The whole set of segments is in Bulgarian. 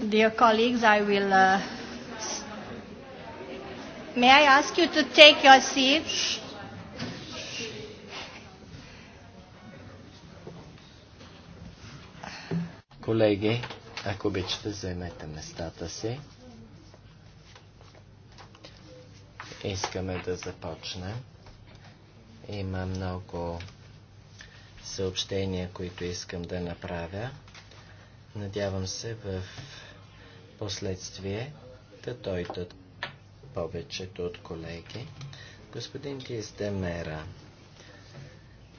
Dear colleagues, I will. Uh, may I ask you to take your seats? Колеги, ако обичате, заемете местата си. Искаме да започнем. Има много съобщения, които искам да направя. Надявам се в последствие да дойдат повечето от колеги. Господин Диздемера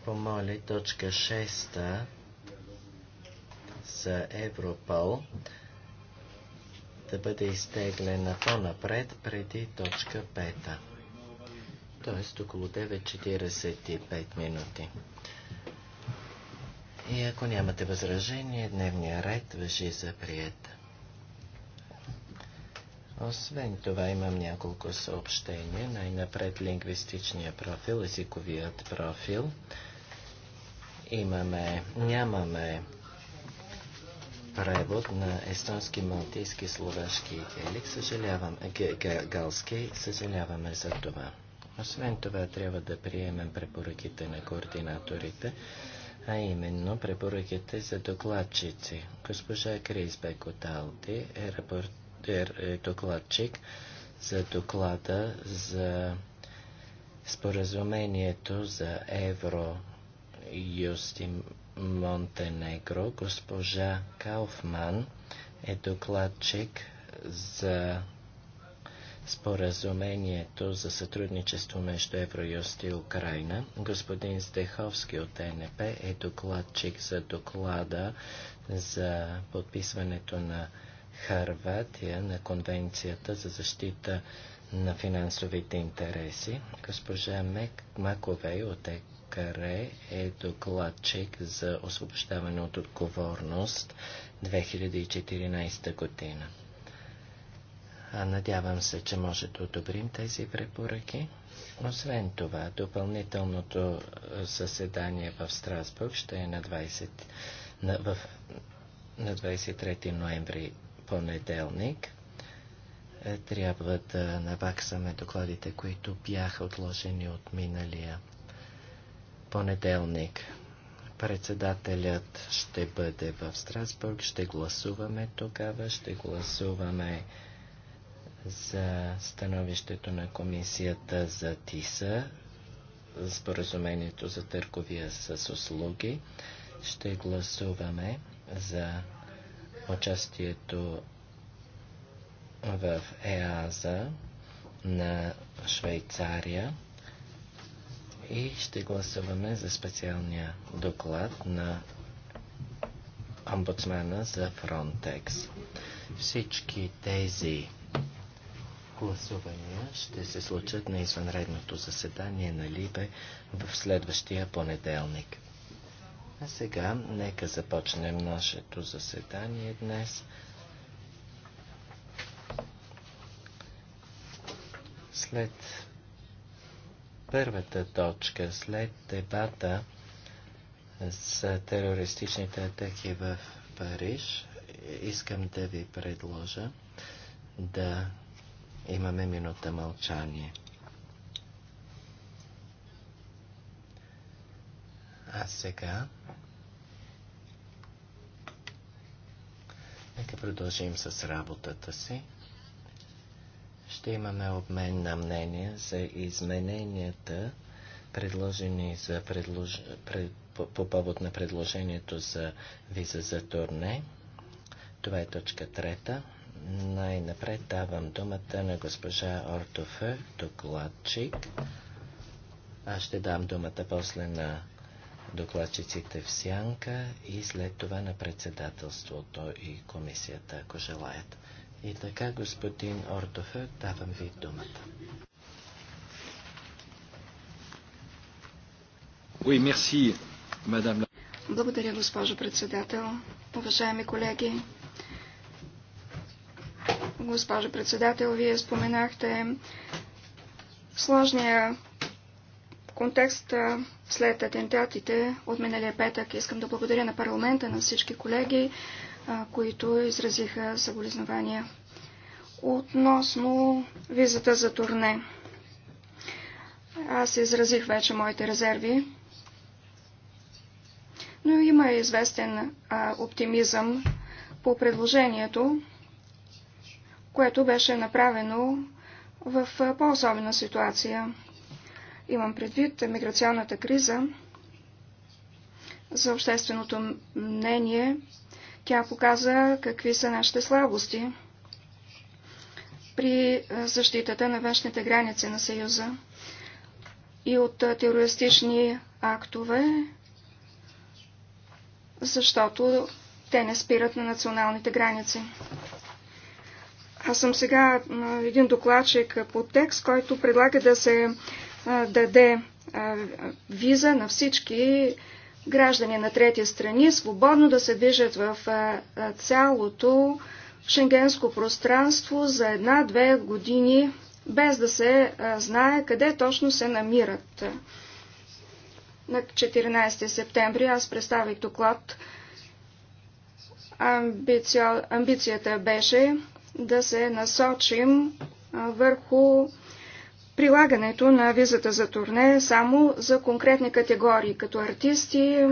помоли точка 6 за Европол да бъде изтеглена по-напред преди точка 5. Тоест около 9.45 минути. И ако нямате възражение, дневния ред въжи за приятел. Освен това имам няколко съобщения. Най-напред лингвистичния профил, езиковият профил. Имаме, нямаме превод на естонски, малтийски, словашки и Съжалявам, галски, съжаляваме за това. Освен това трябва да приемем препоръките на координаторите, а именно препоръките за докладчици. Госпожа Крисбек от Алти е рапорт е докладчик за доклада за споразумението за Евро Юстим Монтенегро. Госпожа Кауфман е докладчик за споразумението за сътрудничество между Евроюст и Украина. Господин Здеховски от ЕНП е, е докладчик за доклада за подписването на Харватия на Конвенцията за защита на финансовите интереси. Госпожа Мек Маковей от ЕКРЕ е докладчик за освобождаване от отговорност 2014 година. А надявам се, че може да одобрим тези препоръки. Освен това, допълнителното заседание в Страсбург ще е на 20 на, в, на 23 ноември понеделник е, трябва да наваксаме докладите, които бяха отложени от миналия понеделник. Председателят ще бъде в Страсбург, ще гласуваме тогава, ще гласуваме за становището на комисията за ТИСА, споразумението за търговия с услуги. Ще гласуваме за участието в ЕАЗа на Швейцария и ще гласуваме за специалния доклад на омбудсмена за Frontex. Всички тези гласувания ще се случат на извънредното заседание на Либе в следващия понеделник. А сега нека започнем нашето заседание днес. След първата точка, след дебата с терористичните атаки в Париж, искам да ви предложа да имаме минута мълчание. А сега... Нека продължим с работата си. Ще имаме обмен на мнения за измененията, предложени за предлож... пред... по повод на предложението за виза за турне. Това е точка трета. Най-напред давам думата на госпожа Ортофе, докладчик. Аз ще дам думата после на докладчиците в сянка и след това на председателството и комисията, ако желаят. И така, господин Ортофе, давам ви думата. Oui, merci, madame. Благодаря, госпожо председател. Уважаеми колеги, госпожо председател, вие споменахте сложния контекст след атентатите от миналия петък искам да благодаря на парламента, на всички колеги, които изразиха съболезнования. Относно визата за турне. Аз изразих вече моите резерви, но има известен оптимизъм по предложението, което беше направено в по-особена ситуация. Имам предвид миграционната криза за общественото мнение. Тя показа какви са нашите слабости при защитата на външните граници на Съюза и от терористични актове, защото те не спират на националните граници. Аз съм сега един докладчик по текст, който предлага да се даде виза на всички граждани на трети страни, свободно да се движат в цялото шенгенско пространство за една-две години, без да се знае къде точно се намират. На 14 септември аз представих доклад. Амбицията беше да се насочим върху прилагането на визата за турне само за конкретни категории, като артисти,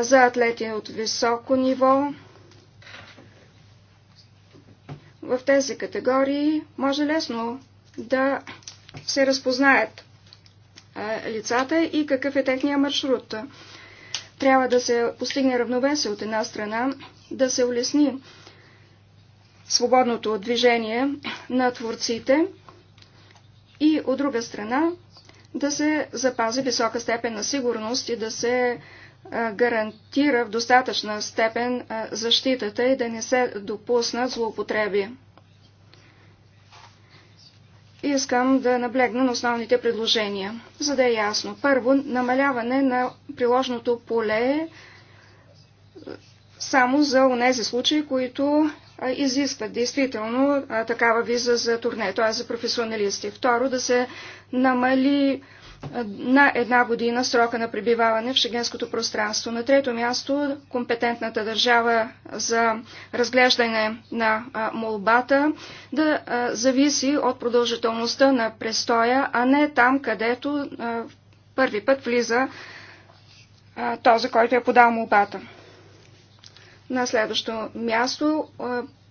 за атлети от високо ниво. В тези категории може лесно да се разпознаят лицата и какъв е техния маршрут. Трябва да се постигне равновесие от една страна, да се улесни свободното движение на творците – и от друга страна да се запази висока степен на сигурност и да се гарантира в достатъчна степен защитата и да не се допуснат злоупотреби. Искам да наблегна на основните предложения, за да е ясно. Първо, намаляване на приложното поле само за онези случаи, които изискват действително такава виза за турне, т.е. за професионалисти. Второ, да се намали на една година срока на пребиваване в шегенското пространство. На трето място, компетентната държава за разглеждане на молбата да зависи от продължителността на престоя, а не там, където първи път влиза този, който е подал молбата. На следващо място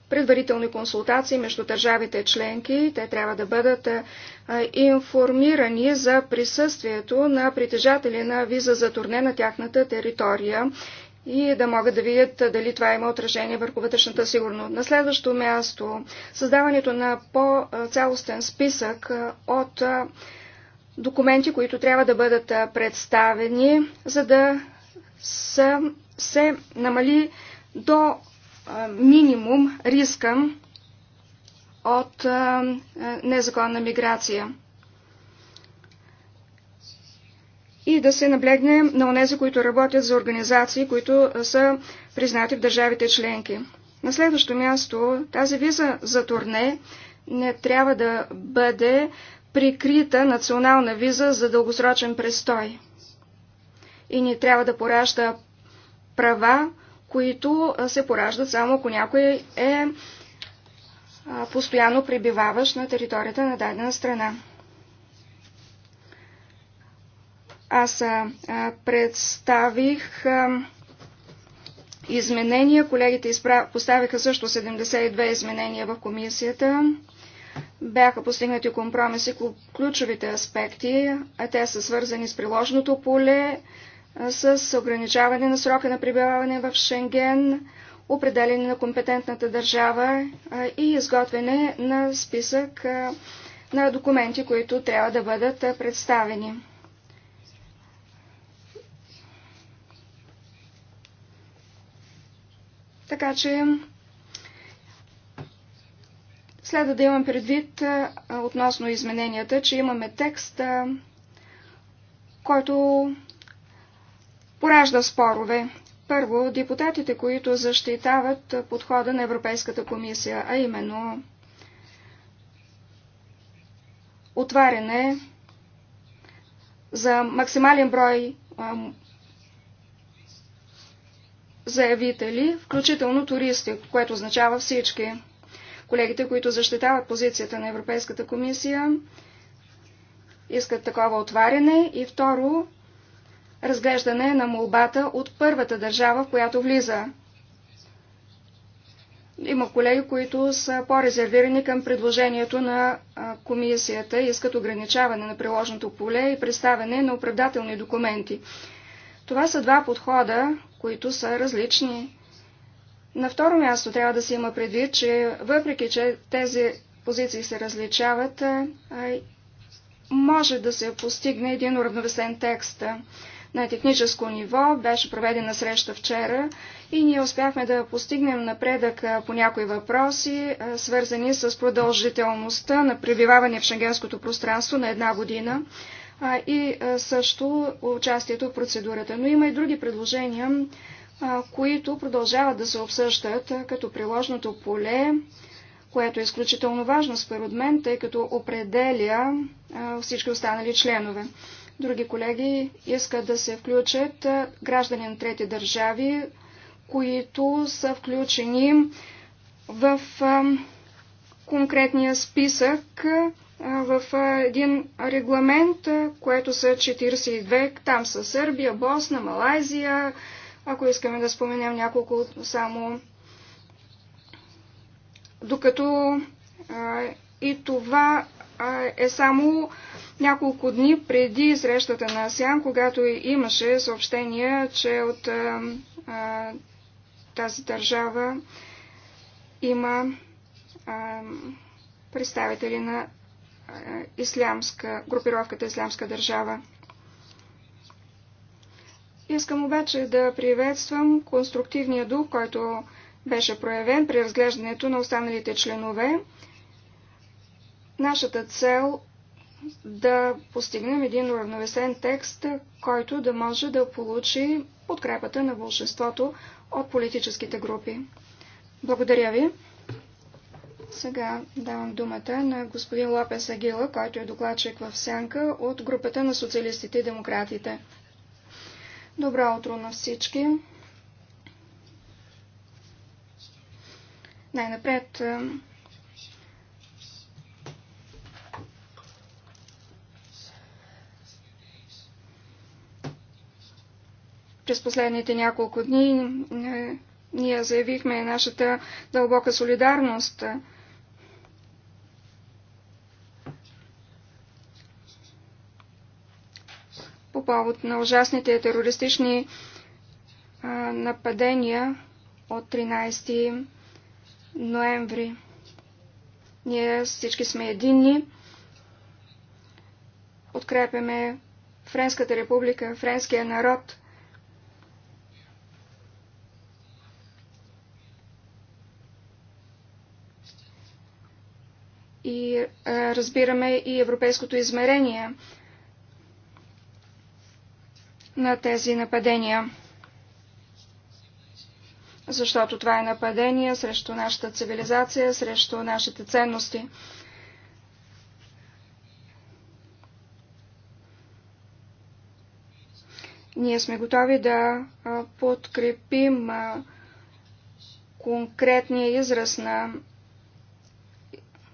предварителни консултации между държавите членки. Те трябва да бъдат информирани за присъствието на притежатели на виза за турне на тяхната територия и да могат да видят дали това има отражение върху вътрешната сигурност. На следващо място, създаването на по-цялостен списък от документи, които трябва да бъдат представени, за да се намали до минимум риска от незаконна миграция. И да се наблегне на онези, които работят за организации, които са признати в държавите членки. На следващо място, тази виза за турне не трябва да бъде прикрита национална виза за дългосрочен престой. И не трябва да поражда права, които се пораждат само ако някой е постоянно пребиваващ на територията на дадена страна. Аз представих изменения. Колегите поставиха също 72 изменения в комисията. Бяха постигнати компромиси по ключовите аспекти, а те са свързани с приложното поле, с ограничаване на срока на прибиваване в Шенген, определене на компетентната държава и изготвяне на списък на документи, които трябва да бъдат представени. Така че следва да имам предвид относно измененията, че имаме текст, който поражда спорове. Първо, депутатите, които защитават подхода на Европейската комисия, а именно отваряне за максимален брой заявители, включително туристи, което означава всички. Колегите, които защитават позицията на Европейската комисия, искат такова отваряне и второ разглеждане на молбата от първата държава, в която влиза. Има колеги, които са по-резервирани към предложението на комисията и искат ограничаване на приложното поле и представяне на оправдателни документи. Това са два подхода, които са различни. На второ място трябва да се има предвид, че въпреки, че тези позиции се различават, може да се постигне един уравновесен текст. На техническо ниво беше проведена среща вчера и ние успяхме да постигнем напредък по някои въпроси, свързани с продължителността на пребиваване в шенгенското пространство на една година и също участието в процедурата. Но има и други предложения, които продължават да се обсъждат като приложното поле, което е изключително важно според мен, тъй като определя всички останали членове. Други колеги искат да се включат граждани на трети държави, които са включени в конкретния списък в един регламент, което са 42. Там са Сърбия, Босна, Малайзия, ако искаме да споменем няколко само. Докато и това е само няколко дни преди срещата на Асян, когато имаше съобщения, че от а, а, тази държава има а, представители на а, ислямска, групировката Ислямска държава. Искам обаче да приветствам конструктивния дух, който беше проявен при разглеждането на останалите членове. Нашата цел да постигнем един уравновесен текст, който да може да получи подкрепата на большинството от политическите групи. Благодаря ви. Сега давам думата на господин Лопес Агила, който е докладчик в сянка от групата на социалистите и демократите. Добро утро на всички! Най-напред През последните няколко дни е, ние заявихме нашата дълбока солидарност. По повод на ужасните терористични е, нападения от 13 ноември. Ние всички сме единни. Подкрепяме Френската република, френския народ – и е, разбираме и европейското измерение на тези нападения. Защото това е нападение срещу нашата цивилизация, срещу нашите ценности. Ние сме готови да е, подкрепим е, конкретния израз на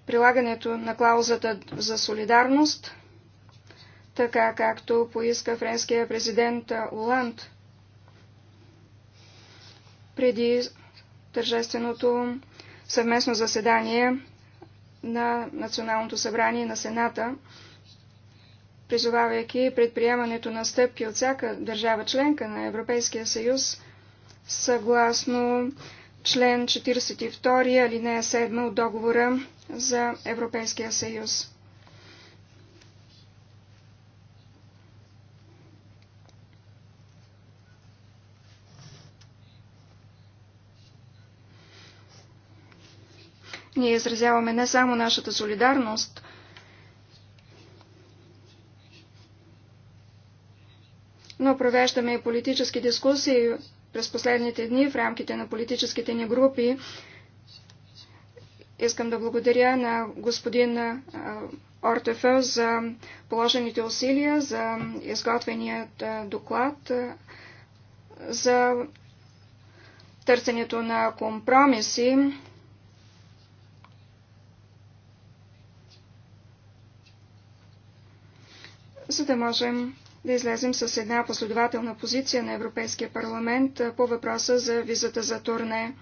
прилагането на клаузата за солидарност, така както поиска френския президент Оланд преди тържественото съвместно заседание на Националното събрание на Сената, призовавайки предприемането на стъпки от всяка държава членка на Европейския съюз, съгласно член 42, алинея 7 от договора за Европейския съюз. Ние изразяваме не само нашата солидарност, но провеждаме и политически дискусии през последните дни в рамките на политическите ни групи Искам да благодаря на господин Ортефел за положените усилия, за изготвеният доклад, за търсенето на компромиси. за да можем да излезем с една последователна позиция на Европейския парламент по въпроса за визата за турне.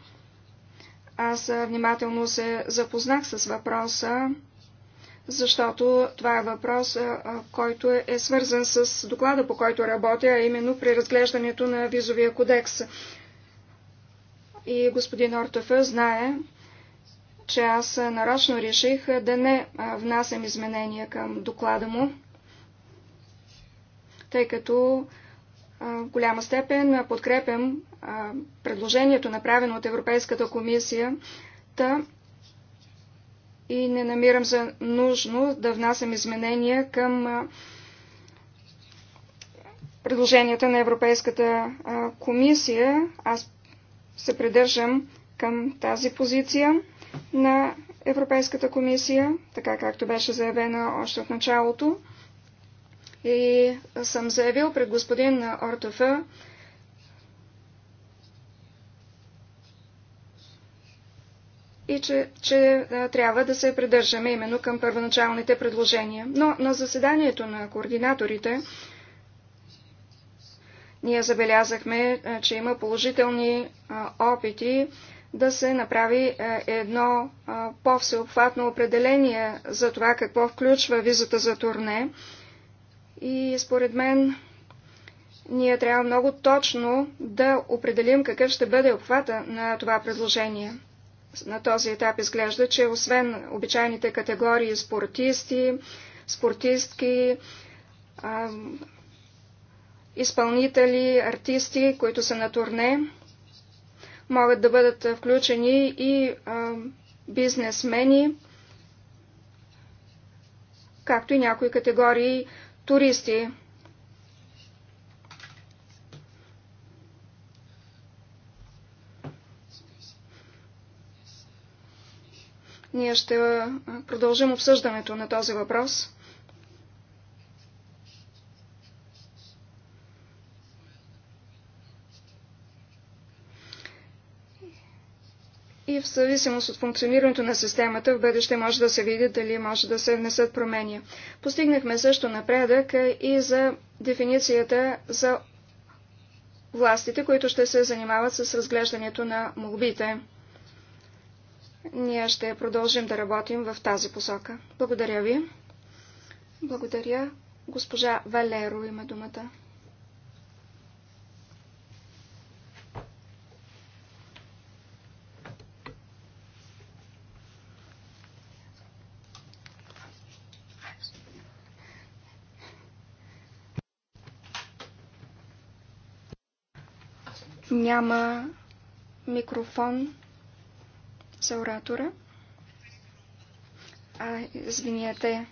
Аз внимателно се запознах с въпроса, защото това е въпрос, който е свързан с доклада, по който работя, а именно при разглеждането на визовия кодекс. И господин Ортов знае, че аз нарочно реших да не внасям изменения към доклада му, тъй като голяма степен подкрепям предложението, направено от Европейската комисия, та и не намирам за нужно да внасям изменения към предложенията на Европейската комисия. Аз се придържам към тази позиция на Европейската комисия, така както беше заявена още от началото и съм заявил пред господин Ортофа, и че, че трябва да се придържаме именно към първоначалните предложения. Но на заседанието на координаторите ние забелязахме, че има положителни а, опити да се направи едно по-всеобхватно определение за това какво включва визата за турне. И според мен ние трябва много точно да определим какъв ще бъде обхвата на това предложение. На този етап изглежда, че освен обичайните категории спортисти, спортистки, изпълнители, артисти, които са на турне, могат да бъдат включени и бизнесмени, както и някои категории туристи. Ние ще продължим обсъждането на този въпрос. и в зависимост от функционирането на системата в бъдеще може да се види дали може да се внесат промени. Постигнахме също напредък и за дефиницията за властите, които ще се занимават с разглеждането на молбите. Ние ще продължим да работим в тази посока. Благодаря ви. Благодаря. Госпожа Валеро има думата. Няма микрофон за оратора. А, извинете.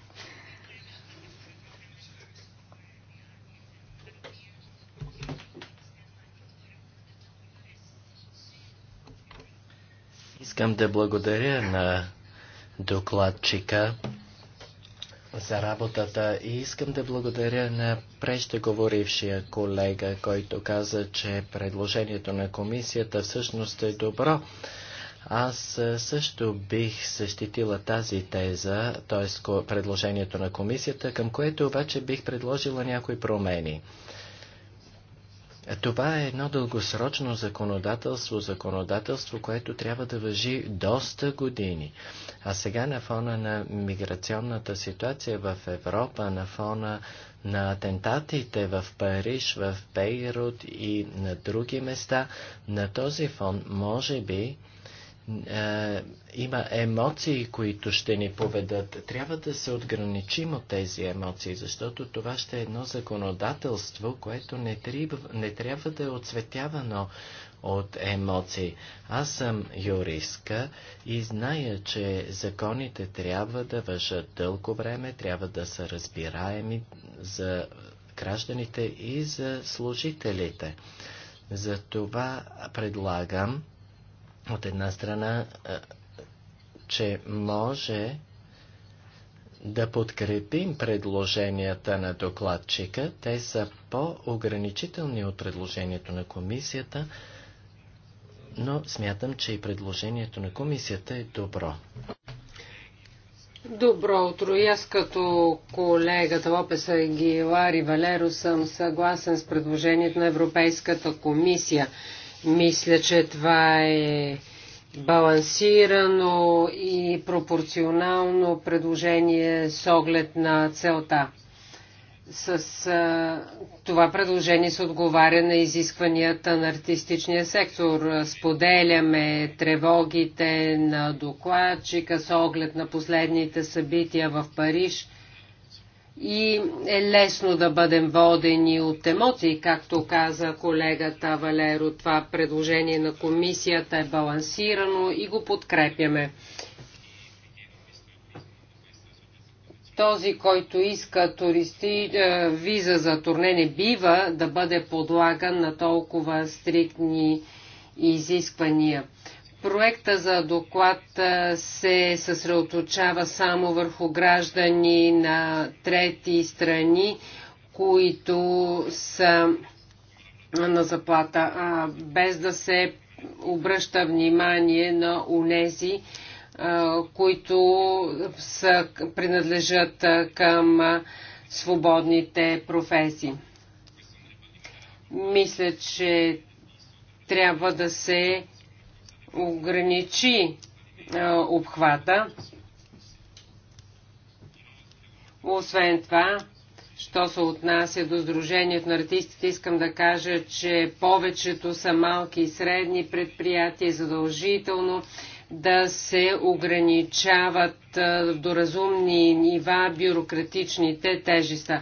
Искам да благодаря на докладчика за работата и искам да благодаря на преждеговорившия колега, който каза, че предложението на комисията всъщност е добро. Аз също бих защитила тази теза, т.е. предложението на комисията, към което обаче бих предложила някои промени. Това е едно дългосрочно законодателство, законодателство, което трябва да въжи доста години. А сега на фона на миграционната ситуация в Европа, на фона на атентатите в Париж, в Бейрут и на други места, на този фон може би е, има емоции, които ще ни поведат. Трябва да се отграничим от тези емоции, защото това ще е едно законодателство, което не, трябва, не трябва да е оцветявано от емоции. Аз съм юристка и зная, че законите трябва да въжат дълго време, трябва да са разбираеми за гражданите и за служителите. Затова предлагам от една страна, че може да подкрепим предложенията на докладчика. Те са по-ограничителни от предложението на комисията, но смятам, че и предложението на комисията е добро. Добро утро. И аз като колегата Лопеса Гилари и Валеро съм съгласен с предложението на Европейската комисия – мисля, че това е балансирано и пропорционално предложение с оглед на целта. С а, това предложение се отговаря на изискванията на артистичния сектор. Споделяме тревогите на докладчика с оглед на последните събития в Париж – и е лесно да бъдем водени от емоции, както каза колегата Валеро. Това предложение на комисията е балансирано и го подкрепяме. Този, който иска туристи, е, виза за турне не бива да бъде подлаган на толкова стриктни изисквания. Проекта за доклад се съсредоточава само върху граждани на трети страни, които са на заплата, а без да се обръща внимание на унези, които са, принадлежат към свободните професии. Мисля, че трябва да се ограничи а, обхвата. Освен това, що се отнася до Сдружението на артистите, искам да кажа, че повечето са малки и средни предприятия, задължително да се ограничават до разумни нива бюрократичните тежеста.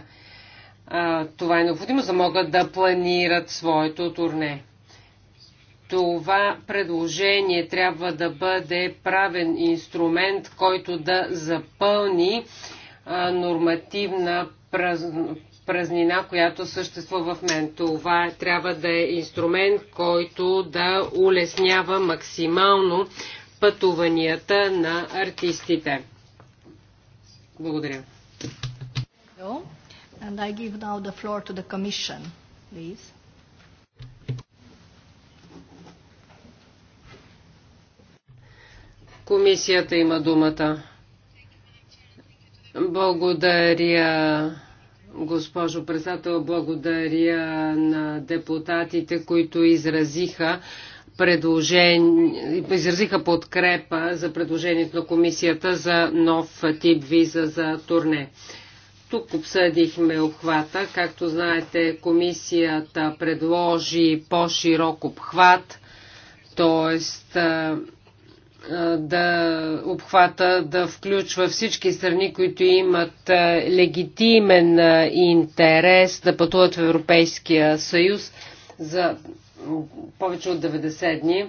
Това е необходимо, за да могат да планират своето турне това предложение трябва да бъде правен инструмент, който да запълни нормативна празнина, която съществува в мен. Това трябва да е инструмент, който да улеснява максимално пътуванията на артистите. Благодаря. And I give now the floor to the Commission, please. Комисията има думата. Благодаря, госпожо председател, благодаря на депутатите, които изразиха предложение, изразиха подкрепа за предложението на комисията за нов тип виза за турне. Тук обсъдихме обхвата. Както знаете, комисията предложи по-широк обхват, т.е да обхвата да включва всички страни, които имат легитимен интерес да пътуват в Европейския съюз за повече от 90 дни.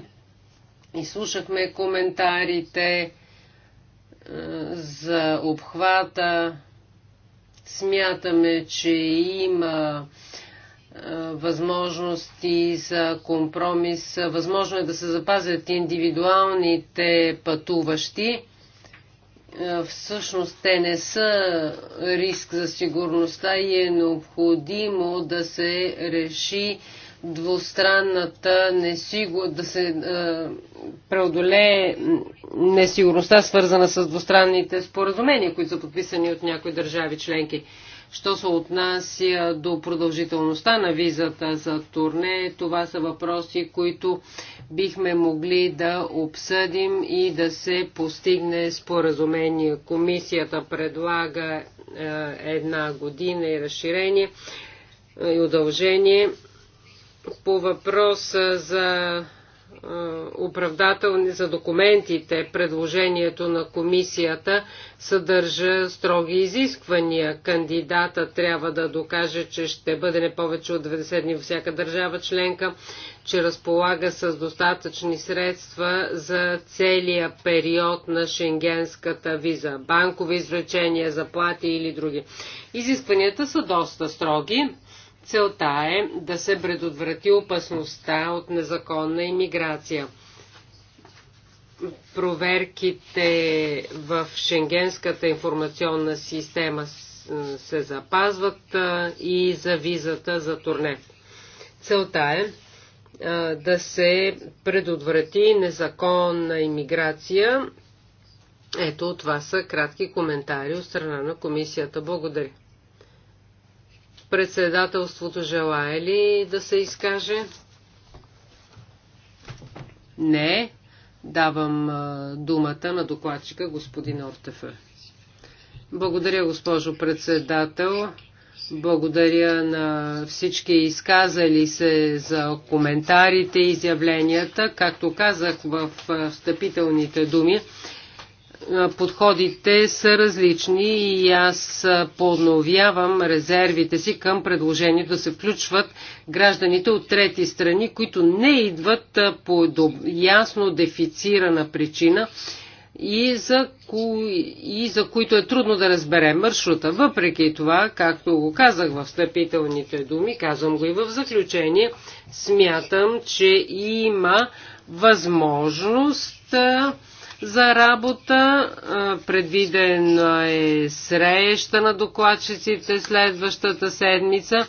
И слушахме коментарите за обхвата. Смятаме, че има възможности за компромис. Възможно е да се запазят индивидуалните пътуващи. Е, всъщност те не са риск за сигурността и е необходимо да се реши двустранната несигурност да се е, преодолее несигурността, свързана с двустранните споразумения, които са подписани от някои държави членки. Що се отнася до продължителността на визата за турне, това са въпроси, които бихме могли да обсъдим и да се постигне споразумение. Комисията предлага е, една година и разширение е, и удължение. По въпроса за е, оправдателни за документите, предложението на комисията съдържа строги изисквания. Кандидата трябва да докаже, че ще бъде не повече от 90 дни във всяка държава членка, че разполага с достатъчни средства за целия период на шенгенската виза, банкови извлечения, заплати или други. Изискванията са доста строги Целта е да се предотврати опасността от незаконна иммиграция. Проверките в Шенгенската информационна система се запазват и за визата за турне. Целта е да се предотврати незаконна иммиграция. Ето, това са кратки коментари от страна на комисията. Благодаря. Председателството желая ли да се изкаже? Не. Давам думата на докладчика господин Ортефе. Благодаря, госпожо председател. Благодаря на всички изказали се за коментарите и изявленията. Както казах в встъпителните думи, подходите са различни и аз подновявам резервите си към предложението да се включват гражданите от трети страни, които не идват по ясно дефицирана причина и за, кои, и за които е трудно да разберем маршрута. Въпреки това, както го казах в встъпителните думи, казвам го и в заключение, смятам, че има възможност за работа. Предвидена е среща на докладчиците следващата седмица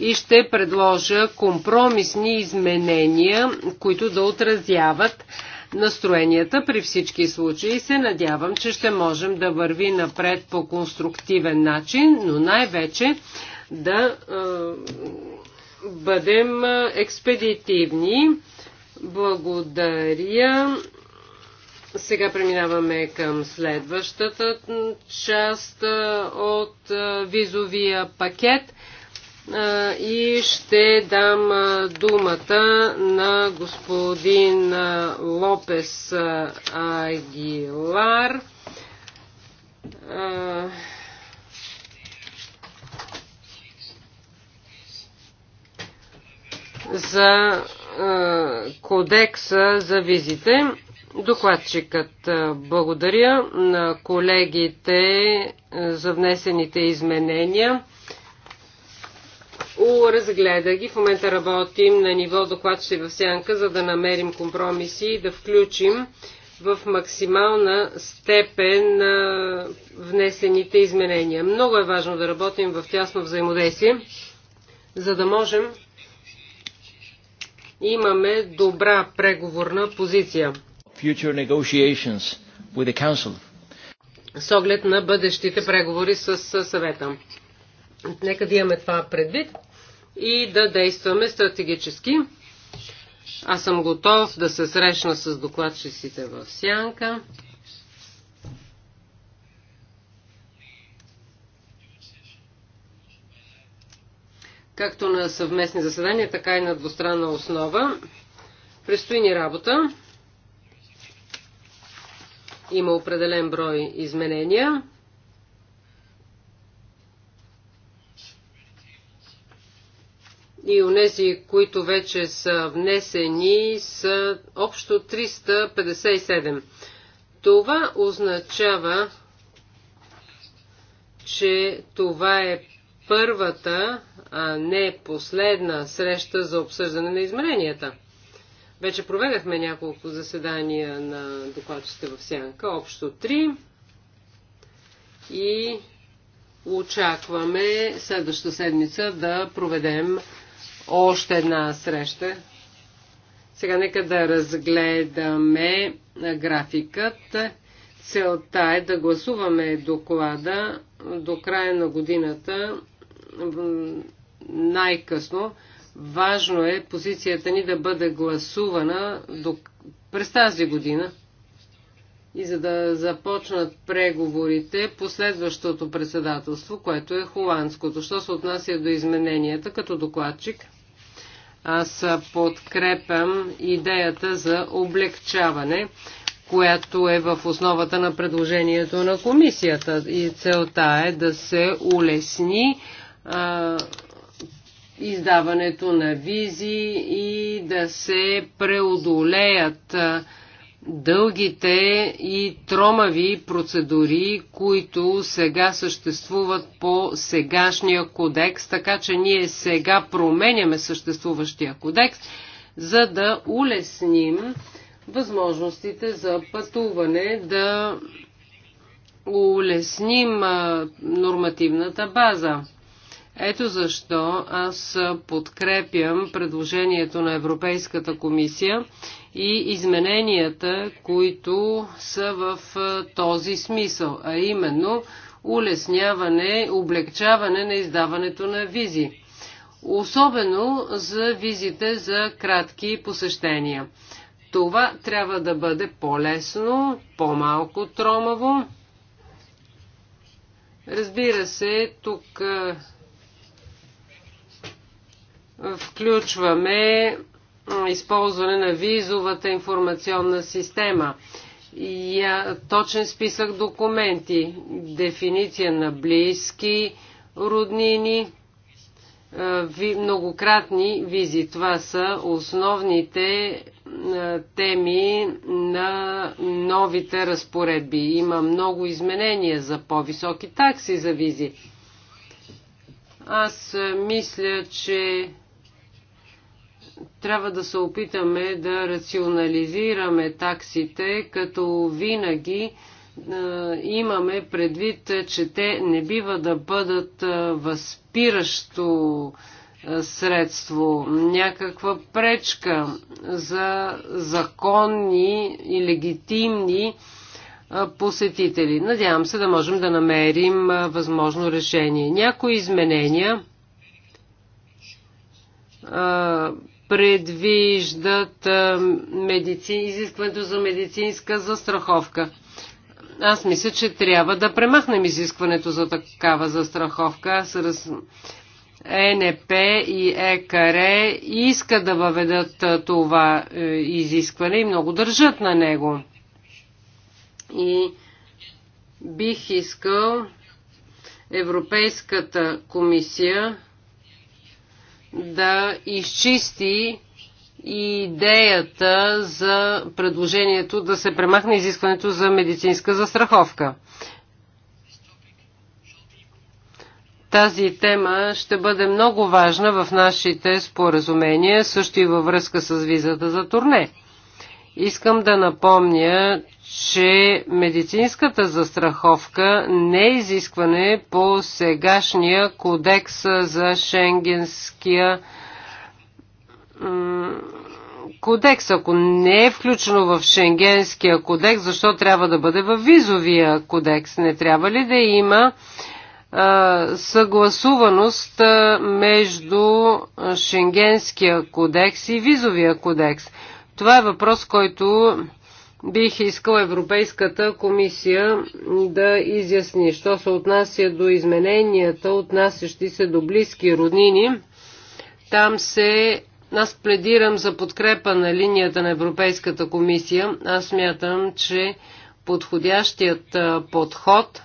и ще предложа компромисни изменения, които да отразяват настроенията. При всички случаи се надявам, че ще можем да върви напред по конструктивен начин, но най-вече да бъдем експедитивни. Благодаря сега преминаваме към следващата част от визовия пакет и ще дам думата на господин Лопес Агилар. за кодекса за визите. Докладчикът благодаря на колегите за внесените изменения. Разгледа ги. В момента работим на ниво докладчици в сянка, за да намерим компромиси и да включим в максимална степен на внесените изменения. Много е важно да работим в тясно взаимодействие, за да можем имаме добра преговорна позиция future negotiations with the Council. С оглед на бъдещите преговори с съвета. Нека да имаме това предвид и да действаме стратегически. Аз съм готов да се срещна с докладчиците в Сянка. Както на съвместни заседания, така и на двустранна основа. Престои ни работа. Има определен брой изменения. и унези, които вече са внесени, са общо 357. Това означава, че това е първата, а не последна среща за обсъждане на измеренията. Вече проведахме няколко заседания на докладчите в Сянка, общо три. И очакваме следващата седмица да проведем още една среща. Сега нека да разгледаме графикът. Целта е да гласуваме доклада до края на годината най-късно. Важно е позицията ни да бъде гласувана до, през тази година и за да започнат преговорите по следващото председателство, което е холандското. Що се отнася до измененията като докладчик? Аз подкрепям идеята за облегчаване, която е в основата на предложението на комисията. И целта е да се улесни а, издаването на визи и да се преодолеят дългите и тромави процедури, които сега съществуват по сегашния кодекс, така че ние сега променяме съществуващия кодекс, за да улесним възможностите за пътуване, да улесним нормативната база. Ето защо аз подкрепям предложението на Европейската комисия и измененията, които са в този смисъл, а именно улесняване, облегчаване на издаването на визи. Особено за визите за кратки посещения. Това трябва да бъде по-лесно, по-малко тромаво. Разбира се, тук Включваме използване на визовата информационна система, точен списък документи, дефиниция на близки, роднини, многократни визи. Това са основните теми на новите разпоредби. Има много изменения за по-високи такси за визи. Аз мисля, че трябва да се опитаме да рационализираме таксите, като винаги е, имаме предвид, че те не бива да бъдат е, възпиращо е, средство, някаква пречка за законни и легитимни посетители. Надявам се да можем да намерим възможно решение. Някои изменения предвиждат медици... изискването за медицинска застраховка. Аз мисля, че трябва да премахнем изискването за такава застраховка. Аз раз... НП и ЕКР иска да въведат това е, изискване и много държат на него. И бих искал Европейската комисия да изчисти идеята за предложението да се премахне изискването за медицинска застраховка. Тази тема ще бъде много важна в нашите споразумения, също и във връзка с визата за турне. Искам да напомня, че медицинската застраховка не е изискване по сегашния кодекс за Шенгенския кодекс. Ако не е включено в Шенгенския кодекс, защо трябва да бъде в визовия кодекс? Не трябва ли да има съгласуваност между Шенгенския кодекс и визовия кодекс? Това е въпрос, който бих искал Европейската комисия да изясни. Що се отнася до измененията, отнасящи се до близки роднини, там се аз пледирам за подкрепа на линията на Европейската комисия. Аз мятам, че подходящият подход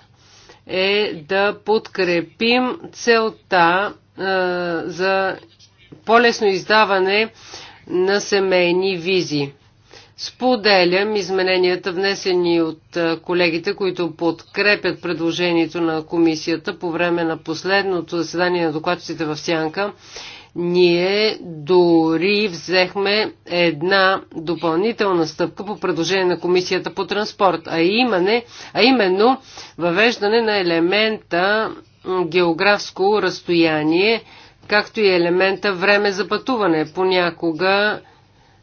е да подкрепим целта за по-лесно издаване на семейни визи. Споделям измененията, внесени от колегите, които подкрепят предложението на комисията по време на последното заседание на докладците в Сянка. Ние дори взехме една допълнителна стъпка по предложение на комисията по транспорт, а, имане, а именно въвеждане на елемента географско разстояние – както и елемента време за пътуване. Понякога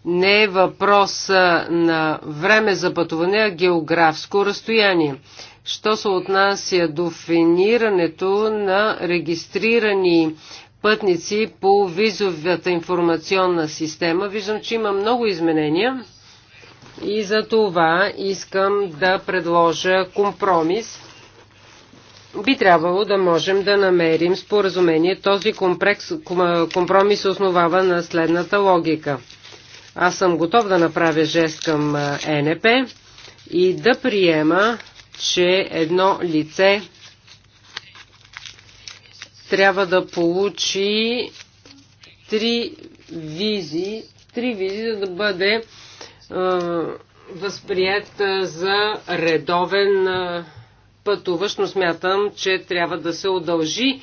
не е въпрос на време за пътуване, а географско разстояние. Що се отнася до финирането на регистрирани пътници по визовата информационна система, виждам, че има много изменения и за това искам да предложа компромис би трябвало да можем да намерим споразумение. Този комплекс, компромис се основава на следната логика. Аз съм готов да направя жест към НП и да приема, че едно лице трябва да получи три визи, три визи, за да бъде е, възприят за редовен е, пътуваш, но смятам, че трябва да се удължи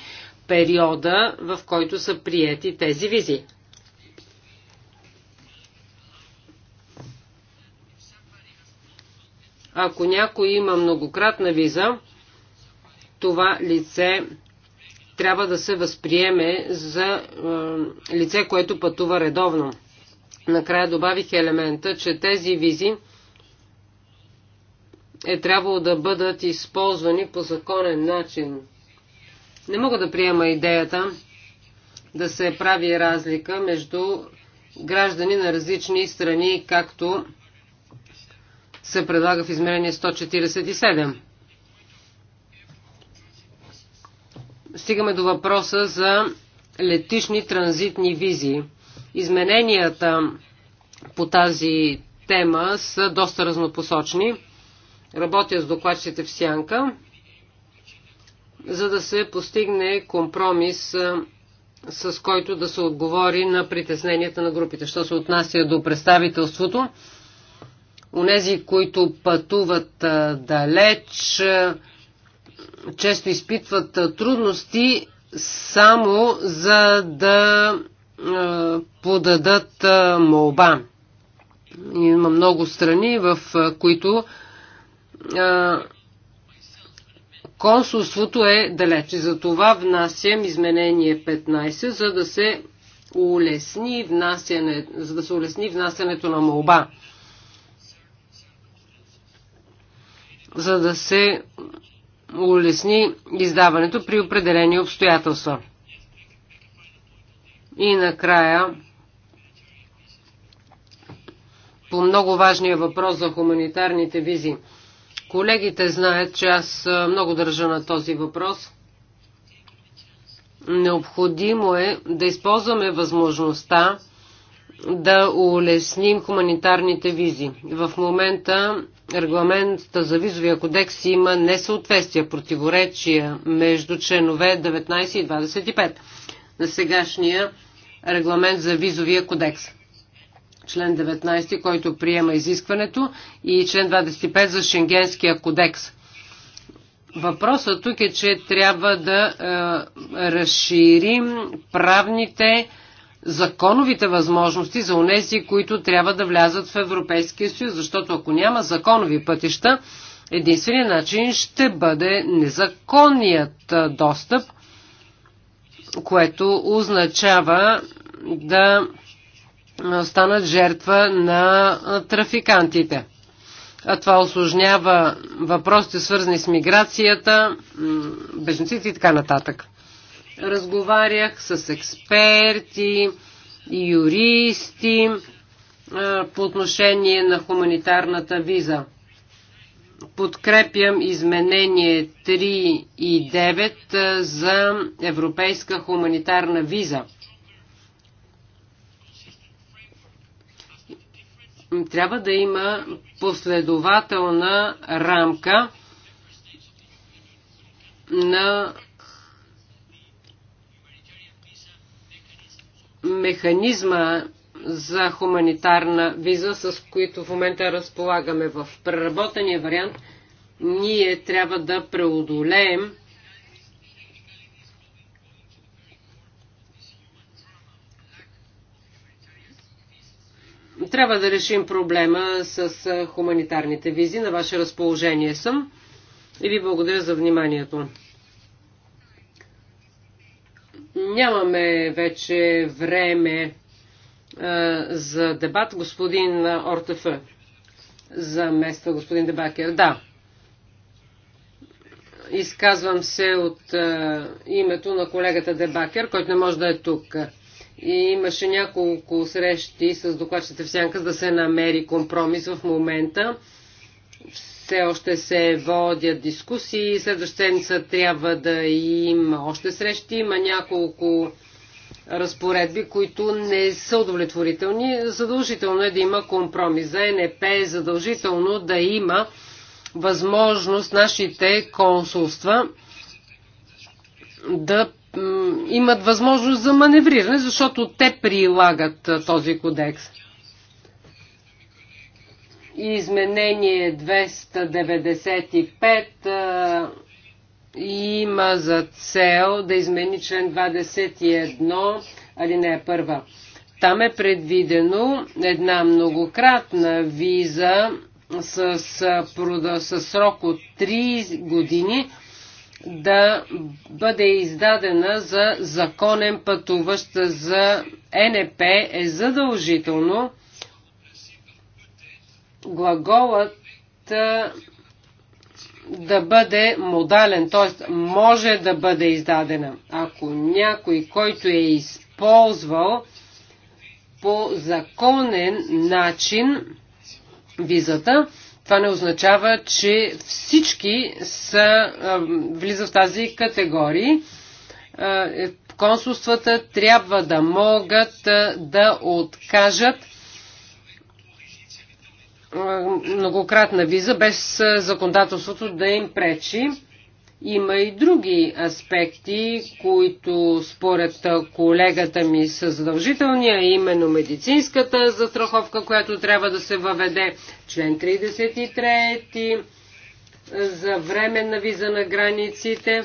периода, в който са приети тези визи. Ако някой има многократна виза, това лице трябва да се възприеме за е, лице, което пътува редовно. Накрая добавих елемента, че тези визи е трябвало да бъдат използвани по законен начин. Не мога да приема идеята да се прави разлика между граждани на различни страни, както се предлага в измерение 147. Стигаме до въпроса за летишни транзитни визии. Измененията по тази тема са доста разнопосочни. Работя с докладчите в сянка, за да се постигне компромис, с който да се отговори на притесненията на групите. Що се отнася до представителството, Онези, които пътуват далеч, често изпитват трудности само за да подадат молба. Има много страни, в които консулството е далеч. Затова внасям изменение 15, за да се улесни, внасяне, за да се улесни внасянето на молба. За да се улесни издаването при определени обстоятелства. И накрая, по много важния въпрос за хуманитарните визи – Колегите знаят, че аз много държа на този въпрос. Необходимо е да използваме възможността да улесним хуманитарните визи. В момента регламента за визовия кодекс има несъответствия, противоречия между членове 19 и 25 на сегашния регламент за визовия кодекс член 19, който приема изискването, и член 25 за Шенгенския кодекс. Въпросът тук е, че трябва да е, разширим правните, законовите възможности за унези, които трябва да влязат в Европейския съюз, защото ако няма законови пътища, единственият начин ще бъде незаконният е, достъп, което означава да станат жертва на трафикантите. А това осложнява въпросите свързани с миграцията, бежниците и така нататък. Разговарях с експерти, юристи по отношение на хуманитарната виза. Подкрепям изменение 3 и 9 за европейска хуманитарна виза – трябва да има последователна рамка на механизма за хуманитарна виза, с които в момента разполагаме в преработения вариант, ние трябва да преодолеем Трябва да решим проблема с хуманитарните визи. На ваше разположение съм и ви благодаря за вниманието. Нямаме вече време а, за дебат. Господин ОРТФ места господин Дебакер. Да. Изказвам се от а, името на колегата Дебакер, който не може да е тук. И имаше няколко срещи с докладчите в сянка, за да се намери компромис в момента. Все още се водят дискусии. Следващата седмица трябва да има още срещи. Има няколко разпоредби, които не са удовлетворителни. Задължително е да има компромис. За НП е задължително да има възможност нашите консулства да имат възможност за маневриране, защото те прилагат този кодекс. Изменение 295 има за цел да измени член 21, али не е първа. Там е предвидено една многократна виза с, с, с срок от 3 години да бъде издадена за законен пътуващ за НП е задължително. Глаголът да бъде модален, т.е. може да бъде издадена. Ако някой, който е използвал по законен начин визата, това не означава, че всички са, влиза в тази категория. Е, консулствата трябва да могат да откажат многократна виза, без законодателството да им пречи. Има и други аспекти, които според колегата ми са задължителни, а именно медицинската застраховка, която трябва да се въведе. Член 33 за време на виза на границите.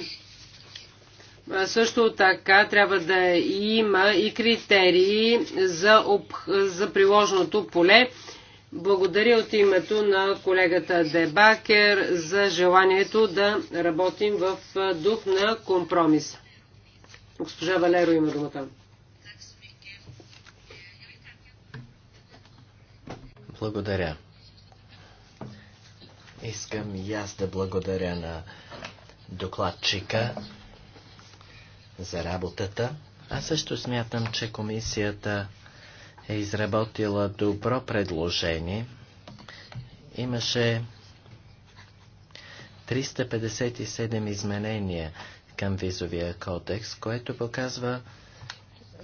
Също така трябва да има и критерии за, об... за приложното поле благодаря от името на колегата Дебакер за желанието да работим в дух на компромис. Госпожа Валеро има думата. Благодаря. Искам и аз да благодаря на докладчика за работата. Аз също смятам, че комисията е изработила добро предложение. Имаше 357 изменения към визовия кодекс, което показва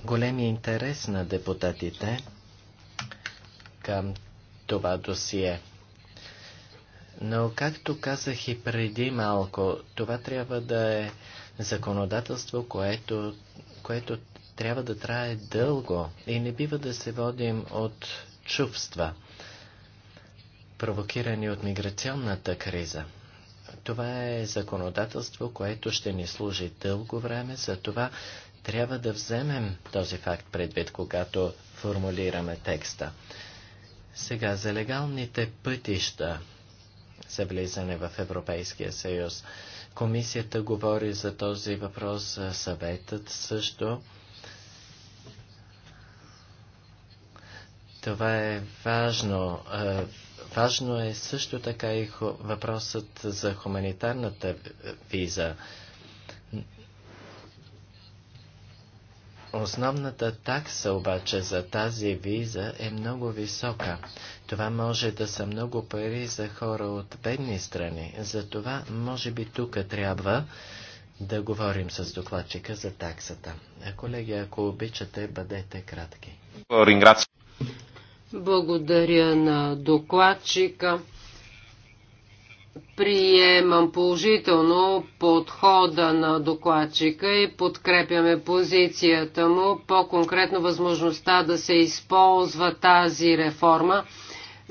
големия интерес на депутатите към това досие. Но, както казах и преди малко, това трябва да е законодателство, което, което трябва да трае дълго и не бива да се водим от чувства, провокирани от миграционната криза. Това е законодателство, което ще ни служи дълго време, за това трябва да вземем този факт предвид, когато формулираме текста. Сега за легалните пътища за влизане в Европейския съюз. Комисията говори за този въпрос, съветът също. Това е важно. Е, важно е също така и въпросът за хуманитарната виза. Основната такса обаче за тази виза е много висока. Това може да са много пари за хора от бедни страни. Затова, може би, тук трябва да говорим с докладчика за таксата. Колеги, ако обичате, бъдете кратки. Благодаря на докладчика. Приемам положително подхода на докладчика и подкрепяме позицията му, по-конкретно възможността да се използва тази реформа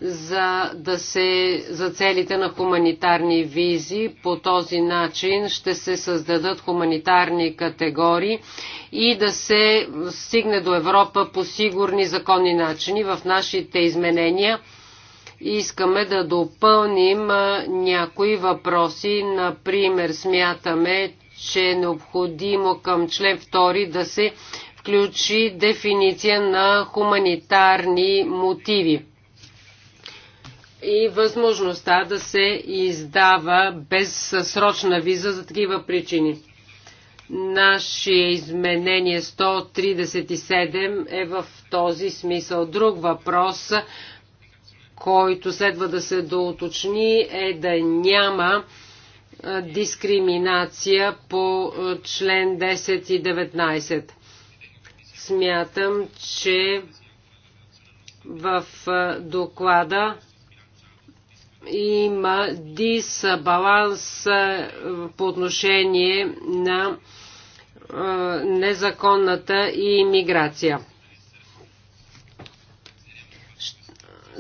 за да се за целите на хуманитарни визи. По този начин ще се създадат хуманитарни категории и да се стигне до Европа по сигурни законни начини. В нашите изменения искаме да допълним някои въпроси. Например, смятаме, че е необходимо към член 2 да се включи дефиниция на хуманитарни мотиви и възможността да се издава без срочна виза за такива причини. Нашия изменение 137 е в този смисъл. Друг въпрос, който следва да се доуточни е да няма дискриминация по член 10 и 19. Смятам, че в доклада има дисбаланс е, по отношение на е, незаконната иммиграция.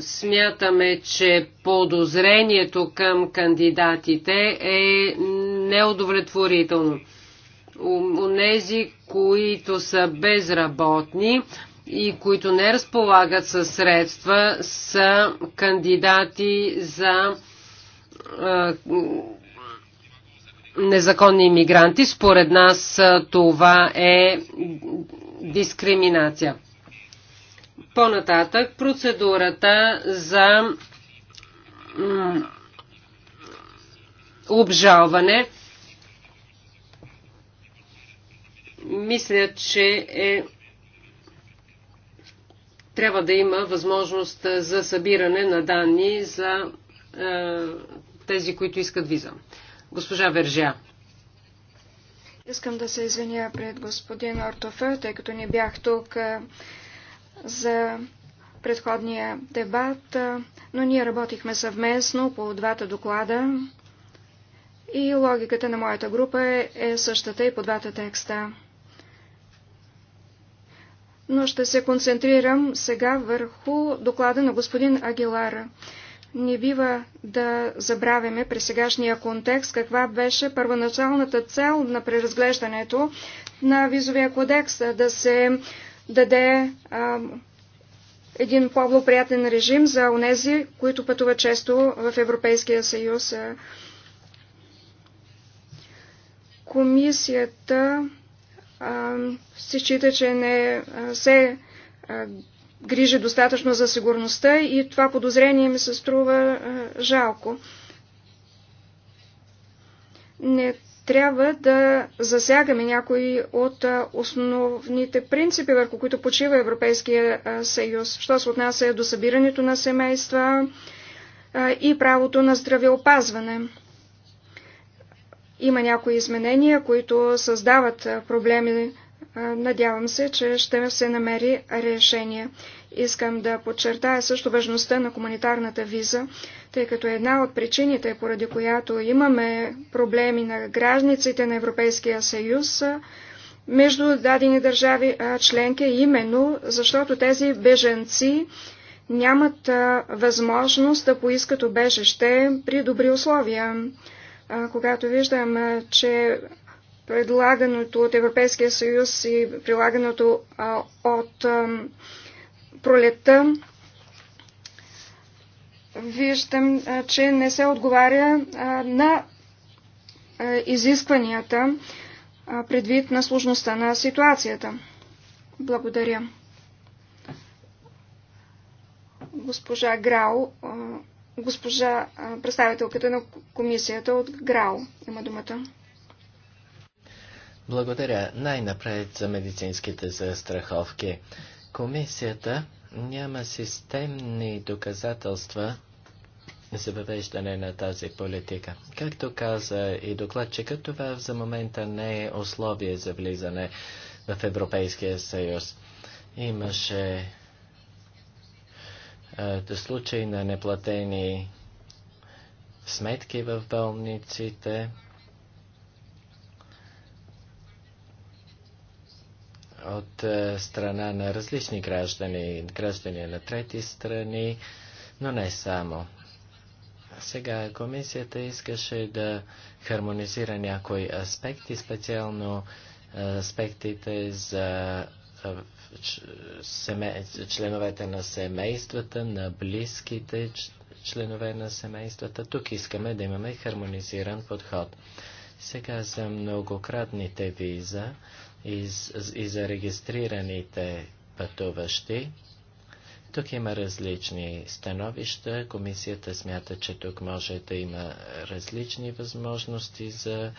Смятаме, че подозрението към кандидатите е неудовлетворително. нези, които са безработни, и които не разполагат със средства, са кандидати за незаконни иммигранти. Според нас това е дискриминация. По-нататък процедурата за обжалване мисля, че е трябва да има възможност за събиране на данни за е, тези, които искат виза. Госпожа Вержа. Искам да се извиня пред господин Ортофе, тъй като не бях тук е, за предходния дебат, е, но ние работихме съвместно по двата доклада и логиката на моята група е същата и по двата текста но ще се концентрирам сега върху доклада на господин Агилара. Не бива да забравяме при сегашния контекст каква беше първоначалната цел на преразглеждането на визовия кодекс, да се даде а, един по-благоприятен режим за онези, които пътуват често в Европейския съюз. Комисията се счита, че не се грижи достатъчно за сигурността и това подозрение ми се струва жалко. Не трябва да засягаме някои от основните принципи, върху които почива Европейския съюз, що се отнася до събирането на семейства и правото на здравеопазване. Има някои изменения, които създават проблеми. Надявам се, че ще се намери решение. Искам да подчертая също важността на хуманитарната виза, тъй като една от причините, поради която имаме проблеми на гражданиците на Европейския съюз, между дадени държави членки, е именно защото тези беженци нямат възможност да поискат обежище при добри условия когато виждам, че предлаганото от Европейския съюз и прилаганото от пролета, виждам, че не се отговаря на изискванията предвид на сложността на ситуацията. Благодаря. Госпожа Грау Госпожа представителката на комисията от ГРАО има думата. Благодаря най-напред за медицинските застраховки. Комисията няма системни доказателства за въвеждане на тази политика. Както каза и докладчика, това за момента не е условие за влизане в Европейския съюз. Имаше е, случаи на неплатени сметки в болниците. от е, страна на различни граждани, граждани на трети страни, но не само. Сега комисията искаше да хармонизира някои аспекти, специално е, аспектите за членовете на семействата, на близките членове на семействата. Тук искаме да имаме хармонизиран подход. Сега за многократните виза и, за регистрираните пътуващи. Тук има различни становища. Комисията смята, че тук може да има различни възможности за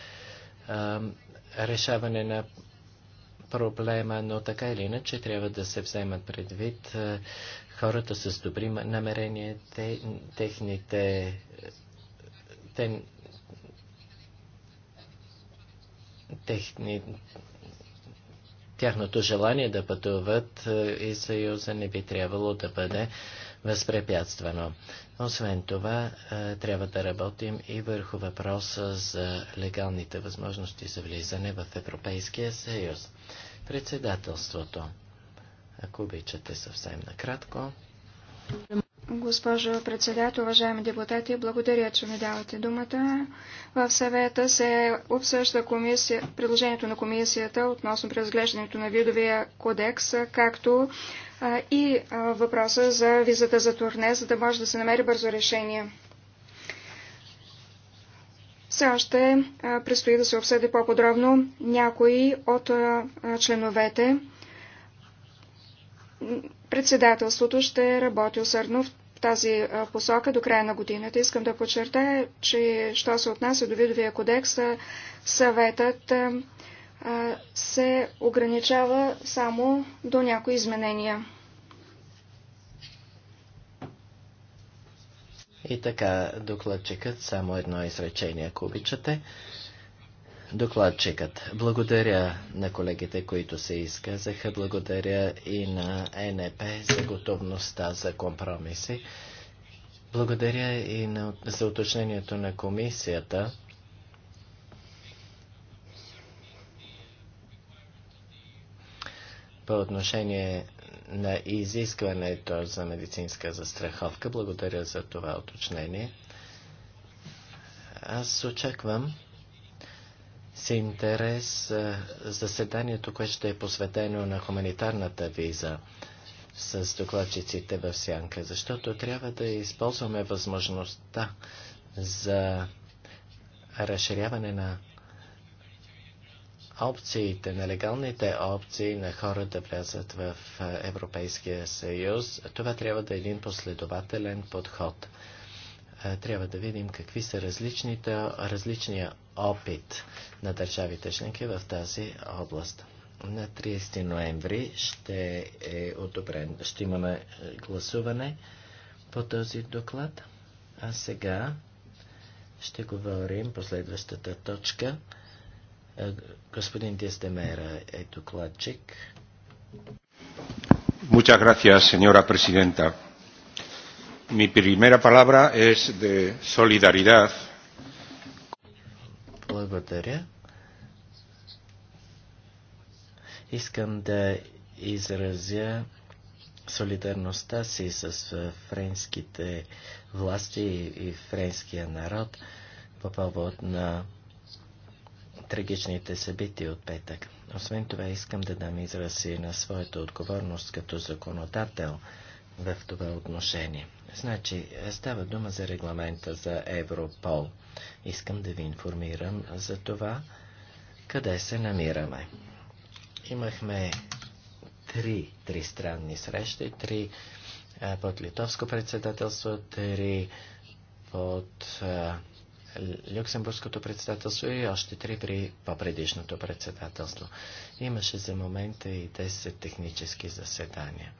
решаване на проблема, но така или иначе трябва да се вземат предвид е, хората с добри намерения, те, техните е, те, техни, тяхното желание да пътуват е, и съюза не би трябвало да бъде възпрепятствано. Освен това, трябва да работим и върху въпроса за легалните възможности за влизане в Европейския съюз председателството. Ако обичате съвсем накратко. Госпожо председател, уважаеми депутати, благодаря, че ми давате думата. В съвета се обсъжда комисия, предложението на комисията относно преразглеждането на видовия кодекс, както а, и а, въпроса за визата за турне, за да може да се намери бързо решение. Все още предстои да се обсъди по-подробно някои от членовете. Председателството ще работи усърдно в тази посока до края на годината. Искам да подчертая, че що се отнася до видовия кодекс, съветът се ограничава само до някои изменения. И така, докладчикът, само едно изречение, ако обичате. Докладчикът, благодаря на колегите, които се изказаха, благодаря и на НП за готовността за компромиси. Благодаря и на, за уточнението на комисията. По отношение на изискването за медицинска застраховка. Благодаря за това уточнение. Аз очаквам с интерес заседанието, което ще е посветено на хуманитарната виза с докладчиците в Сянка, защото трябва да използваме възможността за разширяване на опциите, нелегалните опции на хора да влязат в Европейския съюз, това трябва да е един последователен подход. Трябва да видим какви са различните, различния опит на държавите членки в тази област. На 30 ноември ще е одобрен, ще имаме гласуване по този доклад. А сега ще говорим последващата точка – Господин Диестемера е докладчик. Muchas gracias, señora presidenta. Mi primera palabra es de solidaridad. Благодаря. Искам да изразя солидарността си с френските власти и френския народ по повод на трагичните събития от петък. Освен това, искам да дам изрази на своята отговорност като законодател в това отношение. Значи, става дума за регламента за Европол. Искам да ви информирам за това, къде се намираме. Имахме три тристранни срещи, три под литовско председателство, три под а, Люксембургското председателство и още три при по-предишното председателство. Имаше за момента и 10 технически заседания.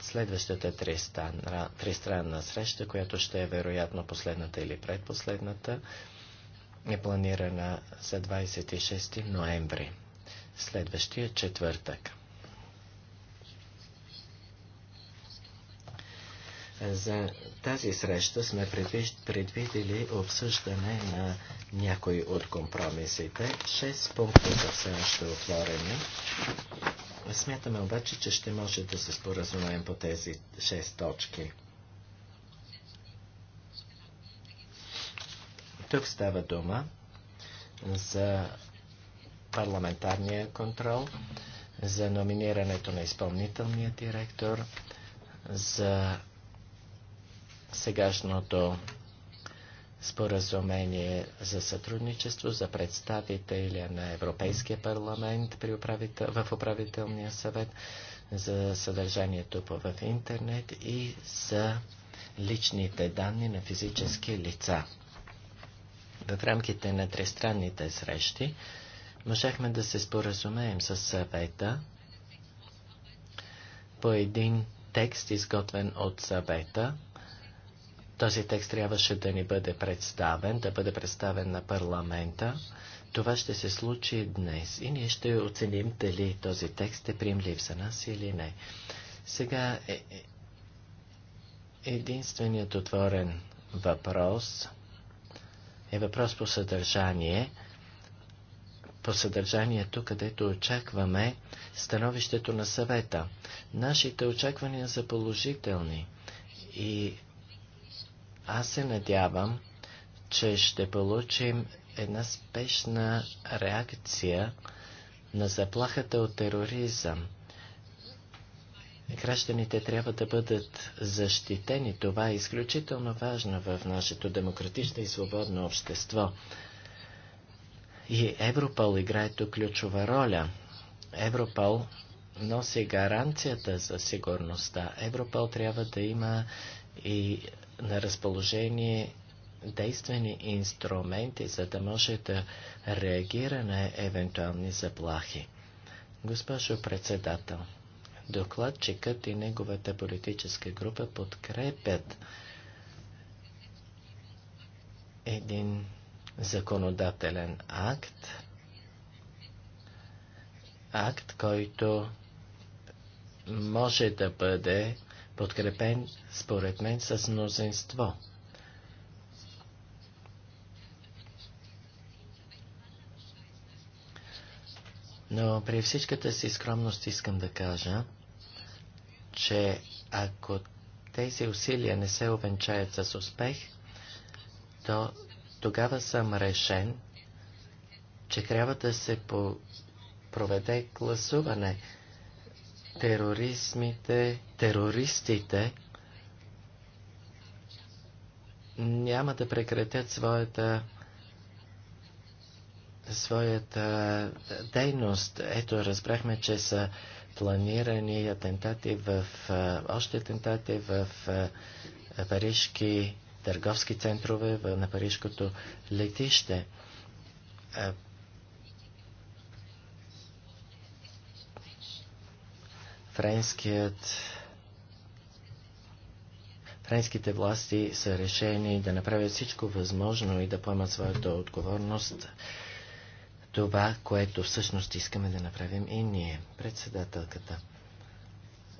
Следващата тристранна, тристранна среща, която ще е вероятно последната или предпоследната, е планирана за 26 ноември. Следващия четвъртък. За тази среща сме предвидели обсъждане на някои от компромисите. Шест пункта са все още отворени. Смятаме обаче, че ще може да се споразумеем по тези шест точки. Тук става дума за парламентарния контрол, за номинирането на изпълнителния директор, за сегашното споразумение за сътрудничество за представителя на Европейския парламент при управител, в управителния съвет, за съдържанието в интернет и за личните данни на физически лица. В рамките на тристранните срещи можахме да се споразумеем с съвета по един текст, изготвен от съвета, този текст трябваше да ни бъде представен, да бъде представен на парламента. Това ще се случи днес и ние ще оценим дали този текст е приемлив за нас или не. Сега е, е единственият отворен въпрос е въпрос по съдържание по съдържанието, където очакваме становището на съвета. Нашите очаквания са положителни и аз се надявам, че ще получим една спешна реакция на заплахата от тероризъм. Гражданите трябва да бъдат защитени. Това е изключително важно в нашето демократично и свободно общество. И Европол играе тук ключова роля. Европол носи гаранцията за сигурността. Европол трябва да има и на разположение действени инструменти, за да може да реагира на евентуални заплахи. Госпожо председател, докладчикът и неговата политическа група подкрепят един законодателен акт, акт, който може да бъде подкрепен според мен с мнозинство. Но при всичката си скромност искам да кажа, че ако тези усилия не се увенчаят с успех, то тогава съм решен, че трябва да се по проведе гласуване тероризмите, терористите няма да прекратят своята своята дейност. Ето, разбрахме, че са планирани атентати в, още атентати в парижки търговски центрове на парижкото летище. френският Френските власти са решени да направят всичко възможно и да поемат своята отговорност това, което всъщност искаме да направим и ние, председателката.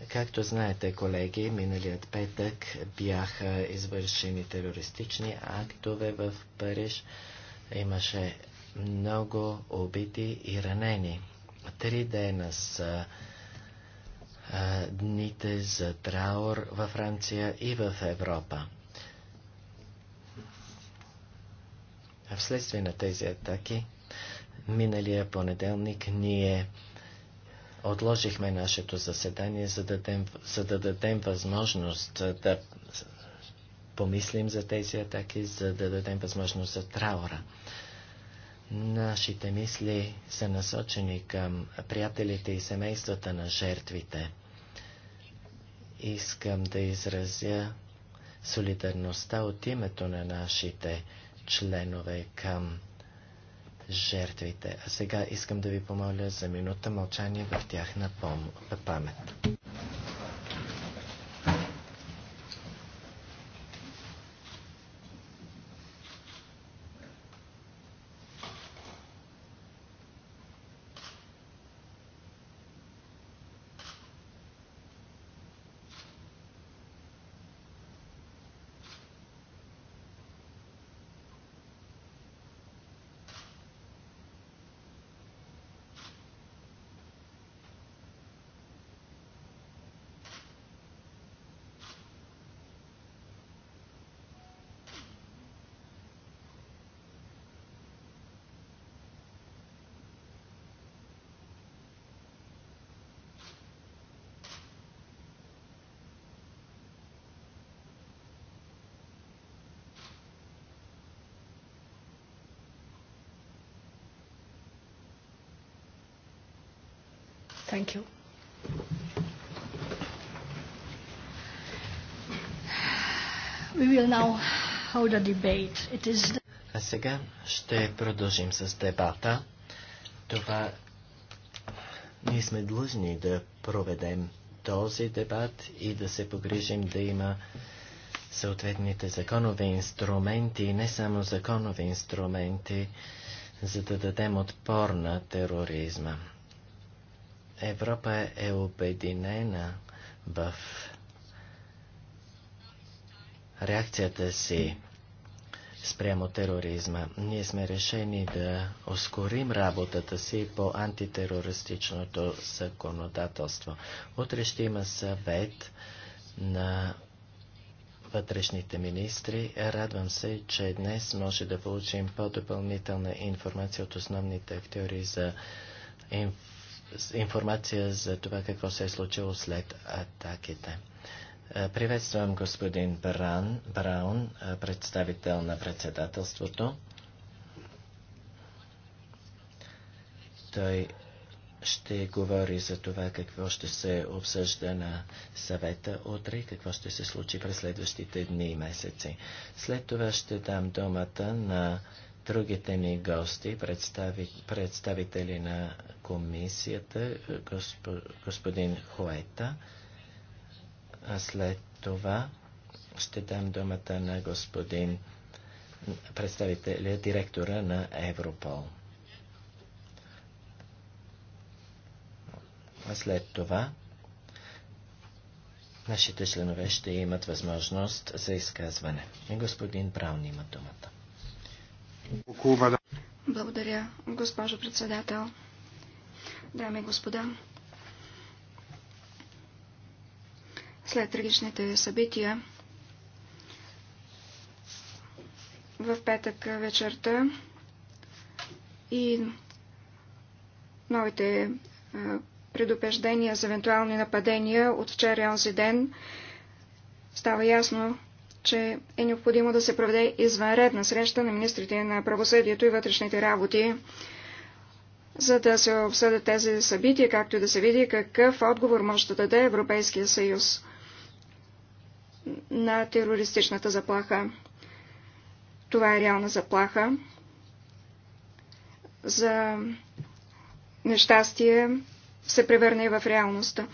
Както знаете, колеги, миналият петък бяха извършени терористични актове в Париж. Имаше много убити и ранени. Три дена са дните за траур във Франция и в Европа. А вследствие на тези атаки, миналия понеделник ние отложихме нашето заседание, за да дадем, за да дадем възможност да помислим за тези атаки, за да дадем възможност за траура. Нашите мисли са насочени към приятелите и семействата на жертвите – Искам да изразя солидарността от името на нашите членове към жертвите. А сега искам да ви помоля за минута мълчание в тяхна памет. now debate. It is the... А сега ще продължим с дебата. Това ние сме длъжни да проведем този дебат и да се погрижим да има съответните законови инструменти и не само законови инструменти, за да дадем отпор на тероризма. Европа е обединена в реакцията си спрямо тероризма. Ние сме решени да ускорим работата си по антитерористичното законодателство. Утре ще има съвет на вътрешните министри. Радвам се, че днес може да получим по-допълнителна информация от основните актьори за инф... информация за това какво се е случило след атаките. Е, приветствам господин Бран, Браун, е, представител на председателството. Той ще говори за това какво ще се обсъжда на съвета утре и какво ще се случи през следващите дни и месеци. След това ще дам думата на другите ни гости, представи, представители на комисията, е, госпо, господин Хуета а след това ще дам думата на господин представителя, директора на Европол. А след това нашите членове ще имат възможност за изказване. И господин Браун има думата. Благодаря, госпожо председател. Дами и господа, след трагичните събития. В петък вечерта и новите предупреждения за евентуални нападения от вчера и онзи ден става ясно, че е необходимо да се проведе извънредна среща на министрите на правосъдието и вътрешните работи, за да се обсъдят тези събития, както и да се види какъв отговор може да даде Европейския съюз на терористичната заплаха. Това е реална заплаха за нещастие се превърне в реалността.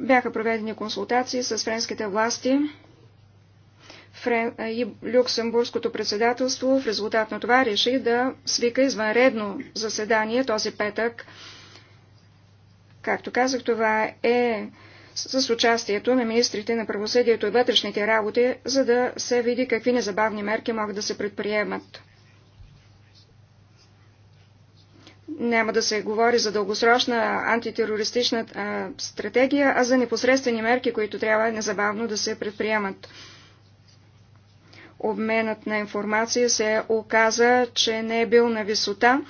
Бяха проведени консултации с френските власти и Люксембургското председателство. В резултат на това реши да свика извънредно заседание този петък. Както казах, това е с участието на министрите на правосъдието и вътрешните работи, за да се види какви незабавни мерки могат да се предприемат. Няма да се говори за дългосрочна антитерористична а, стратегия, а за непосредствени мерки, които трябва незабавно да се предприемат. Обменът на информация се оказа, че не е бил на висота.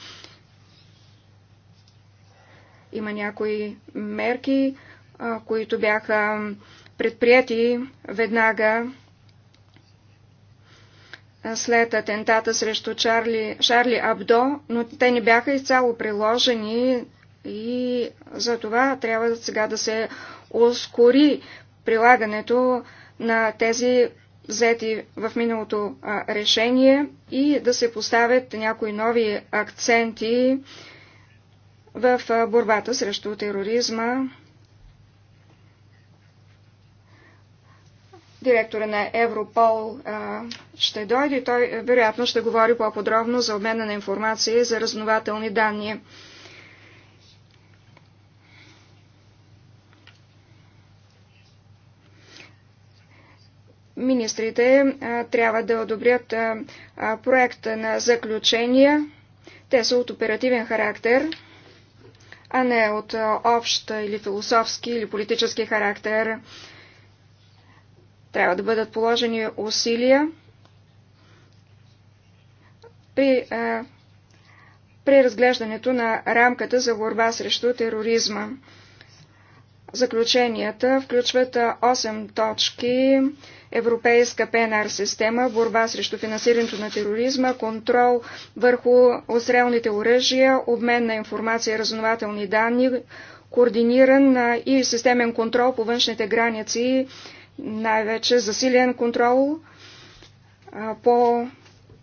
Има някои мерки, които бяха предприяти веднага след атентата срещу Чарли, Шарли Абдо, но те не бяха изцяло приложени и за това трябва сега да се ускори прилагането на тези взети в миналото решение и да се поставят някои нови акценти в борбата срещу тероризма директора на Европол а, ще дойде и той вероятно ще говори по-подробно за обмена на информация и за разнователни данни. Министрите а, трябва да одобрят а, а, проекта на заключения. Те са от оперативен характер, а не от а, общ или философски или политически характер. А, трябва да бъдат положени усилия при а, разглеждането на рамката за борба срещу тероризма. Заключенията включват 8 точки Европейска ПНР система, борба срещу финансирането на тероризма, контрол върху острелните оръжия, обмен на информация и разнователни данни, координиран и системен контрол по външните граници най-вече засилен контрол по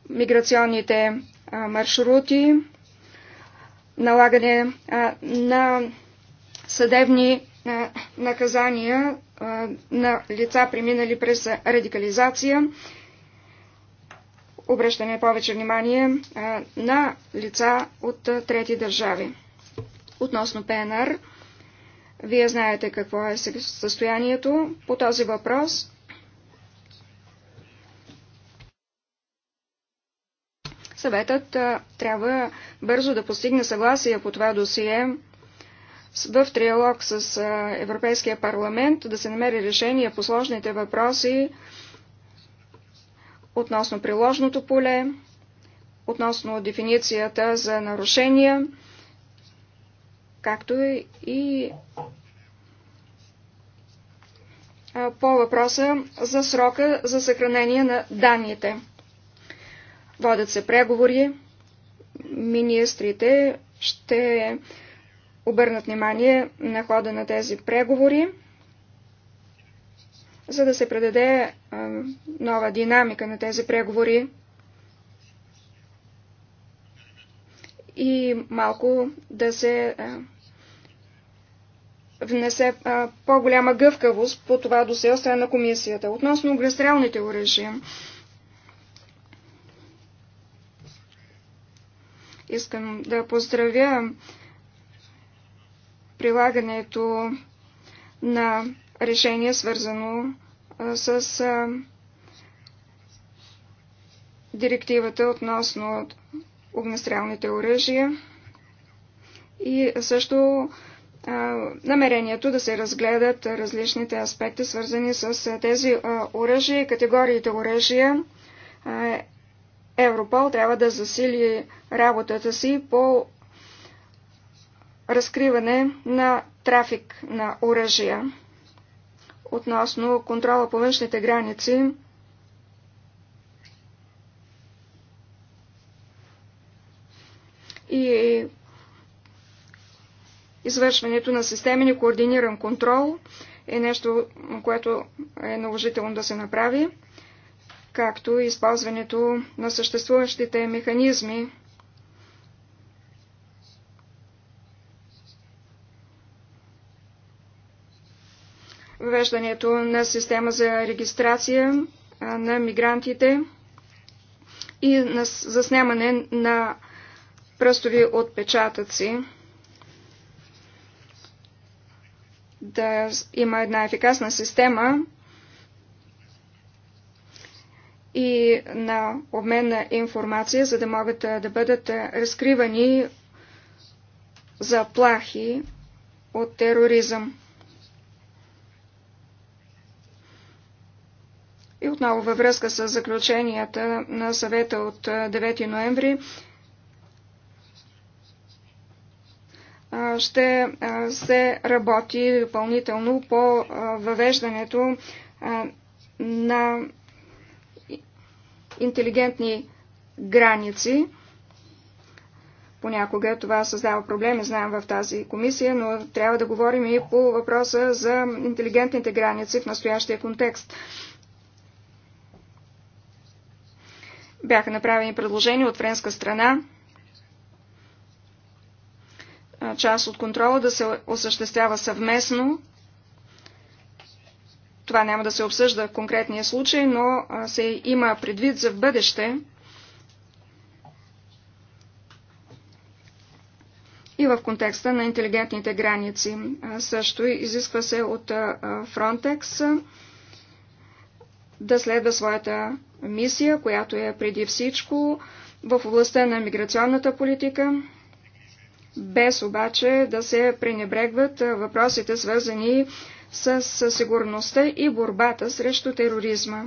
миграционните маршрути, налагане на съдебни наказания на лица, преминали през радикализация, обръщане повече внимание на лица от трети държави. Относно ПНР, вие знаете какво е състоянието по този въпрос. Съветът трябва бързо да постигне съгласие по това досие в триалог с Европейския парламент, да се намери решение по сложните въпроси относно приложното поле, относно дефиницията за нарушения както и по въпроса за срока за съхранение на данните. Водят се преговори. Министрите ще обърнат внимание на хода на тези преговори, за да се предаде нова динамика на тези преговори и малко да се внесе по-голяма гъвкавост по това досе страна на комисията. Относно огнестрелните оръжия, искам да поздравя прилагането на решение, свързано с директивата относно огнестрелните оръжия и също намерението да се разгледат различните аспекти, свързани с тези оръжия и категориите оръжия. Европол трябва да засили работата си по разкриване на трафик на оръжия относно контрола по външните граници. И извършването на системен и координиран контрол е нещо, което е наложително да се направи, както и използването на съществуващите механизми. Въвеждането на система за регистрация на мигрантите и на заснемане на пръстови отпечатъци. да има една ефикасна система и на обмен на информация, за да могат да бъдат разкривани заплахи от тероризъм. И отново във връзка с заключенията на съвета от 9 ноември, ще се работи допълнително по въвеждането на интелигентни граници. Понякога това създава проблеми, знаем в тази комисия, но трябва да говорим и по въпроса за интелигентните граници в настоящия контекст. Бяха направени предложения от френска страна част от контрола да се осъществява съвместно. Това няма да се обсъжда в конкретния случай, но се има предвид за в бъдеще. и в контекста на интелигентните граници. Също изисква се от Frontex да следва своята мисия, която е преди всичко в областта на миграционната политика, без обаче да се пренебрегват въпросите свързани с сигурността и борбата срещу тероризма.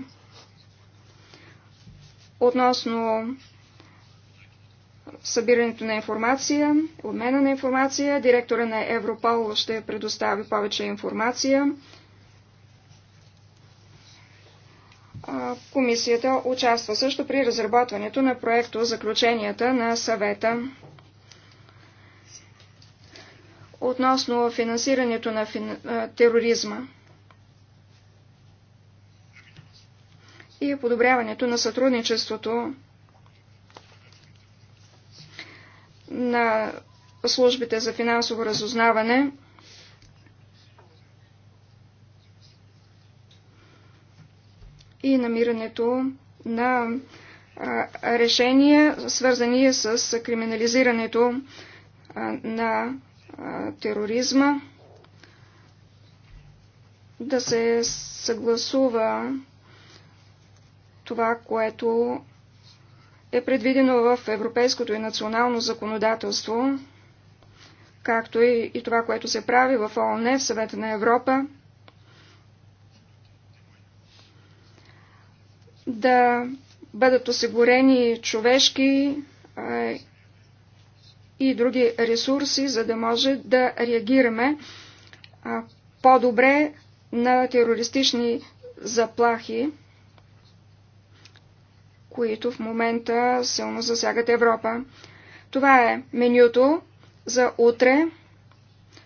Относно събирането на информация, обмена на информация, директора на Европол ще предостави повече информация. Комисията участва също при разработването на проекто заключенията на съвета относно финансирането на фин... тероризма и подобряването на сътрудничеството на службите за финансово разузнаване. и намирането на решения, свързани с криминализирането на тероризма, да се съгласува това, което е предвидено в европейското и национално законодателство, както и, и това, което се прави в ООН, в Съвета на Европа, да бъдат осигурени човешки и други ресурси, за да може да реагираме по-добре на терористични заплахи, които в момента силно засягат Европа. Това е менюто за утре.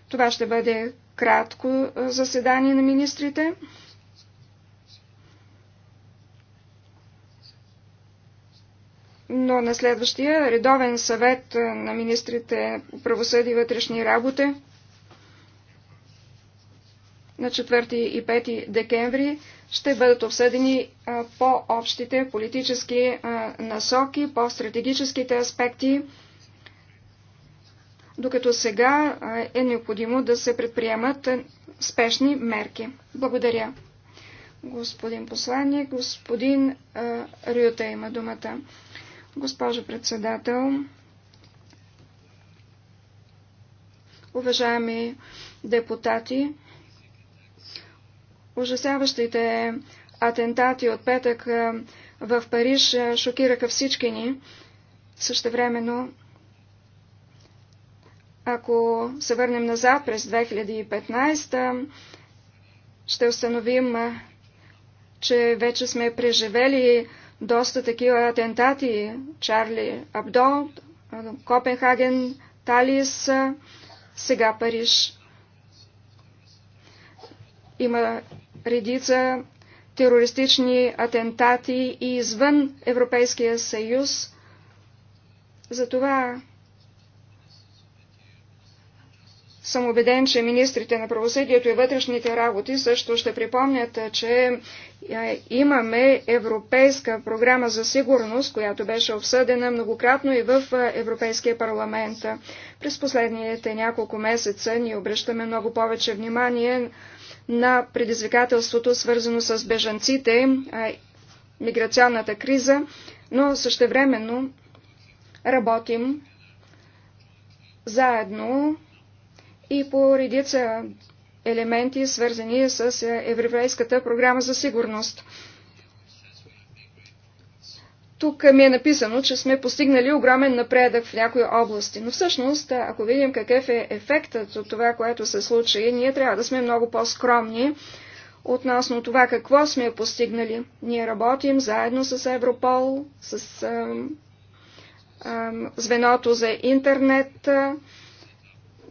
Това ще бъде кратко заседание на министрите. но на следващия редовен съвет е, на министрите правосъди и вътрешни работи на 4 и 5 декември ще бъдат обсъдени е, по-общите политически е, насоки, по-стратегическите аспекти, докато сега е необходимо да се предприемат спешни мерки. Благодаря. Господин посланник, господин Рюта има думата. Госпожо председател, уважаеми депутати, ужасяващите атентати от петък в Париж шокираха всички ни. Същевременно, ако се върнем назад през 2015, ще установим, че вече сме преживели доста такива атентати. Чарли Абдо, Копенхаген, Талис, сега Париж. Има редица терористични атентати и извън Европейския съюз. Затова съм убеден, че министрите на правосъдието и вътрешните работи също ще припомнят, че е, имаме европейска програма за сигурност, която беше обсъдена многократно и в е, Европейския парламент. През последните няколко месеца ние обръщаме много повече внимание на предизвикателството, свързано с бежанците, е, миграционната криза, но същевременно работим заедно и по редица елементи, свързани с е, Европейската програма за сигурност. Тук ми е написано, че сме постигнали огромен напредък в някои области, но всъщност, ако видим какъв е ефектът от това, което се случи, ние трябва да сме много по-скромни относно това какво сме постигнали. Ние работим заедно с Европол, с ам, ам, звеното за интернет,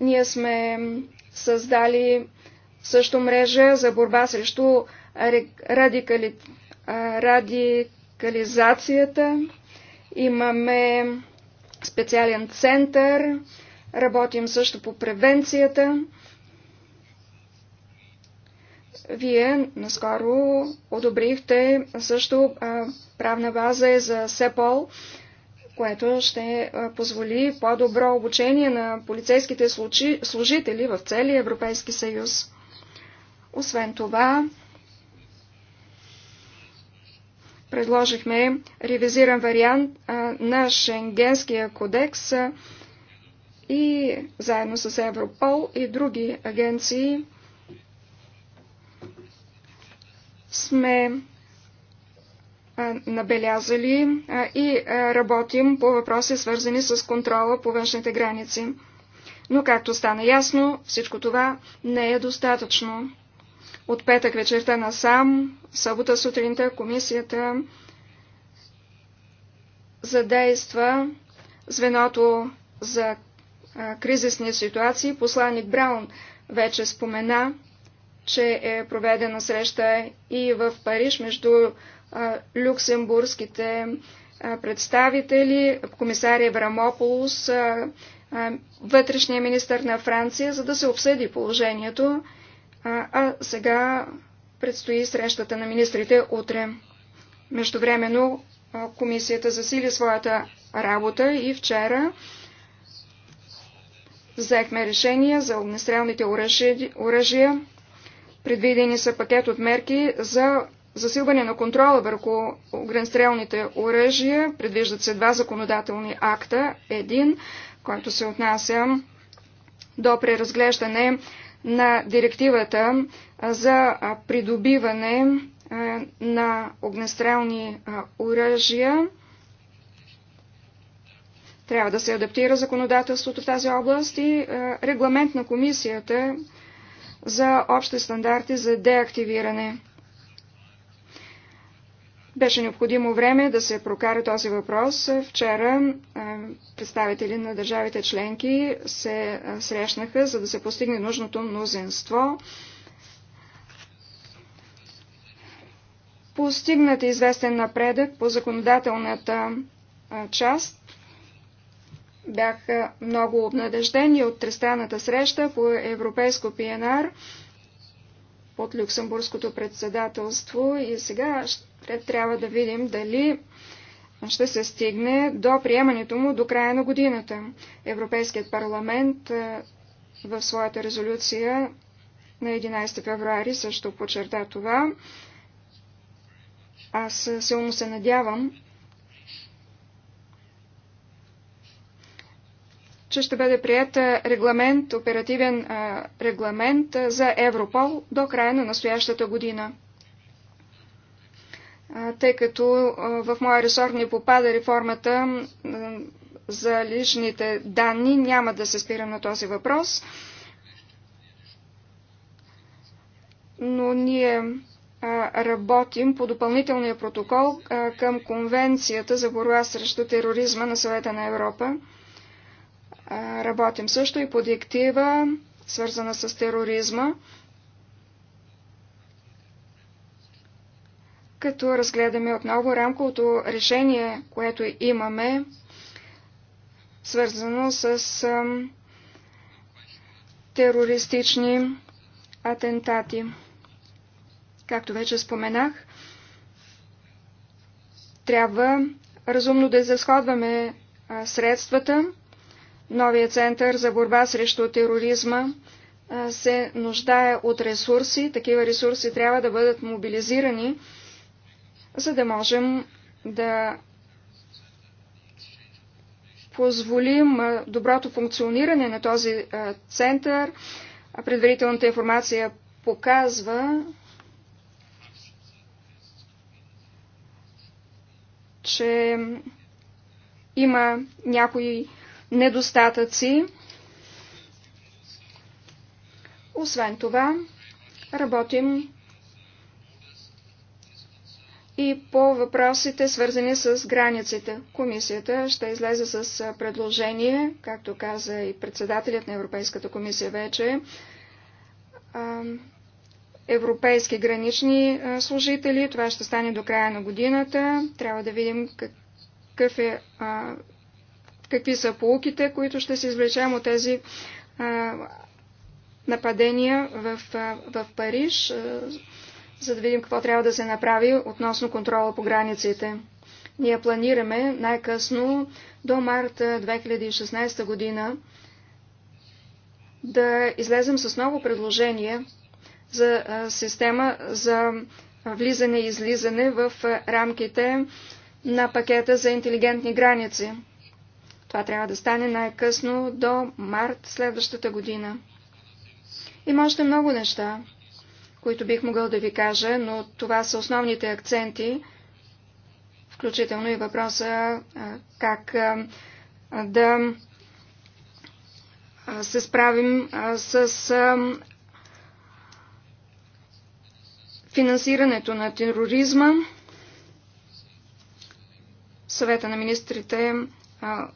ние сме създали също мрежа за борба срещу радикали... радикализацията. Имаме специален център. Работим също по превенцията. Вие наскоро одобрихте също правна база е за СЕПОЛ което ще позволи по-добро обучение на полицейските служители в целия Европейски съюз. Освен това, предложихме ревизиран вариант на Шенгенския кодекс и заедно с Европол и други агенции сме набелязали и работим по въпроси, свързани с контрола по външните граници. Но, както стана ясно, всичко това не е достатъчно. От петък вечерта насам, събота сутринта, комисията задейства звеното за кризисни ситуации. Посланник Браун вече спомена, че е проведена среща и в Париж между люксембургските представители, комисария Еврамополус, вътрешния министр на Франция, за да се обсъди положението. А сега предстои срещата на министрите утре. Междувременно комисията засили своята работа и вчера взехме решение за огнестрелните оръжия. Предвидени са пакет от мерки за засилване на контрола върху огнестрелните оръжия. Предвиждат се два законодателни акта. Един, който се отнася до преразглеждане на директивата за придобиване на огнестрелни оръжия. Трябва да се адаптира законодателството в тази област и регламент на комисията за общи стандарти за деактивиране. Беше необходимо време да се прокара този въпрос. Вчера представители на държавите членки се срещнаха, за да се постигне нужното мнозинство. Постигнат е известен напредък по законодателната част. Бях много обнадеждени от трестаната среща по Европейско ПНР под Люксембургското председателство и сега трябва да видим дали ще се стигне до приемането му до края на годината. Европейският парламент е, в своята резолюция на 11 февруари също подчерта това. Аз силно се надявам, че ще бъде прият е, регламент, оперативен е, регламент за Европол до края на настоящата година тъй като в моя ресор не попада реформата за личните данни. Няма да се спирам на този въпрос. Но ние работим по допълнителния протокол към Конвенцията за борба срещу тероризма на Съвета на Европа. Работим също и по диктива, свързана с тероризма. като разгледаме отново рамковото решение, което имаме, свързано с терористични атентати. Както вече споменах, трябва разумно да изразходваме средствата. Новия център за борба срещу тероризма се нуждае от ресурси. Такива ресурси трябва да бъдат мобилизирани за да можем да позволим доброто функциониране на този център. Предварителната информация показва, че има някои недостатъци. Освен това, работим и по въпросите, свързани с границите, комисията ще излезе с предложение, както каза и председателят на Европейската комисия вече, европейски гранични служители. Това ще стане до края на годината. Трябва да видим какъв е, какви са полуките, които ще се извлечем от тези нападения в, в Париж за да видим какво трябва да се направи относно контрола по границите. Ние планираме най-късно до март 2016 година да излезем с ново предложение за система за влизане и излизане в рамките на пакета за интелигентни граници. Това трябва да стане най-късно до март следващата година. Има още много неща, които бих могъл да ви кажа, но това са основните акценти, включително и въпроса как да се справим с финансирането на тероризма. Съвета на министрите на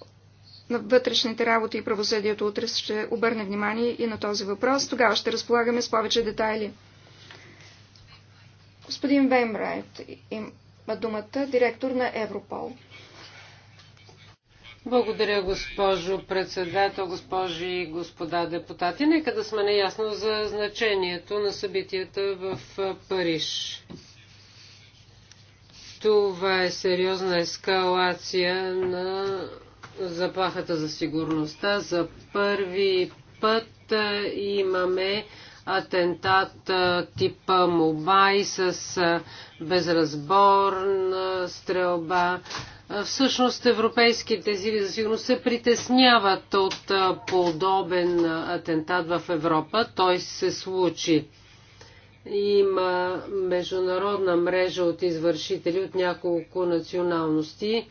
вътрешните работи и правосъдието утре ще обърне внимание и на този въпрос. Тогава ще разполагаме с повече детайли. Господин Веймрайт има думата, директор на Европол. Благодаря, госпожо председател, госпожи и господа депутати. Нека да сме наясно за значението на събитията в Париж. Това е сериозна ескалация на заплахата за сигурността. За първи път имаме атентат типа Мубай с безразборна стрелба. Всъщност европейските сили за сигурност се притесняват от подобен атентат в Европа. Той се случи. Има международна мрежа от извършители от няколко националности.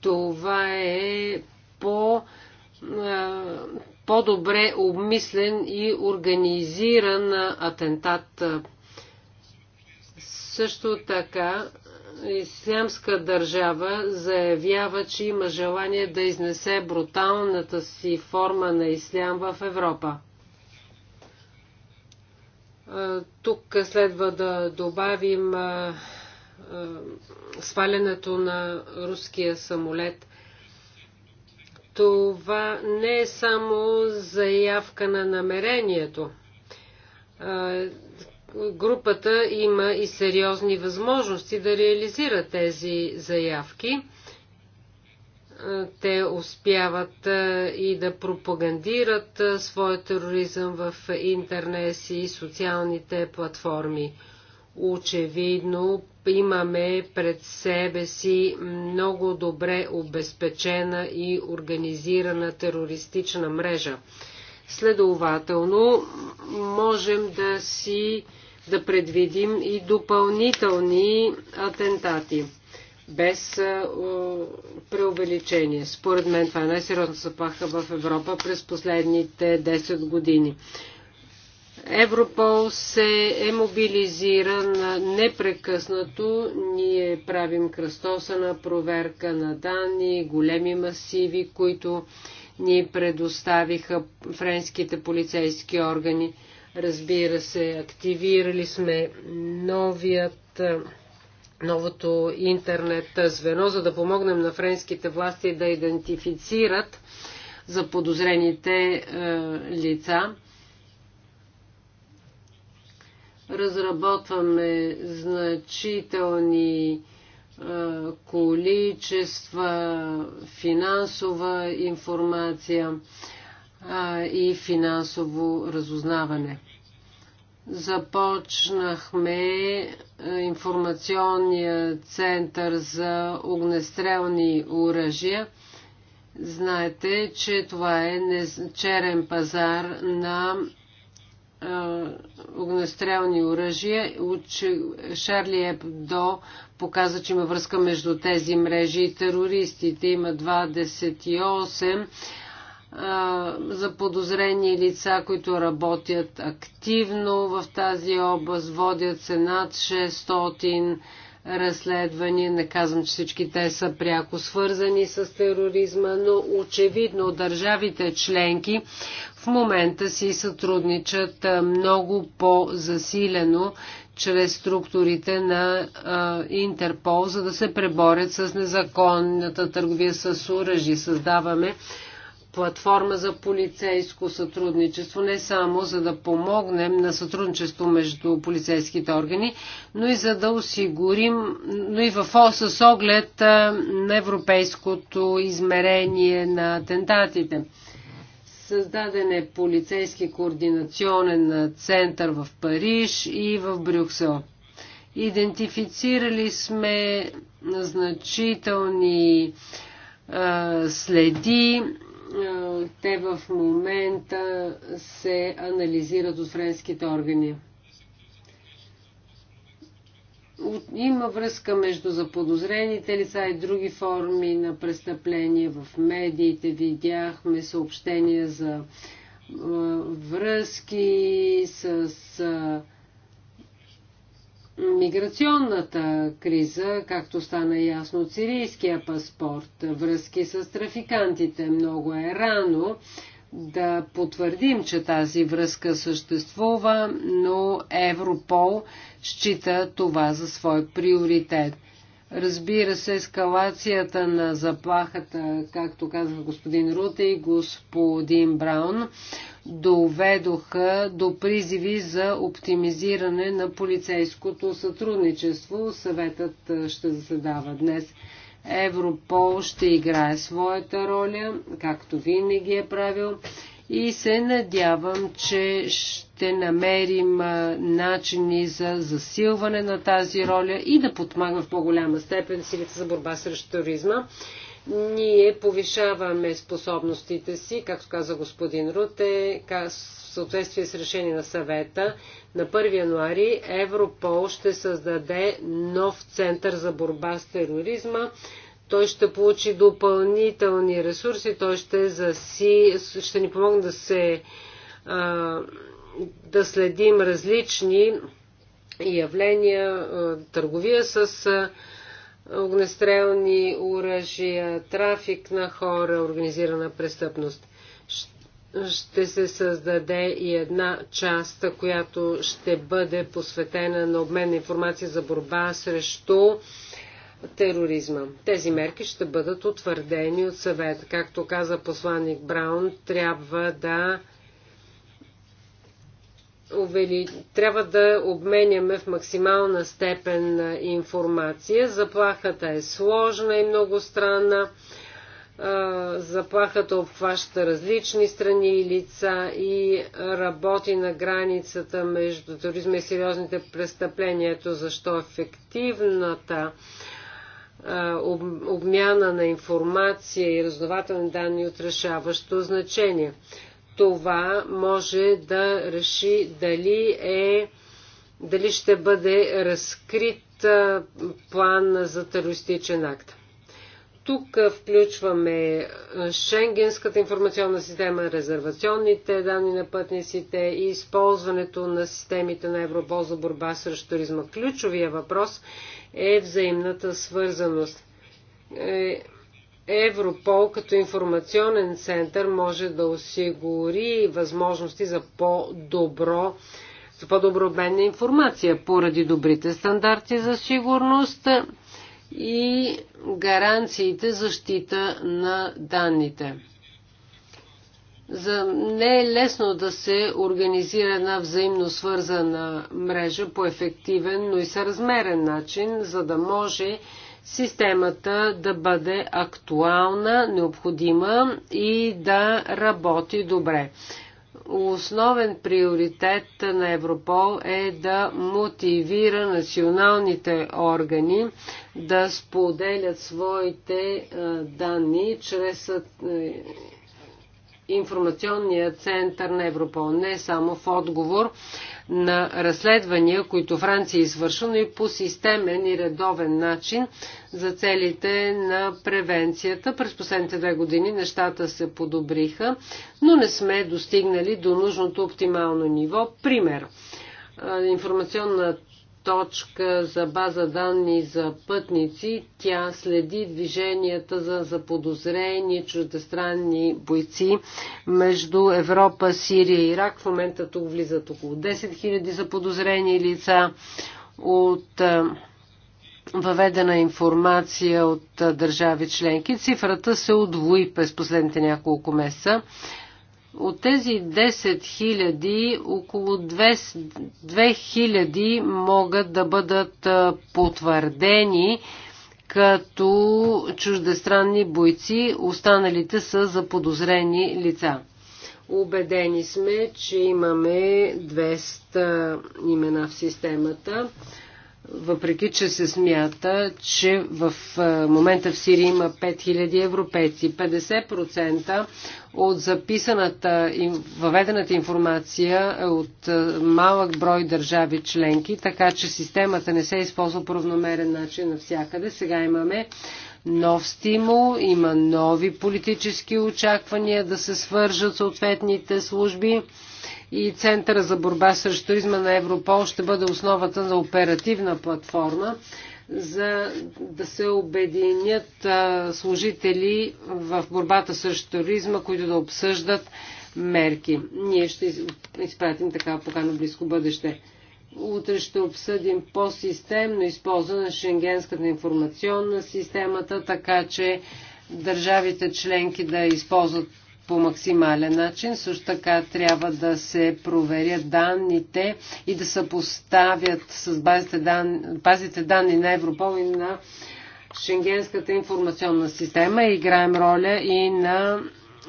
Това е по по-добре обмислен и организиран атентат. Също така, Ислямска държава заявява, че има желание да изнесе бруталната си форма на ислям в Европа. Тук следва да добавим свалянето на руския самолет – това не е само заявка на намерението. Групата има и сериозни възможности да реализира тези заявки те успяват и да пропагандират своя тероризъм в интернет и социалните платформи. Очевидно имаме пред себе си много добре обезпечена и организирана терористична мрежа. Следователно, можем да си да предвидим и допълнителни атентати без е, преувеличение. Според мен това е най-сериозна заплаха в Европа през последните 10 години. Европол се е мобилизиран непрекъснато. Ние правим кръстосана проверка на данни, големи масиви, които ни предоставиха френските полицейски органи. Разбира се, активирали сме новият, новото интернет звено, за да помогнем на френските власти да идентифицират заподозрените е, лица Разработваме значителни количества, финансова информация и финансово разузнаване. Започнахме информационния център за огнестрелни оръжия. Знаете, че това е черен пазар на огнестрелни оръжия. Шарли Ебдо показа, че има връзка между тези мрежи и терористите. Има 28 за подозрени лица, които работят активно в тази област, водят се над 600 разследвани. Не казвам, че всички те са пряко свързани с тероризма, но очевидно държавите членки в момента си сътрудничат много по-засилено чрез структурите на а, Интерпол, за да се преборят с незаконната търговия с уръжи, Създаваме платформа за полицейско сътрудничество, не само за да помогнем на сътрудничество между полицейските органи, но и за да осигурим, но и в с оглед на европейското измерение на атентатите. Създаден е полицейски координационен център в Париж и в Брюксел. Идентифицирали сме значителни следи те в момента се анализират от френските органи. Има връзка между заподозрените лица и други форми на престъпления. В медиите видяхме съобщения за връзки с Миграционната криза, както стана ясно от сирийския паспорт, връзки с трафикантите, много е рано да потвърдим, че тази връзка съществува, но Европол счита това за свой приоритет – Разбира се, ескалацията на заплахата, както казва господин Руте и господин Браун, доведоха до призиви за оптимизиране на полицейското сътрудничество. Съветът ще заседава днес. Европол ще играе своята роля, както винаги е правил, и се надявам, че ще намерим начини за засилване на тази роля и да подмага в по-голяма степен силите за борба срещу тероризма. Ние повишаваме способностите си, както каза господин Руте, в съответствие с решение на съвета. На 1 януари Европол ще създаде нов център за борба с тероризма той ще получи допълнителни ресурси, той ще, заси, ще ни помогне да се да следим различни явления, търговия с огнестрелни оръжия, трафик на хора, организирана престъпност. Ще се създаде и една част, която ще бъде посветена на обмен на информация за борба срещу тероризма. Тези мерки ще бъдат утвърдени от съвет. Както каза посланник Браун, трябва да увели... трябва да обменяме в максимална степен информация. Заплахата е сложна и многостранна. Заплахата обхваща различни страни и лица и работи на границата между туризма и сериозните престъпления. Ето защо ефективната обмяна на информация и разнователни данни от решаващо значение. Това може да реши дали, е, дали ще бъде разкрит план за терористичен акт. Тук включваме Шенгенската информационна система, резервационните данни на пътниците и използването на системите на Европол за борба срещу туризма. Ключовия въпрос е взаимната свързаност. Е, Европол като информационен център може да осигури възможности за по-добро за по-добро обмен на информация поради добрите стандарти за сигурност и гаранциите защита на данните. За... Не е лесно да се организира една взаимно свързана мрежа по ефективен, но и съразмерен начин, за да може системата да бъде актуална, необходима и да работи добре. Основен приоритет на Европол е да мотивира националните органи да споделят своите данни чрез информационния център на Европол, не само в отговор на разследвания, които Франция е извършва, но и по системен и редовен начин за целите на превенцията. През последните две години нещата се подобриха, но не сме достигнали до нужното оптимално ниво. Пример информационната точка за база данни за пътници. Тя следи движенията за заподозрени чуждестранни бойци между Европа, Сирия и Ирак. В момента тук влизат около 10 000 заподозрени лица от е, въведена информация от е, държави членки. Цифрата се удвои през последните няколко месеца. От тези 10 000, около 2 000 могат да бъдат потвърдени като чуждестранни бойци, останалите са заподозрени лица. Убедени сме, че имаме 200 имена в системата въпреки че се смята, че в е, момента в Сирия има 5000 европейци. 50% от записаната, и въведената информация е от е, малък брой държави членки, така че системата не се използва по равномерен начин навсякъде. Сега имаме нов стимул, има нови политически очаквания да се свържат съответните служби и Центъра за борба срещу туризма на Европол ще бъде основата на оперативна платформа, за да се обединят служители в борбата срещу туризма, които да обсъждат мерки. Ние ще изпратим така покана близко бъдеще. Утре ще обсъдим по-системно използване на Шенгенската информационна системата, така че държавите членки да използват по максимален начин. Също така трябва да се проверят данните и да се поставят с базите данни, базите данни на Европол и на Шенгенската информационна система. Играем роля и на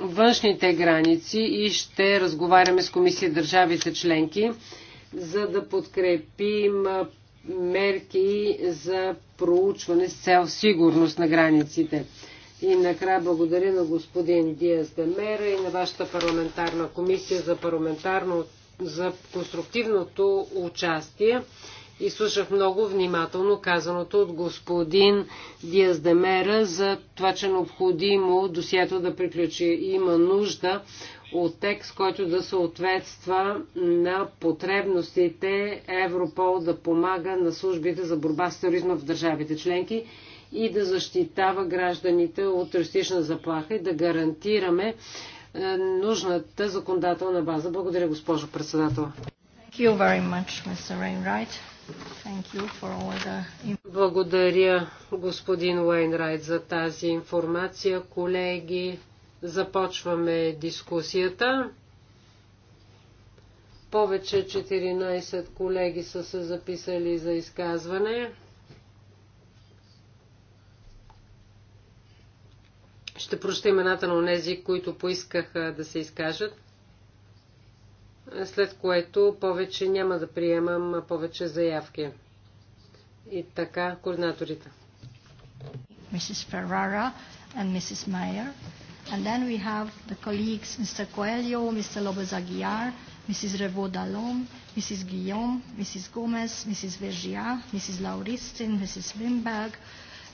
външните граници и ще разговаряме с комисия държавите членки, за да подкрепим мерки за проучване с цел сигурност на границите. И накрая благодаря на господин Диас Демера и на вашата парламентарна комисия за парламентарно за конструктивното участие и слушах много внимателно казаното от господин Диас Демера за това, че е необходимо досието да приключи. Има нужда от текст, който да съответства на потребностите Европол да помага на службите за борба с тероризма в държавите членки и да защитава гражданите от терористична заплаха и да гарантираме е, нужната законодателна база. Благодаря, госпожо председател. Благодаря, господин Уейнрайт, за тази информация. Колеги, започваме дискусията. Повече 14 колеги са се записали за изказване. ще прочета имената на онези, които поискаха да се изкажат, след което повече няма да приемам повече заявки. И така, координаторите. Мисис Феррара и мисис Майер. And then we have the colleagues, Mr. Coelho, Mr. Lobez Aguiar, Mrs. Revaux Dallon, Mrs. Guillaume, Mrs. Gomez, Mrs. Vergia, Mrs. Lauristin, Mrs. Wimberg,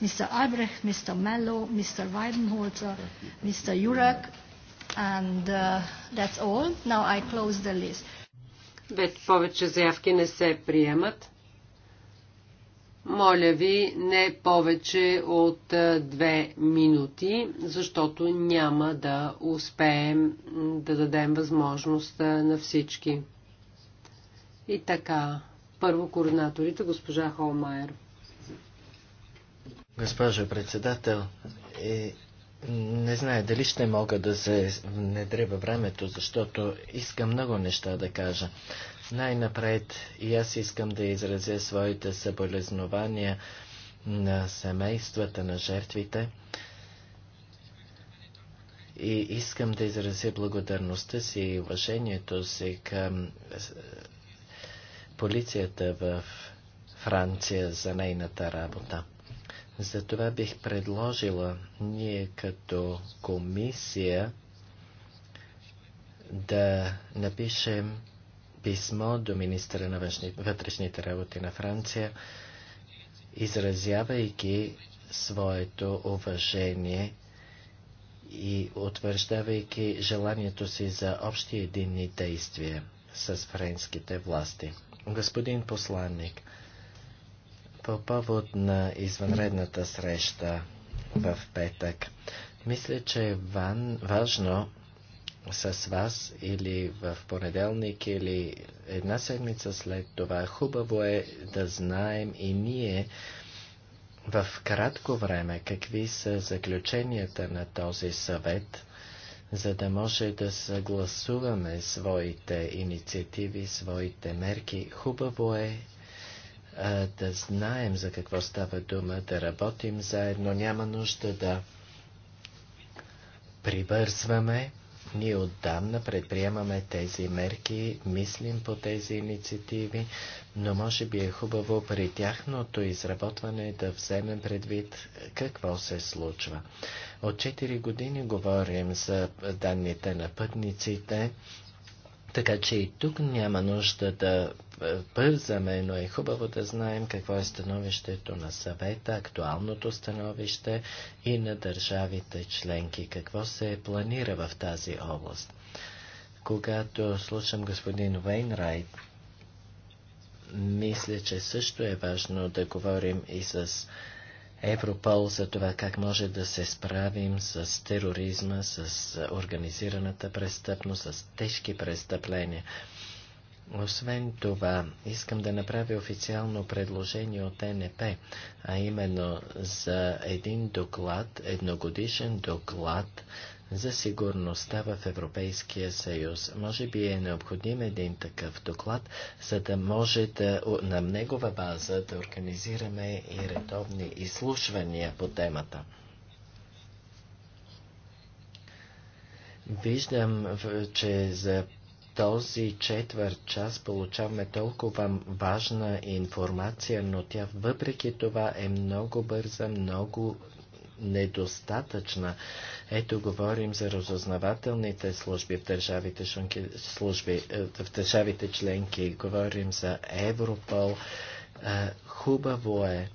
Mr. Albrecht, Mr. Mello, Mr. Weidenholzer, Mr. Jurek, and uh, that's all. Now I close the list. Бед повече заявки не се приемат. Моля ви, не повече от е, две минути, защото няма да успеем да дадем възможност е, на всички. И така, първо координаторите, госпожа Холмайер. Госпожо председател, е, не знае дали ще мога да се внедря във времето, защото искам много неща да кажа. Най-напред и аз искам да изразя своите съболезнования на семействата, на жертвите. И искам да изразя благодарността си и уважението си към е, полицията в Франция за нейната работа. Затова бих предложила ние като комисия да напишем писмо до министра на вътрешните работи на Франция, изразявайки своето уважение и утвърждавайки желанието си за общи единни действия с френските власти. Господин посланник, по повод на извънредната среща в петък. Мисля, че е ван, важно с вас или в понеделник или една седмица след това. Хубаво е да знаем и ние в кратко време какви са заключенията на този съвет, за да може да съгласуваме своите инициативи, своите мерки. Хубаво е да знаем за какво става дума, да работим заедно. Няма нужда да прибързваме. Ние отдавна предприемаме тези мерки, мислим по тези инициативи, но може би е хубаво при тяхното изработване да вземем предвид какво се случва. От 4 години говорим за данните на пътниците, така че и тук няма нужда да бързаме, но е хубаво да знаем какво е становището на съвета, актуалното становище и на държавите членки, какво се планира в тази област. Когато слушам господин Вейнрайт, мисля, че също е важно да говорим и с Европол за това как може да се справим с тероризма, с организираната престъпност, с тежки престъпления. Освен това, искам да направя официално предложение от НП, а именно за един доклад, едногодишен доклад за сигурността в Европейския съюз. Може би е необходим един такъв доклад, за да може да, на негова база да организираме и редовни изслушвания по темата. Виждам, че за този четвърт час получаваме толкова важна информация, но тя въпреки това е много бърза, много недостатъчна. Ето говорим за разузнавателните служби в държавите, шунки, служби, е, в държавите членки, говорим за Европол. Е, хубаво е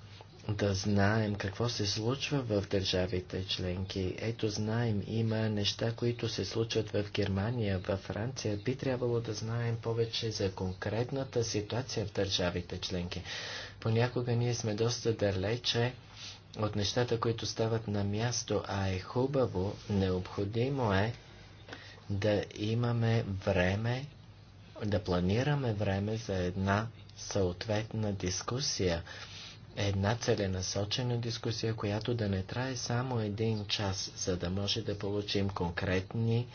да знаем какво се случва в държавите членки. Ето знаем, има неща, които се случват в Германия, в Франция. Би трябвало да знаем повече за конкретната ситуация в държавите членки. Понякога ние сме доста далече от нещата, които стават на място, а е хубаво, необходимо е да имаме време, да планираме време за една съответна дискусия една целенасочена дискусия, която да не трае само един час, за да може да получим конкретни,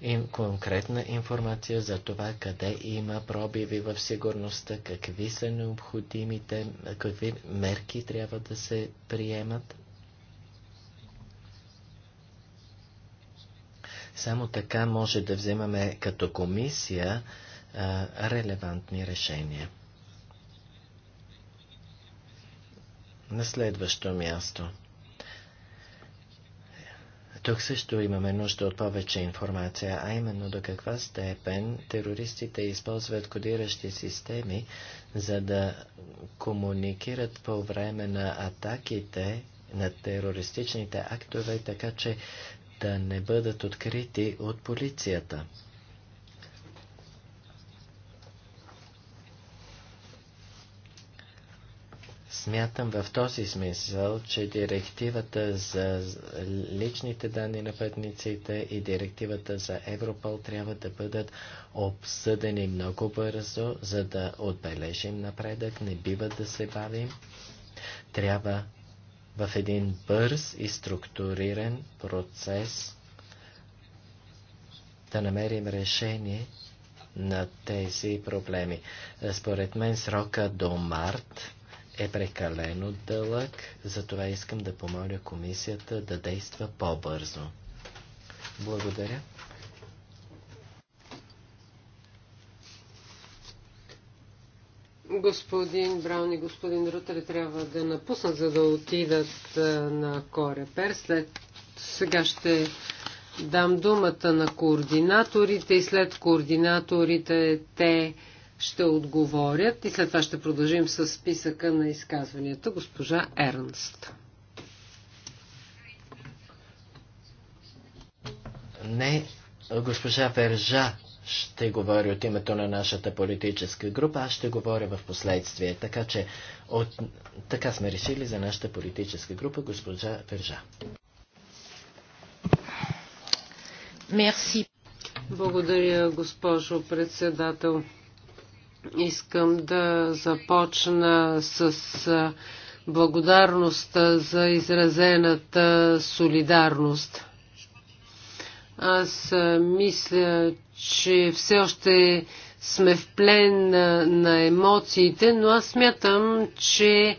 им, конкретна информация за това къде има пробиви в сигурността, какви са необходимите, какви мерки трябва да се приемат. Само така може да вземаме като комисия а, релевантни решения. На следващо място. Тук също имаме нужда от повече информация, а именно до каква степен терористите използват кодиращи системи, за да комуникират по време на атаките на терористичните актове, така че да не бъдат открити от полицията. Смятам в този смисъл, че директивата за личните данни на пътниците и директивата за Европол трябва да бъдат обсъдени много бързо, за да отбележим напредък. Не бива да се бавим. Трябва в един бърз и структуриран процес да намерим решение на тези проблеми. Според мен срока до март е прекалено дълъг, затова искам да помоля комисията да действа по-бързо. Благодаря. Господин Браун и господин Рутер трябва да напуснат, за да отидат на Корепер. След сега ще дам думата на координаторите и след координаторите те ще отговорят и след това ще продължим с списъка на изказванията. Госпожа Ернст. Не, госпожа Вержа ще говори от името на нашата политическа група, аз ще говоря в последствие. Така че от... така сме решили за нашата политическа група, госпожа Вержа. Мерси. Благодаря, госпожо председател. Искам да започна с благодарност за изразената солидарност. Аз мисля, че все още сме в плен на, на емоциите, но аз смятам, че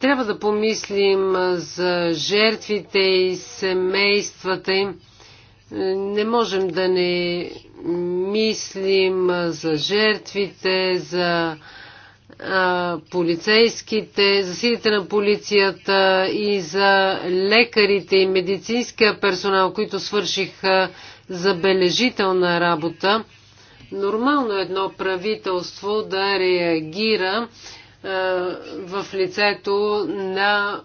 трябва да помислим за жертвите и семействата им. Не можем да не мислим за жертвите, за а, полицейските, за силите на полицията и за лекарите и медицинския персонал, които свършиха забележителна работа. Нормално е едно правителство да реагира а, в лицето на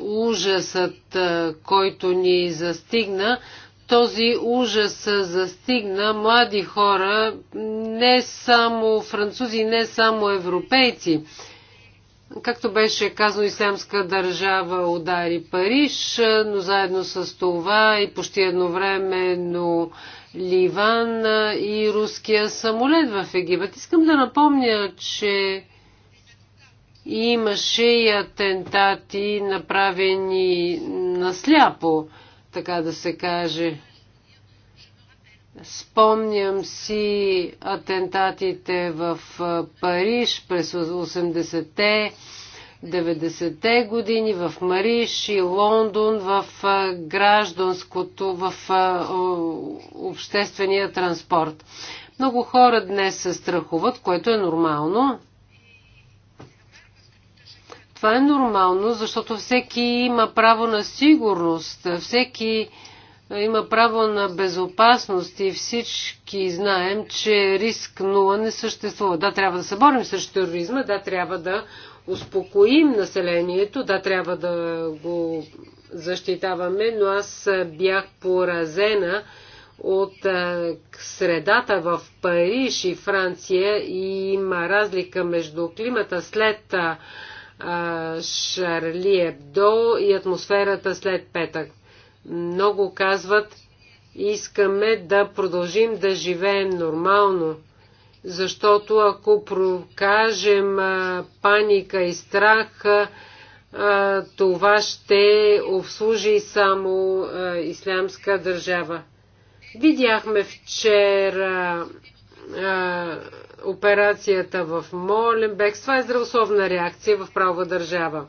ужасът, който ни застигна, този ужас застигна млади хора, не само французи, не само европейци. Както беше казано, Ислямска държава удари Париж, но заедно с това и почти едновременно Ливан и руския самолет в Египет. Искам да напомня, че имаше и атентати, направени насляпо така да се каже. Спомням си атентатите в Париж през 80-те, 90-те години, в Мариш и Лондон, в гражданското, в обществения транспорт. Много хора днес се страхуват, което е нормално. Това е нормално, защото всеки има право на сигурност, всеки е, има право на безопасност и всички знаем, че риск нула не съществува. Да, трябва да се борим срещу тероризма, да, трябва да успокоим населението, да, трябва да го защитаваме, но аз бях поразена от е, средата в Париж и Франция и има разлика между климата след е, Шарли Ебдо и атмосферата след петък. Много казват, искаме да продължим да живеем нормално, защото ако прокажем паника и страх, това ще обслужи само ислямска държава. Видяхме вчера операцията в Моленбек. Това е здравословна реакция в правова държава.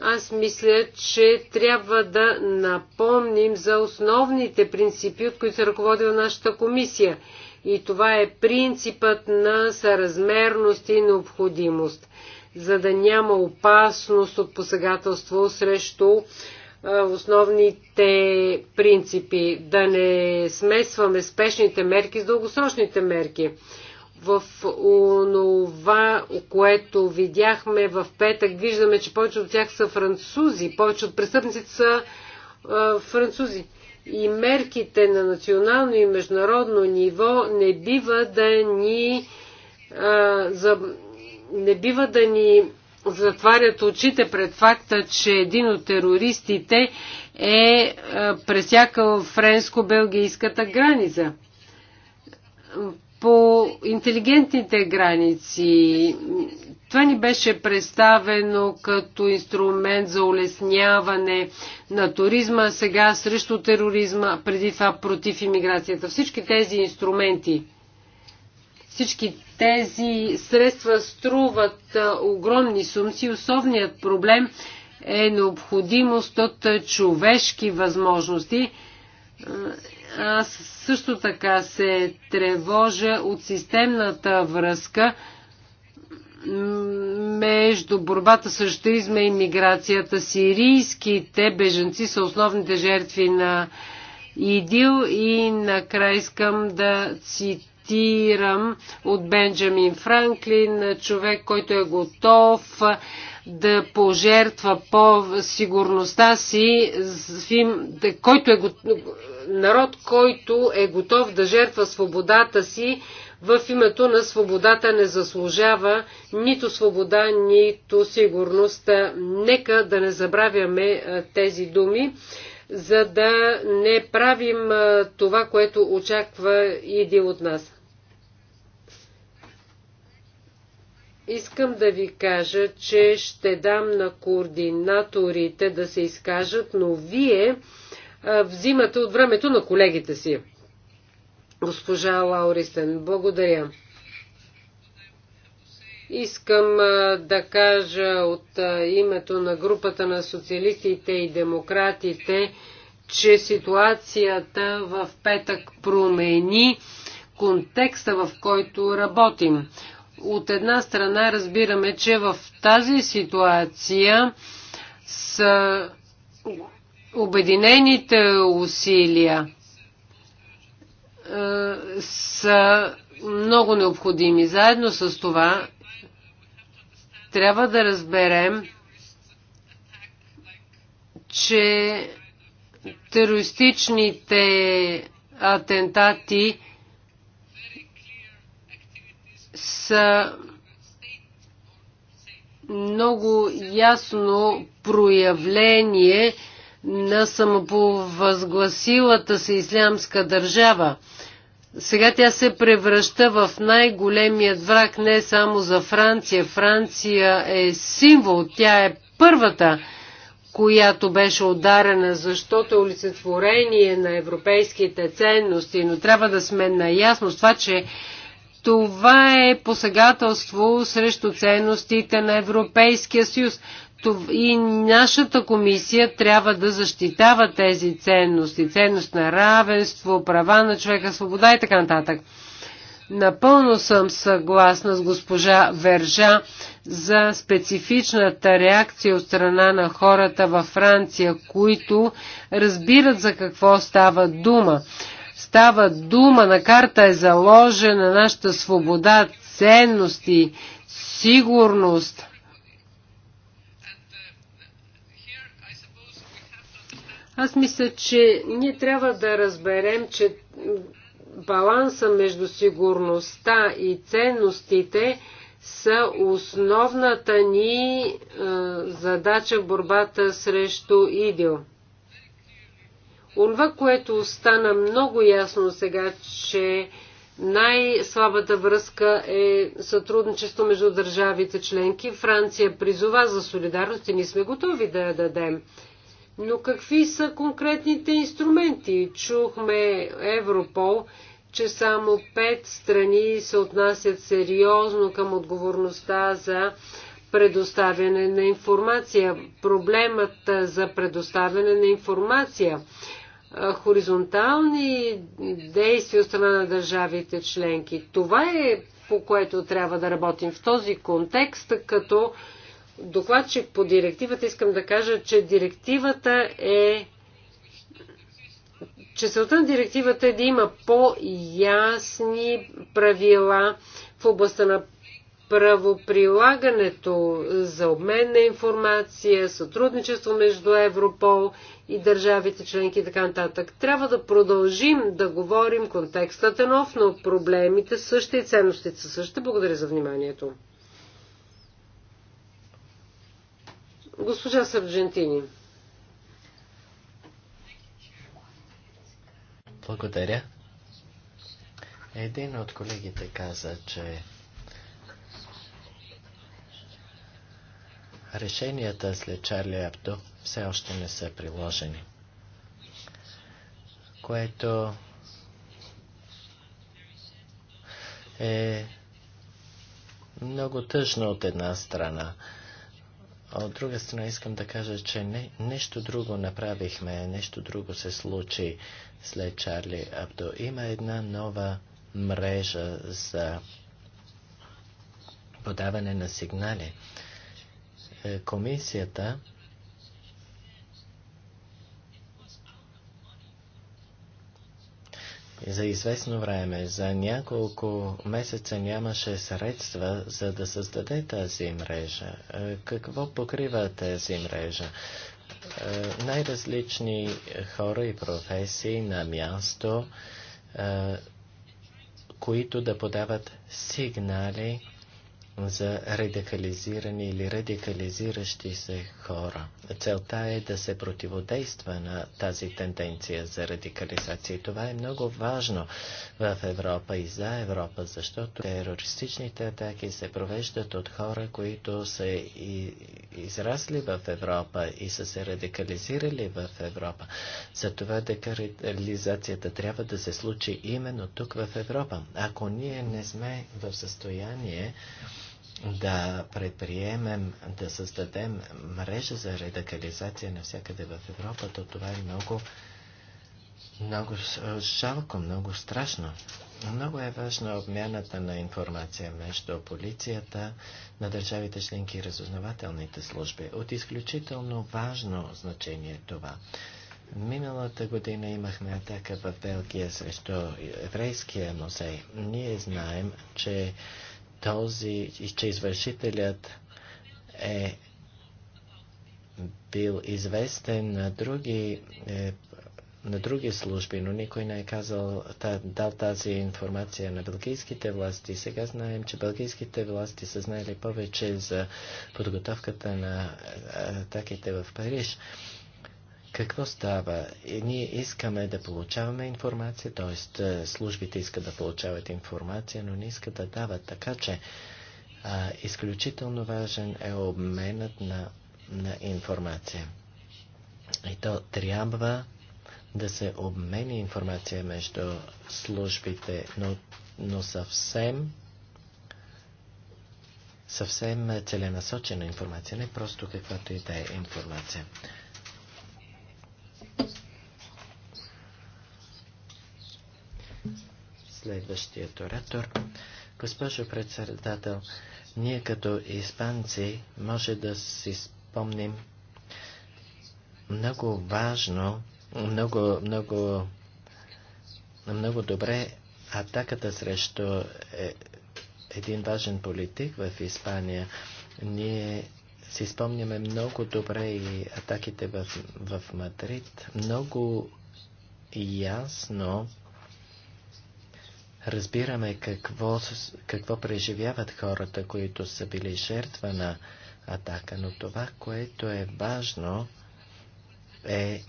Аз мисля, че трябва да напомним за основните принципи, от които се ръководи нашата комисия. И това е принципът на съразмерност и необходимост, за да няма опасност от посегателство срещу основните принципи. Да не смесваме спешните мерки с дългосрочните мерки. В онова, което видяхме в петък, виждаме, че повече от тях са французи, повече от престъпниците са а, французи. И мерките на национално и международно ниво не бива да ни, а, за, не бива да ни затварят очите пред факта, че един от терористите е, е пресякал френско-белгийската граница. По интелигентните граници това ни беше представено като инструмент за улесняване на туризма, сега срещу тероризма, преди това против иммиграцията. Всички тези инструменти всички тези средства струват огромни сумци. Основният проблем е необходимост от човешки възможности. Аз също така се тревожа от системната връзка между борбата срещу изма и миграцията. Сирийските беженци са основните жертви на ИДИЛ и накрая искам да цитирам цитирам от Бенджамин Франклин, човек, който е готов да пожертва по сигурността си, който е, народ, който е готов да жертва свободата си в името на свободата не заслужава нито свобода, нито сигурност. Нека да не забравяме тези думи, за да не правим това, което очаква иди от нас. Искам да ви кажа, че ще дам на координаторите да се изкажат, но вие взимате от времето на колегите си. Госпожа Лауристен, благодаря. Искам да кажа от името на групата на социалистите и демократите, че ситуацията в петък промени контекста, в който работим от една страна разбираме, че в тази ситуация с обединените усилия е, са много необходими. Заедно с това трябва да разберем, че терористичните атентати са много ясно проявление на самоповъзгласилата се ислямска държава. Сега тя се превръща в най-големият враг не само за Франция. Франция е символ, тя е първата, която беше ударена, защото е олицетворение на европейските ценности, но трябва да сме наясно с това, че това е посегателство срещу ценностите на Европейския съюз. И нашата комисия трябва да защитава тези ценности. Ценност на равенство, права на човека, свобода и така нататък. Напълно съм съгласна с госпожа Вержа за специфичната реакция от страна на хората във Франция, които разбират за какво става дума става дума на карта е заложена нашата свобода, ценности, сигурност. Аз мисля, че ние трябва да разберем, че баланса между сигурността и ценностите са основната ни задача в борбата срещу идио. Онова, което стана много ясно сега, че най-слабата връзка е сътрудничество между държавите членки. Франция призова за солидарност и ние сме готови да я дадем. Но какви са конкретните инструменти? Чухме Европол, че само пет страни се отнасят сериозно към отговорността за предоставяне на информация. Проблемът за предоставяне на информация хоризонтални действия от страна на държавите членки. Това е по което трябва да работим в този контекст, като докладчик по директивата искам да кажа, че директивата е че целта на директивата е да има по-ясни правила в областта на правоприлагането за обмен на информация, сътрудничество между Европол и държавите членки и така нататък. Трябва да продължим да говорим контекстът е нов, но проблемите същи и ценностите са също. Благодаря за вниманието. Госпожа Сърджентини. Благодаря. Един от колегите каза, че решенията след Чарли Абдо все още не са приложени, което е много тъжно от една страна. От друга страна искам да кажа, че не, нещо друго направихме, нещо друго се случи след Чарли Абдо. Има една нова мрежа за подаване на сигнали. Е, комисията за известно време, за няколко месеца нямаше средства, за да създаде тази мрежа. Е, какво покрива тази мрежа? Е, най-различни хора и професии на място, които да подават сигнали за радикализирани или радикализиращи се хора. Целта е да се противодейства на тази тенденция за радикализация. това е много важно в Европа и за Европа, защото терористичните атаки се провеждат от хора, които са израсли в Европа и са се радикализирали в Европа. Затова декарализацията трябва да се случи именно тук в Европа. Ако ние не сме в състояние да предприемем, да създадем мрежа за радикализация навсякъде в Европа, то това е много, много жалко, много страшно. Много е важна обмяната на информация между полицията, на държавите членки и разузнавателните служби. От изключително важно значение е това. Миналата година имахме атака в Белгия срещу еврейския музей. Ние знаем, че този, че извършителят е бил известен на други, е, на други служби, но никой не е казал, та, дал тази информация на бългийските власти. Сега знаем, че бългийските власти са знаели повече за подготовката на атаките в Париж. Е, какво става? Е, ние искаме да получаваме информация, т.е. Е, службите искат да получават информация, но не искат да дават. Така че а, изключително важен е обменът на, на информация. И то трябва да се обмени информация между службите, но, но съвсем съвсем целенасочена информация, не просто каквато и да е информация. следващият оратор. Госпожо председател, ние като испанци може да си спомним много важно, много, много, много добре атаката срещу е, един важен политик в Испания. Ние си спомняме много добре и атаките в, в Мадрид. Много ясно разбираме какво, какво преживяват хората, които са били жертва на атака, но това, което е важно, е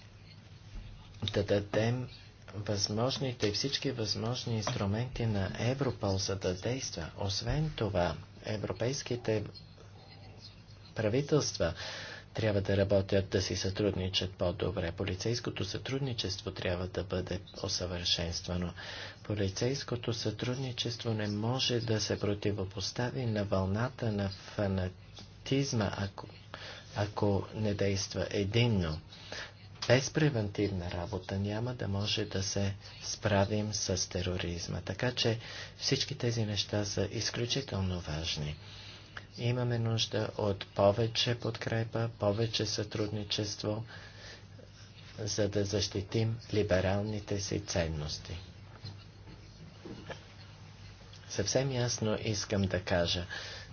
да дадем възможните, всички възможни инструменти на Европол за да действа. Освен това, европейските правителства трябва да работят, да си сътрудничат по-добре. Полицейското сътрудничество трябва да бъде усъвършенствано. Полицейското сътрудничество не може да се противопостави на вълната на фанатизма, ако, ако не действа единно. Без превентивна работа няма да може да се справим с тероризма. Така че всички тези неща са изключително важни. Имаме нужда от повече подкрепа, повече сътрудничество, за да защитим либералните си ценности. Съвсем ясно искам да кажа,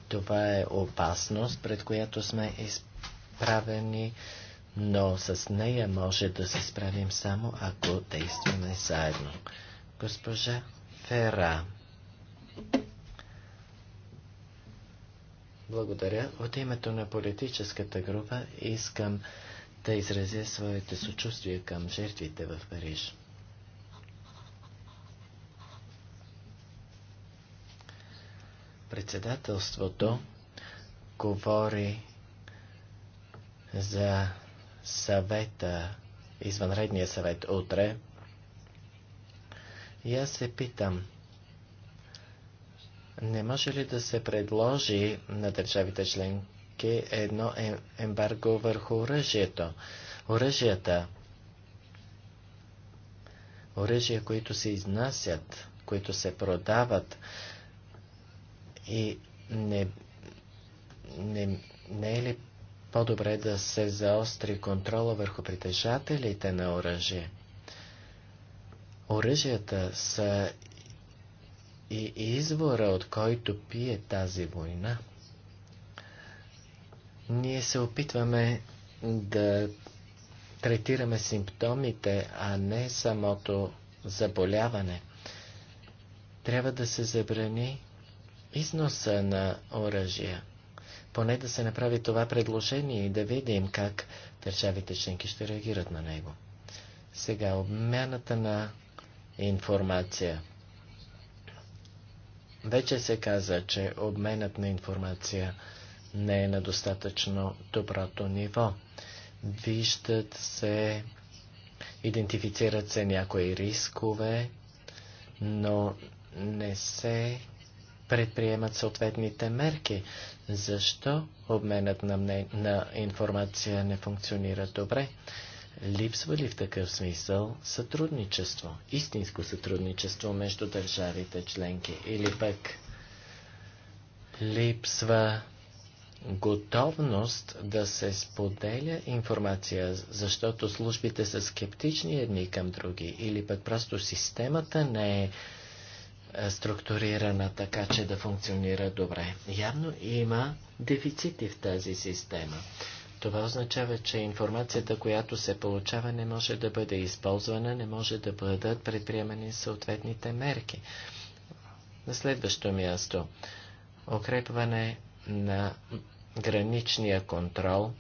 това е опасност, пред която сме изправени, но с нея може да се справим само ако действаме заедно. Госпожа Фера. Благодаря. От името на политическата група искам да изразя своите съчувствия към жертвите в Париж. Председателството говори за съвета, извънредния съвет утре. И аз се питам, не може ли да се предложи на държавите членки едно е, ембарго върху оръжието? Оръжията, оръжия, които се изнасят, които се продават и не, не, не е ли по-добре да се заостри контрола върху притежателите на оръжие? Оръжията са и извора, от който пие тази война. Ние се опитваме да третираме симптомите, а не самото заболяване. Трябва да се забрани износа на оръжия. Поне да се направи това предложение и да видим как държавите членки ще реагират на него. Сега обмяната на информация. Вече се каза, че обменът на информация не е на достатъчно доброто ниво. Виждат се, идентифицират се някои рискове, но не се предприемат съответните мерки. Защо обменът на, мнение, на информация не функционира добре? Липсва ли в такъв смисъл сътрудничество, истинско сътрудничество между държавите членки или пък липсва готовност да се споделя информация, защото службите са скептични едни към други или пък просто системата не е, е структурирана така, че да функционира добре. Явно има дефицити в тази система. Това означава, че информацията, която се получава, не може да бъде използвана, не може да бъдат предприемани съответните мерки. На следващо място укрепване на граничния контрол.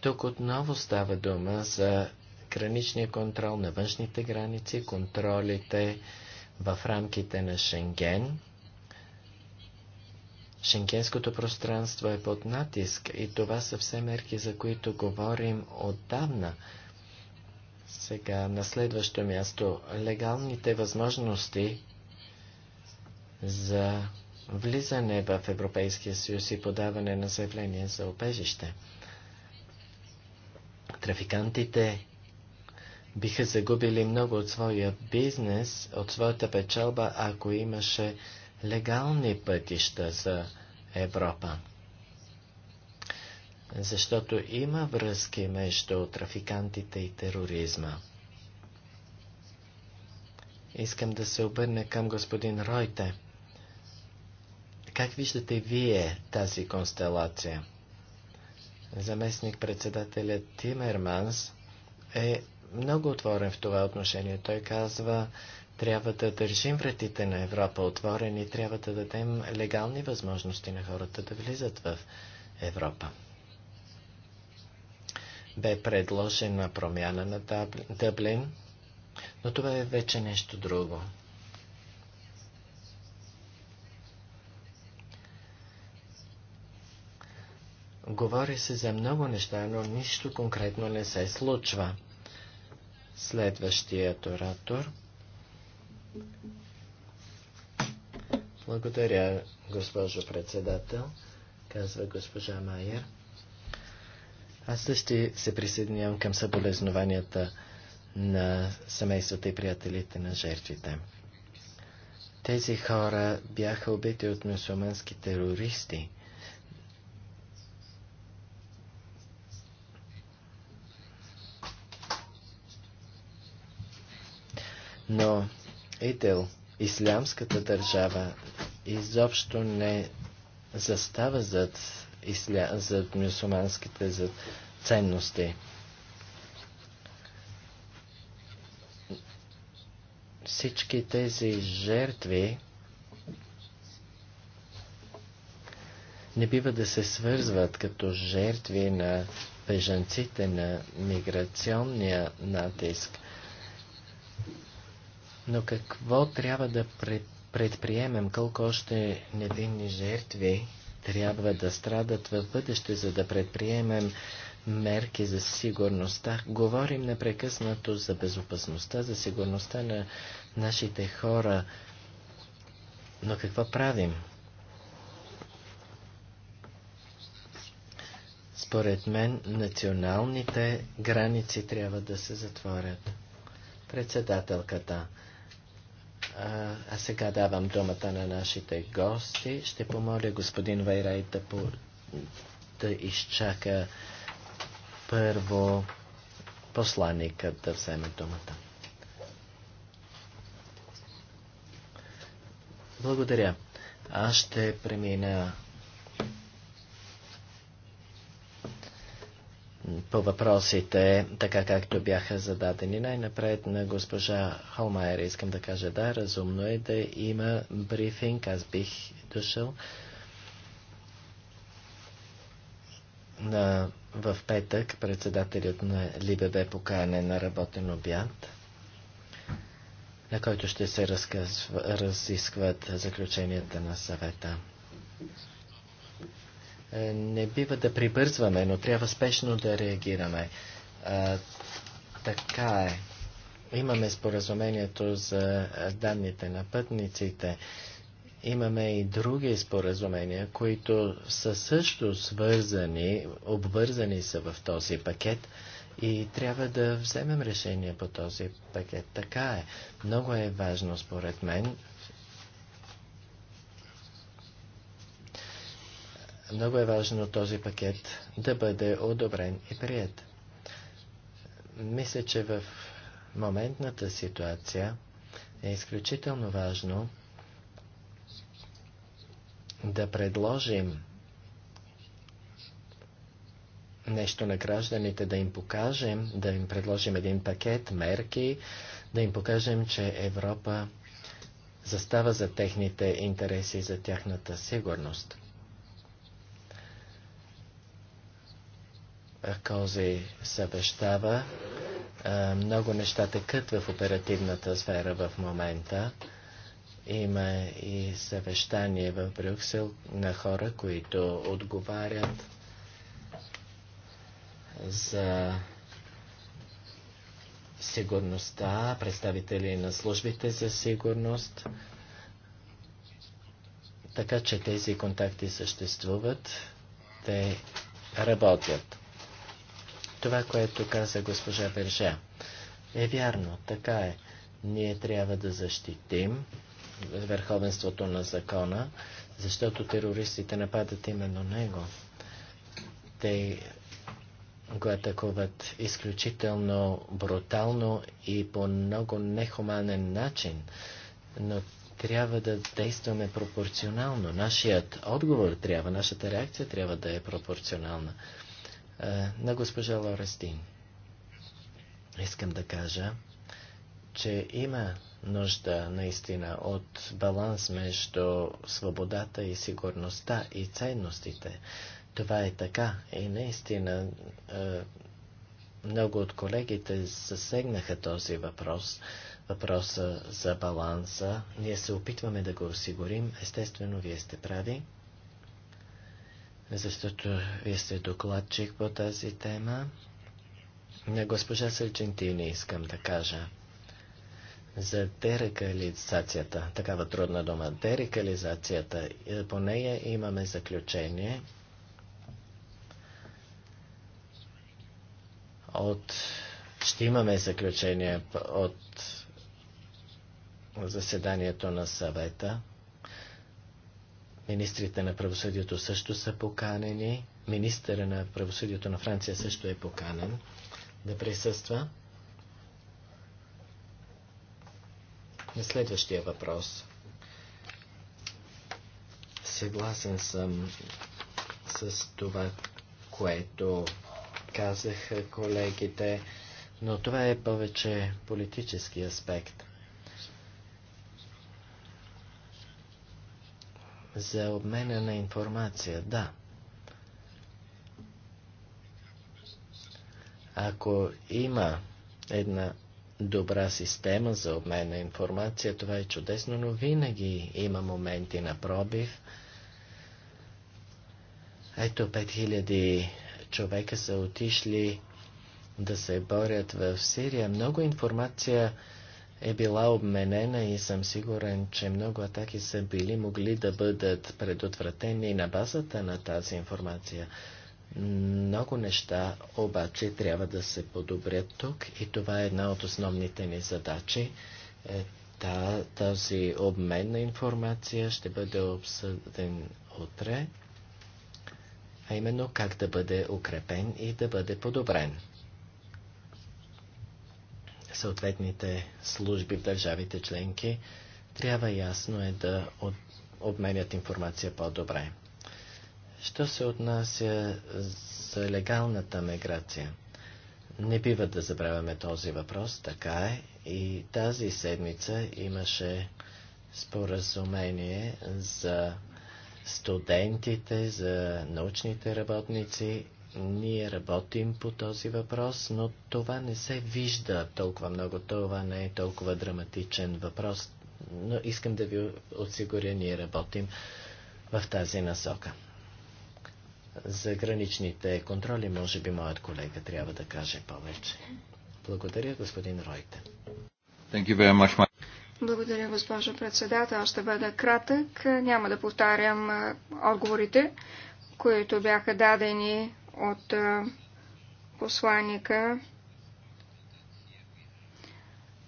Тук отново става дума за граничния контрол на външните граници, контролите в рамките на Шенген. Шенгенското пространство е под натиск и това са все мерки, за които говорим отдавна. Сега на следващо място легалните възможности за влизане в Европейския съюз и подаване на заявление за обежище. Трафикантите биха загубили много от своя бизнес, от своята печалба, ако имаше легални пътища за Европа. Защото има връзки между трафикантите и тероризма. Искам да се обърна към господин Ройте. Как виждате вие тази констелация? Заместник-председателят Тимерманс е много отворен в това отношение. Той казва, трябва да държим вратите на Европа отворени, трябва да дадем легални възможности на хората да влизат в Европа. Бе предложена промяна на Дъблин, но това е вече нещо друго. Говори се за много неща, но нищо конкретно не се случва. Следващият оратор – благодаря, госпожо председател, казва госпожа Майер. Аз също се присъединявам към съболезнованията на семействата и приятелите на жертвите. Тези хора бяха убити от мусулмански терористи. Но ИДИЛ, Ислямската държава, изобщо не застава зад, исля... зад мюсулманските зад ценности. Всички тези жертви не бива да се свързват като жертви на бежанците на миграционния натиск – но какво трябва да предприемем? Колко още невинни жертви трябва да страдат в бъдеще, за да предприемем мерки за сигурността. Говорим непрекъснато за безопасността, за сигурността на нашите хора. Но какво правим? Според мен националните граници трябва да се затворят. Председателката. А сега давам думата на нашите гости. Ще помоля господин Вайрай да, по, да изчака първо посланника да вземе думата. Благодаря. Аз ще премина по въпросите, така както бяха зададени. Най-напред на госпожа Холмайер искам да кажа да, разумно е да има брифинг, аз бих дошъл на, в петък председателят на ЛИББ покаяне на работен обяд, на който ще се разказва, разискват заключенията на съвета. Е, не бива да прибързваме, но трябва спешно да реагираме. А, така е. Имаме споразумението за данните на пътниците. Имаме и други споразумения, които са също свързани, обвързани са в този пакет и трябва да вземем решение по този пакет. Така е. Много е важно, според мен, Много е важно този пакет да бъде одобрен и прият. Мисля, че в моментната ситуация е изключително важно да предложим нещо на гражданите, да им покажем, да им предложим един пакет мерки, да им покажем, че Европа застава за техните интереси и за тяхната сигурност. Кози съвещава. Много неща текат в оперативната сфера в момента. Има и съвещание в Брюксел на хора, които отговарят за сигурността, представители на службите за сигурност. Така че тези контакти съществуват, те работят. Това, което каза госпожа Бержа, е вярно, така е. Ние трябва да защитим върховенството на закона, защото терористите нападат именно него. Те го атакуват изключително брутално и по много нехуманен начин, но трябва да действаме пропорционално. Нашият отговор трябва, нашата реакция трябва да е пропорционална. Е, на госпожа Лорестин искам да кажа, че има нужда наистина от баланс между свободата и сигурността и ценностите. Това е така и наистина е, много от колегите засегнаха този въпрос, въпроса за баланса. Ние се опитваме да го осигурим. Естествено, вие сте прави защото вие сте докладчик по тази тема. На госпожа Сърчентини искам да кажа за дерекализацията, такава трудна дума, дерекализацията, е, по нея имаме заключение от... Ще имаме заключение от заседанието на съвета. Министрите на правосъдието също са поканени. Министъра на правосъдието на Франция също е поканен да присъства. На следващия въпрос. Съгласен съм с това, което казаха колегите, но това е повече политически аспект. за обмена на информация. Да. Ако има една добра система за обмен на информация, това е чудесно, но винаги има моменти на пробив. Ето 5000 човека са отишли да се борят в Сирия. Много информация е била обменена и съм сигурен, че много атаки са били могли да бъдат предотвратени на базата на тази информация. Много неща обаче трябва да се подобрят тук и това е една от основните ни задачи. Е, та, тази обмен на информация ще бъде обсъден утре, а именно как да бъде укрепен и да бъде подобрен съответните служби в държавите членки, трябва ясно е да от, обменят информация по-добре. Що се отнася за легалната миграция? Не бива да забравяме този въпрос, така е. И тази седмица имаше споразумение за студентите, за научните работници ние работим по този въпрос, но това не се вижда толкова много. Това не е толкова драматичен въпрос. Но искам да ви отсигуря, ние работим в тази насока. За граничните контроли, може би, моят колега трябва да каже повече. Благодаря, господин Ройте. Благодаря, госпожо председател. Ще бъда кратък. Няма да повтарям отговорите, които бяха дадени от посланника.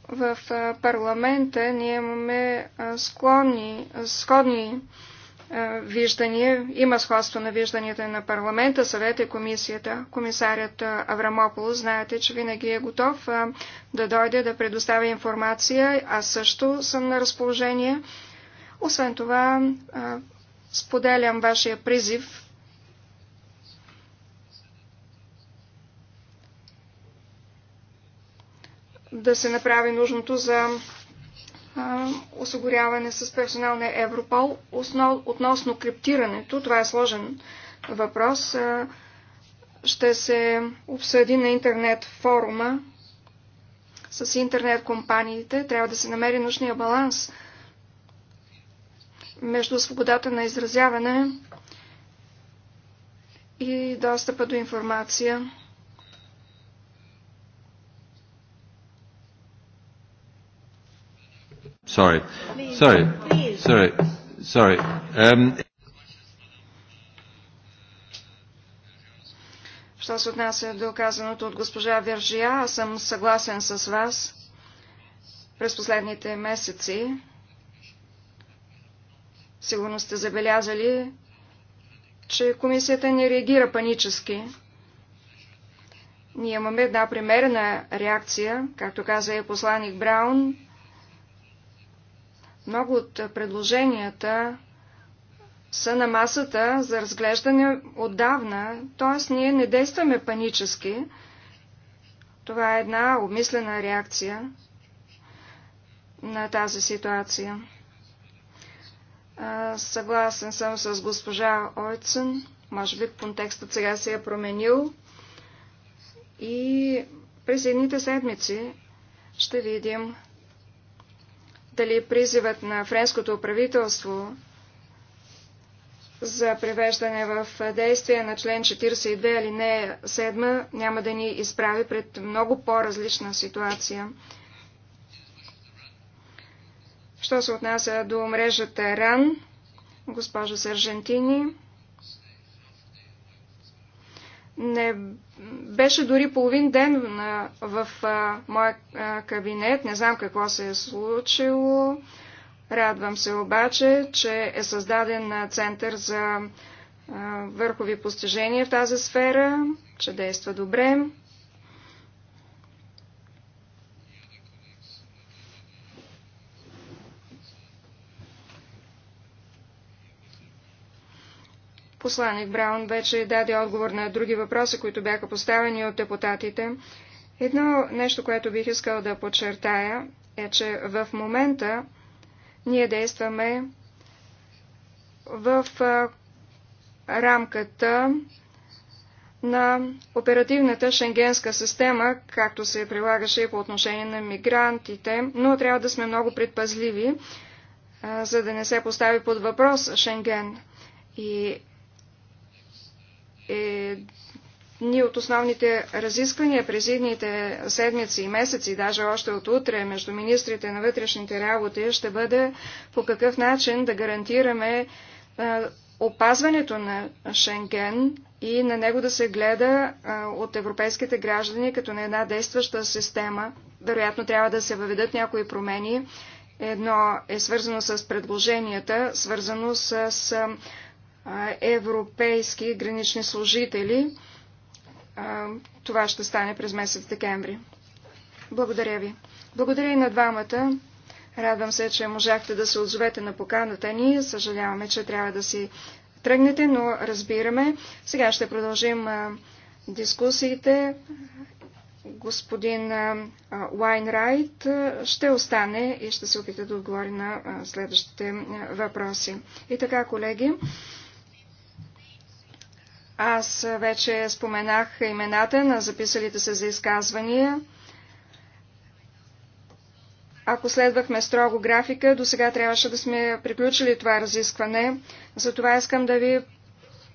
В парламента ние имаме склонни, сходни виждания. Има сходство на вижданията на парламента, съвета и комисията. Комисарят Аврамопол, знаете, че винаги е готов да дойде да предоставя информация. Аз също съм на разположение. Освен това, споделям вашия призив да се направи нужното за осигуряване с персонал на Европол. Основ, относно криптирането, това е сложен въпрос, ще се обсъди на интернет форума с интернет компаниите. Трябва да се намери нужния баланс между свободата на изразяване и достъпа до информация. Sorry. Sorry. Sorry. Sorry. Um... Що се отнася до казаното от госпожа Вержия, аз съм съгласен с вас. През последните месеци сигурно сте забелязали, че комисията не реагира панически. Ние имаме една примерна реакция, както каза и посланик Браун, много от предложенията са на масата за разглеждане отдавна, т.е. ние не действаме панически. Това е една обмислена реакция на тази ситуация. Съгласен съм с госпожа Ойцен. Може би контекстът сега се е променил. И през едните седмици ще видим дали призивът на френското правителство за превеждане в действие на член 42 алинея 7 няма да ни изправи пред много по-различна ситуация. Що се отнася до мрежата РАН, госпожа Сержантини, не беше дори половин ден в моя кабинет. Не знам какво се е случило. Радвам се обаче, че е създаден център за върхови постижения в тази сфера, че действа добре. Посланик Браун вече даде отговор на други въпроси, които бяха поставени от депутатите. Едно нещо, което бих искал да подчертая, е, че в момента ние действаме в рамката на оперативната шенгенска система, както се прилагаше и по отношение на мигрантите, но трябва да сме много предпазливи, за да не се постави под въпрос Шенген. И ни от основните разисквания през едните седмици и месеци, даже още от утре, между министрите на вътрешните работи, ще бъде по какъв начин да гарантираме опазването на Шенген и на него да се гледа от европейските граждани като на една действаща система. Вероятно трябва да се въведат някои промени. Едно е свързано с предложенията, свързано с а, европейски гранични служители. Това ще стане през месец декември. Благодаря ви. Благодаря и на двамата. Радвам се, че можахте да се отзовете на поканата ни. Съжаляваме, че трябва да си тръгнете, но разбираме. Сега ще продължим дискусиите. Господин Уайнрайт ще остане и ще се опита да отговори на следващите въпроси. И така, колеги, аз вече споменах имената на записалите се за изказвания. Ако следвахме строго графика, до сега трябваше да сме приключили това разискване. Затова искам да ви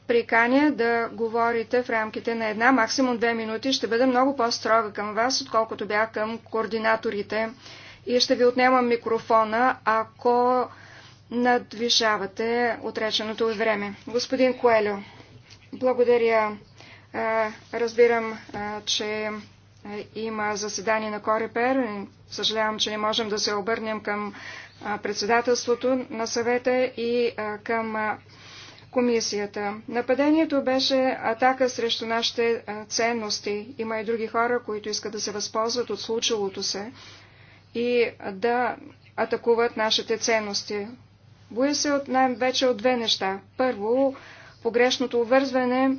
приканя да говорите в рамките на една, максимум две минути. Ще бъда много по-строга към вас, отколкото бях към координаторите. И ще ви отнемам микрофона, ако надвишавате отреченото време. Господин Коелю. Благодаря. Разбирам, че има заседание на Корепер. Съжалявам, че не можем да се обърнем към председателството на съвета и към комисията. Нападението беше атака срещу нашите ценности. Има и други хора, които искат да се възползват от случилото се и да атакуват нашите ценности. Боя се от най-вече от две неща. Първо, погрешното обвързване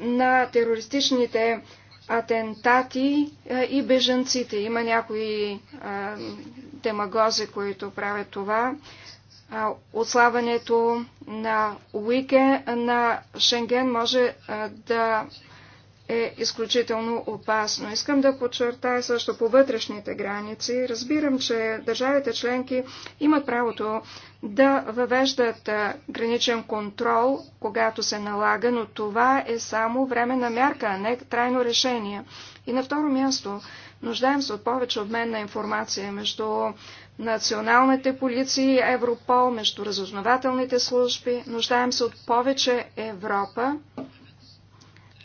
на терористичните атентати и бежанците. Има някои демагози, които правят това. Отслабването на уике на Шенген може да е изключително опасно. Искам да подчертая също по вътрешните граници. Разбирам, че държавите членки имат правото да въвеждат граничен контрол, когато се налага, но това е само временна мярка, а не трайно решение. И на второ място, нуждаем се от повече обмен на информация между националните полиции, Европол, между разузнавателните служби. Нуждаем се от повече Европа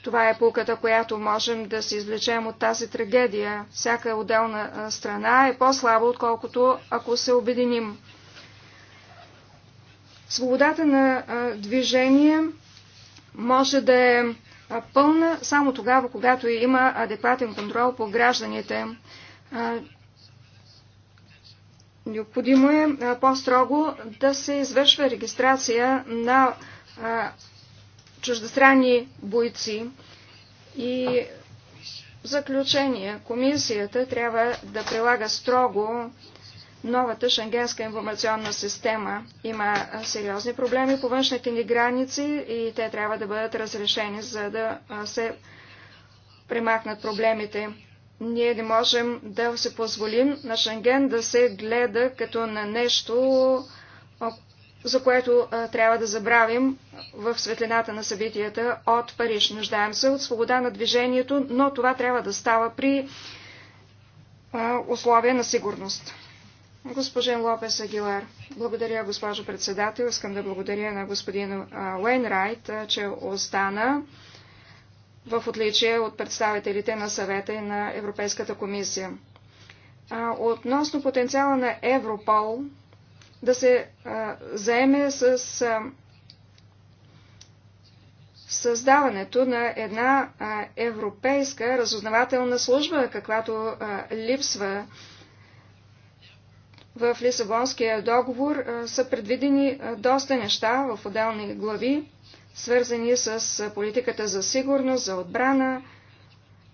това е пулката, която можем да се извлечем от тази трагедия. Всяка отделна страна е по-слаба, отколкото ако се обединим. Свободата на движение може да е пълна само тогава, когато има адекватен контрол по гражданите. Необходимо е по-строго да се извършва регистрация на чуждестранни бойци. И в заключение, комисията трябва да прилага строго новата шенгенска информационна система. Има сериозни проблеми по външните ни граници и те трябва да бъдат разрешени, за да се премахнат проблемите. Ние не можем да се позволим на Шенген да се гледа като на нещо, за което а, трябва да забравим в светлината на събитията от Париж. Нуждаем се от свобода на движението, но това трябва да става при а, условия на сигурност. Госпожин Лопес Агилар, благодаря, госпожо председател. Искам да благодаря на господин а, Уейнрайт, а, че остана в отличие от представителите на съвета и на Европейската комисия. А, относно потенциала на Европол, да се а, заеме с а, създаването на една а, европейска разузнавателна служба, каквато а, липсва в Лисабонския договор, а, са предвидени а, доста неща в отделни глави, свързани с а, политиката за сигурност, за отбрана,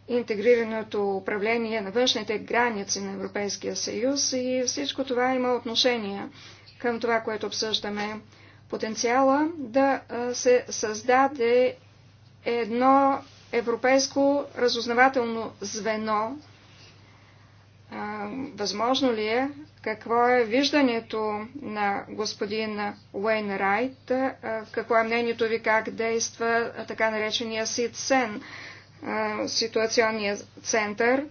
интегрираното управление на външните граници на Европейския съюз и всичко това има отношение към това, което обсъждаме. Потенциала да се създаде едно европейско разузнавателно звено. Възможно ли е? Какво е виждането на господин Уейн Райт? Какво е мнението ви как действа така наречения СИДСЕН, ситуационния център?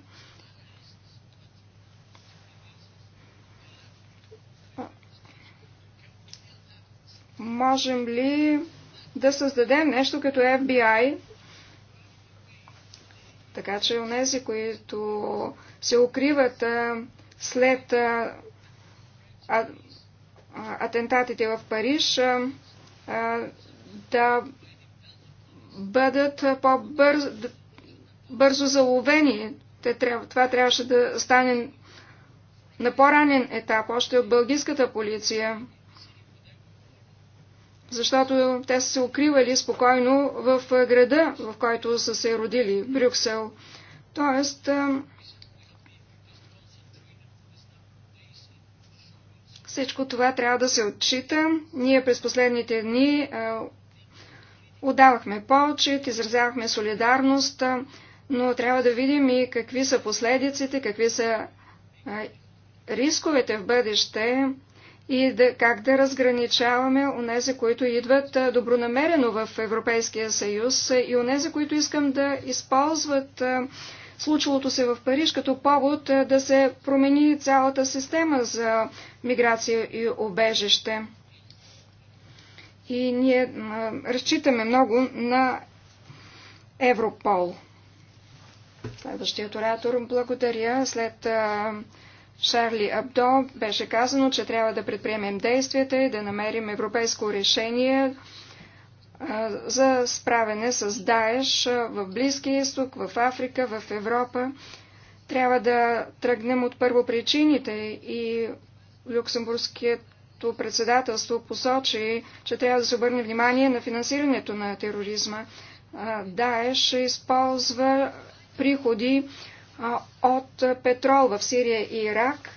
можем ли да създадем нещо като FBI, така че онези, които се укриват а, след а, а, атентатите в Париж, а, а, да бъдат по-бързо бързо заловени. Те, трябва, това трябваше да стане на по-ранен етап, още от бългийската полиция защото те са се укривали спокойно в града, в който са се родили, Брюксел. Тоест, Всичко това трябва да се отчита. Ние през последните дни отдавахме почет, изразявахме солидарност, но трябва да видим и какви са последиците, какви са рисковете в бъдеще и да, как да разграничаваме онези, които идват добронамерено в Европейския съюз и онези, които искам да използват случилото се в Париж като повод да се промени цялата система за миграция и обежище. И ние разчитаме много на Европол. Следващият оратор благодаря след Шарли Абдо беше казано, че трябва да предприемем действията и да намерим европейско решение за справене с Даеш в Близкия изток, в Африка, в Европа. Трябва да тръгнем от първо причините и Люксембургското председателство посочи, че трябва да се обърне внимание на финансирането на тероризма. Даеш използва приходи от петрол в Сирия и Ирак.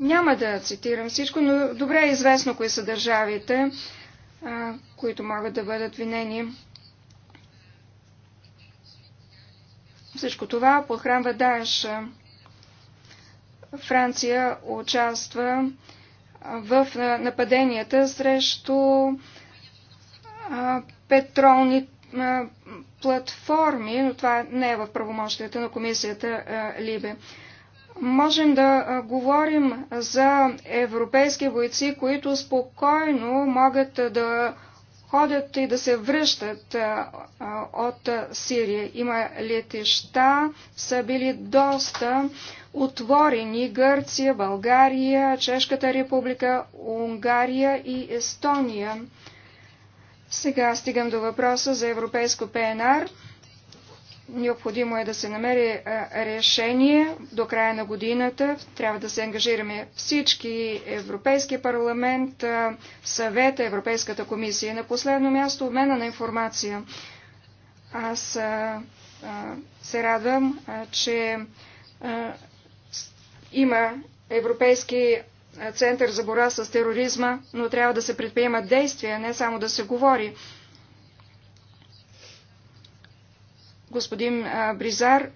Няма да цитирам всичко, но добре е известно кои са държавите, които могат да бъдат винени. Всичко това похранва Даеш. Франция участва в нападенията срещу петролни платформи, но това не е в правомощията на комисията Либе. Можем да говорим за европейски бойци, които спокойно могат да ходят и да се връщат от Сирия. Има летища, са били доста отворени Гърция, България, Чешката република, Унгария и Естония. Сега стигам до въпроса за европейско ПНР. Необходимо е да се намери решение до края на годината. Трябва да се ангажираме всички Европейски парламент, съвета, Европейската комисия. На последно място обмена на информация. Аз се радвам, че има Европейски център за бора с тероризма, но трябва да се предприемат действия, не само да се говори. Господин Бризар,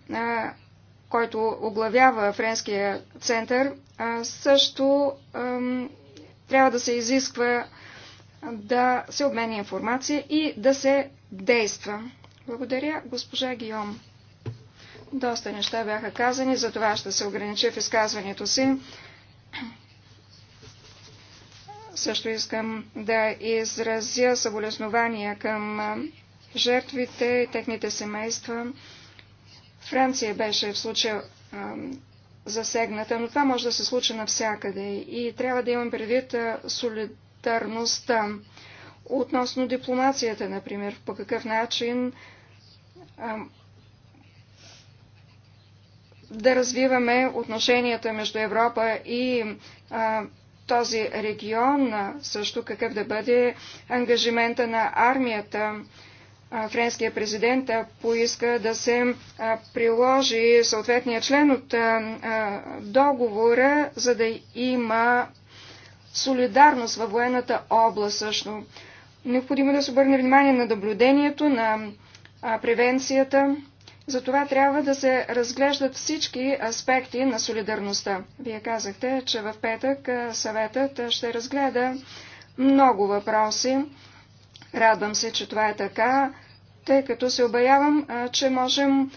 който оглавява Френския център, също трябва да се изисква да се обменя информация и да се действа. Благодаря, госпожа Гиом. Доста неща бяха казани, за това ще се огранича в изказването си. Също искам да изразя съболезнования към жертвите и техните семейства. Франция беше в случая засегната, но това може да се случи навсякъде и трябва да имам предвид солидарността. Относно дипломацията, например, по какъв начин да развиваме отношенията между Европа и а, този регион, също какъв да бъде ангажимента на армията. Френския президент поиска да се приложи съответния член от договора, за да има солидарност във военната област също. Необходимо е да се обърне внимание на наблюдението, на превенцията. Затова трябва да се разглеждат всички аспекти на солидарността. Вие казахте, че в петък съветът ще разгледа много въпроси. Радвам се, че това е така, тъй като се обаявам, че можем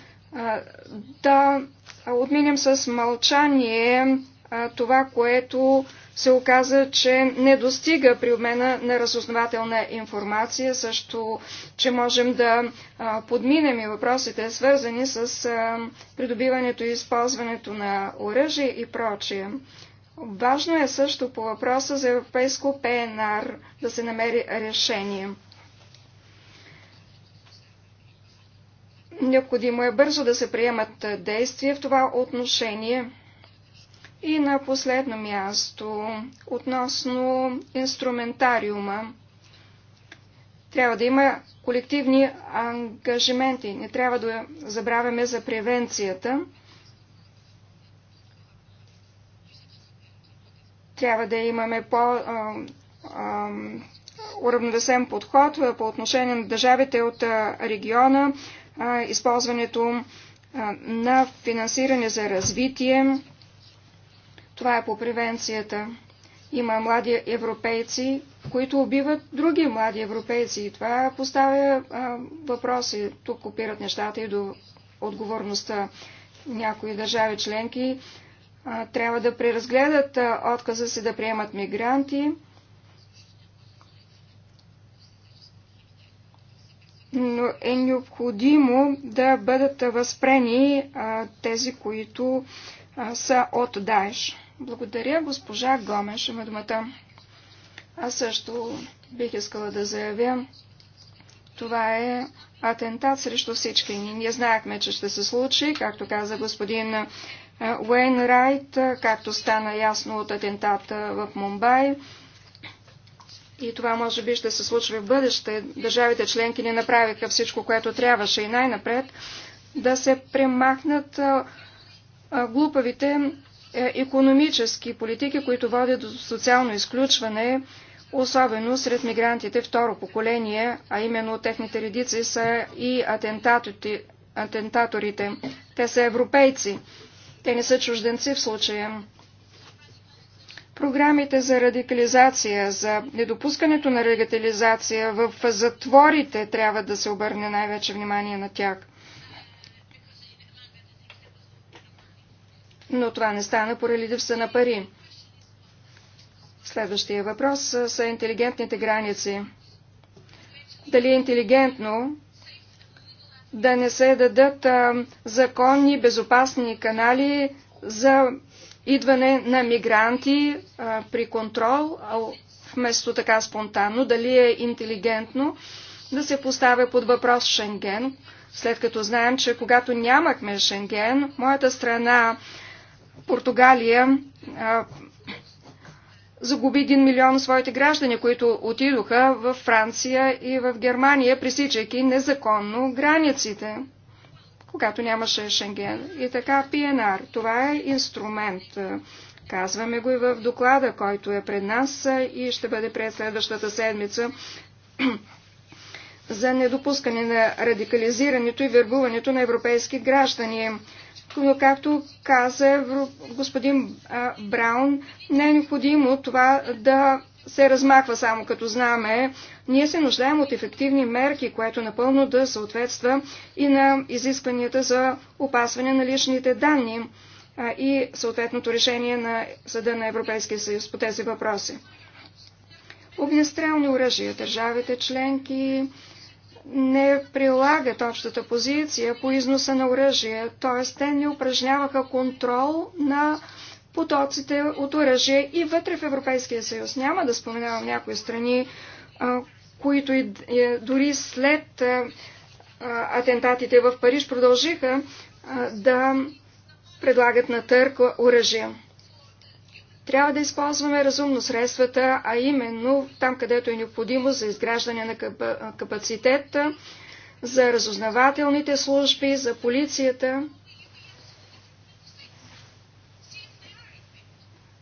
да отминем с мълчание това, което се оказа, че не достига при обмена на разузнавателна информация, също, че можем да подминем и въпросите, свързани с придобиването и използването на оръжие и прочие. Важно е също по въпроса за европейско ПНР да се намери решение. Необходимо е бързо да се приемат действия в това отношение – и на последно място, относно инструментариума, трябва да има колективни ангажименти. Не трябва да забравяме за превенцията. Трябва да имаме по уравновесен подход по отношение на държавите от региона, използването на финансиране за развитие, това е по превенцията. Има млади европейци, които убиват други млади европейци. И това поставя а, въпроси. Тук опират нещата и до отговорността. Някои държави членки а, трябва да преразгледат а, отказа си да приемат мигранти. но е необходимо да бъдат възпрени а, тези, които а, са от Даеш. Благодаря, госпожа Гомеш, има думата. Аз също бих искала да заявя, това е атентат срещу всички. Ние, ние знаехме, че ще се случи, както каза господин е, Уейн Райт, е, както стана ясно от атентата в Мумбай. И това може би ще се случва в бъдеще. Държавите членки не направиха всичко, което трябваше и най-напред да се премахнат е, глупавите е, економически политики, които водят до социално изключване, особено сред мигрантите второ поколение, а именно техните редици са и атентаторите. Те са европейци. Те не са чужденци в случая. Програмите за радикализация, за недопускането на радикализация в затворите трябва да се обърне най-вече внимание на тях – но това не стана поради липса на пари. Следващия въпрос са интелигентните граници. Дали е интелигентно да не се дадат а, законни, безопасни канали за идване на мигранти а, при контрол, а вместо така спонтанно, дали е интелигентно да се поставя под въпрос Шенген, след като знаем, че когато нямахме Шенген, моята страна Португалия а, загуби 1 милион своите граждани, които отидоха в Франция и в Германия, пресичайки незаконно границите, когато нямаше Шенген. И така ПНР. Това е инструмент. Казваме го и в доклада, който е пред нас и ще бъде пред следващата седмица за недопускане на радикализирането и вербуването на европейски граждани но както каза господин Браун, не е необходимо това да се размахва само като знаме. Ние се нуждаем от ефективни мерки, което напълно да съответства и на изискванията за опасване на личните данни и съответното решение на Съда на Европейския съюз по тези въпроси. Огнестрелни оръжия. Държавите членки не прилагат общата позиция по износа на оръжие, т.е. те не упражняваха контрол на потоците от оръжие и вътре в Европейския съюз. Няма да споменавам някои страни, които и, е, дори след е, атентатите в Париж продължиха да предлагат на търк оръжие. Трябва да използваме разумно средствата, а именно там, където е необходимо за изграждане на капацитет, за разузнавателните служби, за полицията.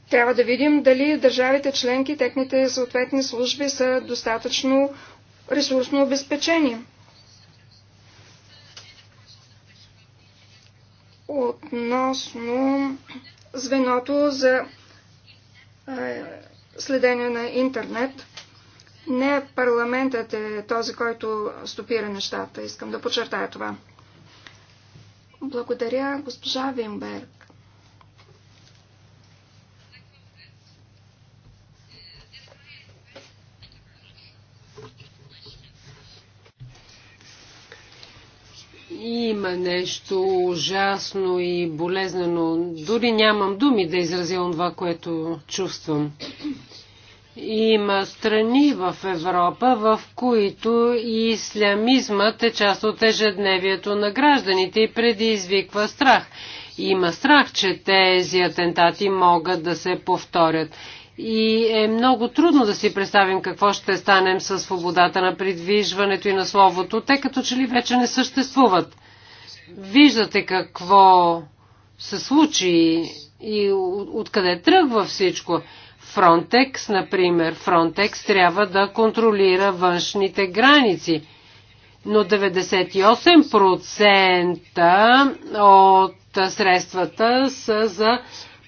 Трябва да видим дали държавите членки, техните съответни служби са достатъчно ресурсно обезпечени. Относно звеното за е, следение на интернет. Не парламентът е този, който стопира нещата. Искам да подчертая това. Благодаря, госпожа Вимберг. Има нещо ужасно и болезнено. Дори нямам думи да изразя това, което чувствам. Има страни в Европа, в които ислямизмът е част от ежедневието на гражданите и предизвиква страх. Има страх, че тези атентати могат да се повторят и е много трудно да си представим какво ще станем с свободата на придвижването и на словото, те като че ли вече не съществуват. Виждате какво се случи и откъде тръгва всичко. Фронтекс, например, Фронтекс трябва да контролира външните граници. Но 98% от средствата са за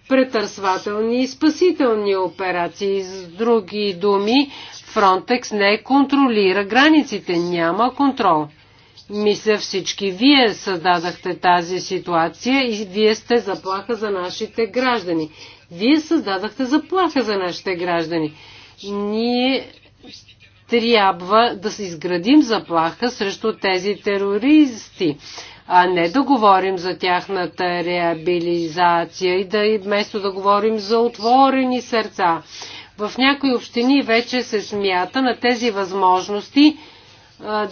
претърсвателни и спасителни операции. С други думи, Фронтекс не контролира границите, няма контрол. Мисля всички вие създадахте тази ситуация и вие сте заплаха за нашите граждани. Вие създадахте заплаха за нашите граждани. Ние трябва да се изградим заплаха срещу тези терористи а не да говорим за тяхната реабилизация и да, вместо да говорим за отворени сърца. В някои общини вече се смята на тези възможности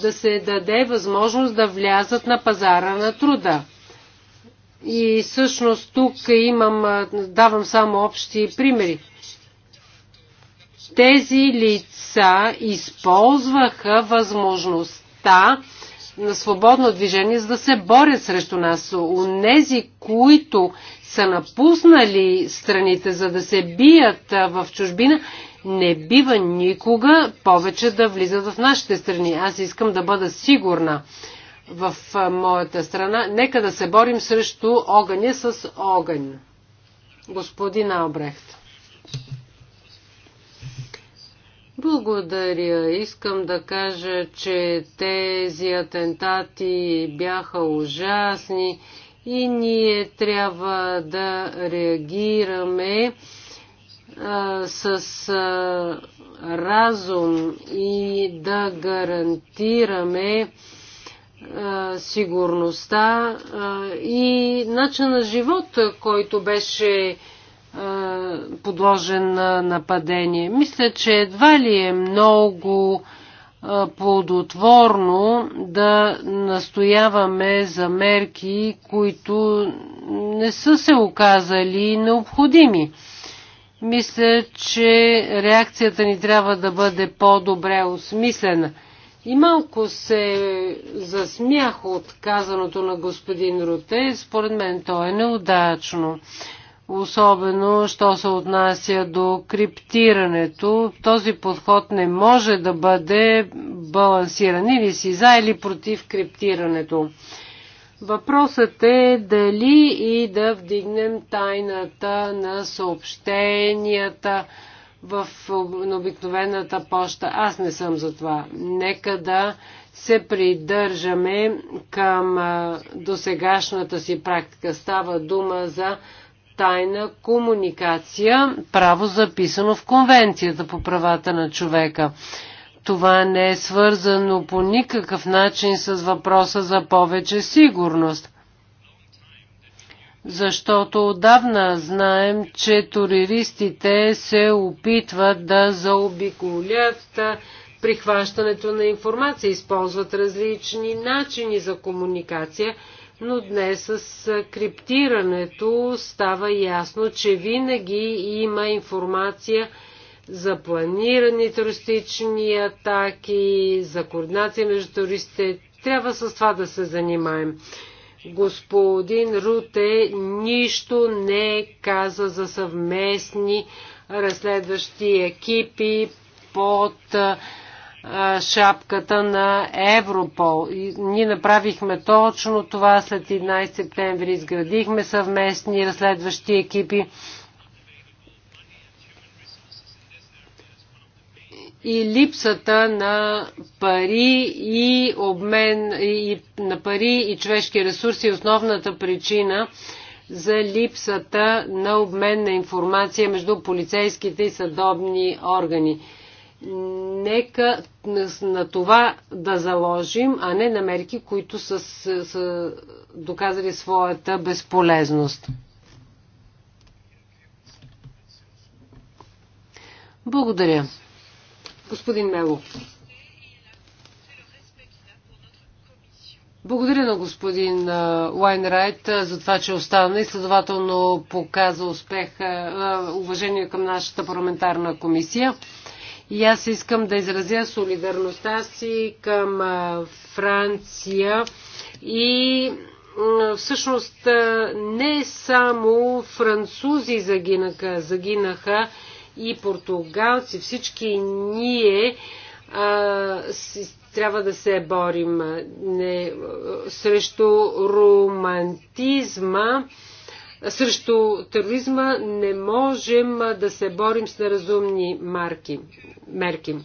да се даде възможност да влязат на пазара на труда. И всъщност тук имам, давам само общи примери. Тези лица използваха възможността на свободно движение, за да се борят срещу нас. Унези, които са напуснали страните, за да се бият в чужбина, не бива никога повече да влизат в нашите страни. Аз искам да бъда сигурна в моята страна. Нека да се борим срещу огъня с огън. Господин Албрехт. Благодаря. Искам да кажа, че тези атентати бяха ужасни и ние трябва да реагираме а, с а, разум и да гарантираме а, сигурността а, и начин на живот, който беше а, подложен на нападение. Мисля, че едва ли е много плодотворно да настояваме за мерки, които не са се оказали необходими. Мисля, че реакцията ни трябва да бъде по-добре осмислена. И малко се засмях от казаното на господин Роте, Според мен то е неудачно особено що се отнася до криптирането. Този подход не може да бъде балансиран или си за или против криптирането. Въпросът е дали и да вдигнем тайната на съобщенията в обикновената поща. Аз не съм за това. Нека да се придържаме към досегашната си практика. Става дума за тайна комуникация, право записано в Конвенцията по правата на човека. Това не е свързано по никакъв начин с въпроса за повече сигурност. Защото отдавна знаем, че туристите се опитват да заобиколят прихващането на информация, използват различни начини за комуникация – но днес с криптирането става ясно, че винаги има информация за планирани туристични атаки, за координация между туристите. Трябва с това да се занимаем. Господин Руте нищо не каза за съвместни разследващи екипи под шапката на Европол. И ние направихме точно това след 11 септември. Изградихме съвместни разследващи екипи. И липсата на пари и обмен и, на пари и човешки ресурси е основната причина за липсата на обмен на информация между полицейските и съдобни органи Нека на това да заложим, а не на мерки, които са, са доказали своята безполезност. Благодаря. Господин Мело. Благодаря на господин Лайнрайт за това, че е остана и следователно показа успех, уважение към нашата парламентарна комисия. И аз искам да изразя солидарността си към Франция и всъщност не само французи загинаха, загинаха и португалци, всички ние а, си, трябва да се борим не, срещу романтизма срещу тероризма не можем да се борим с неразумни марки, мерки.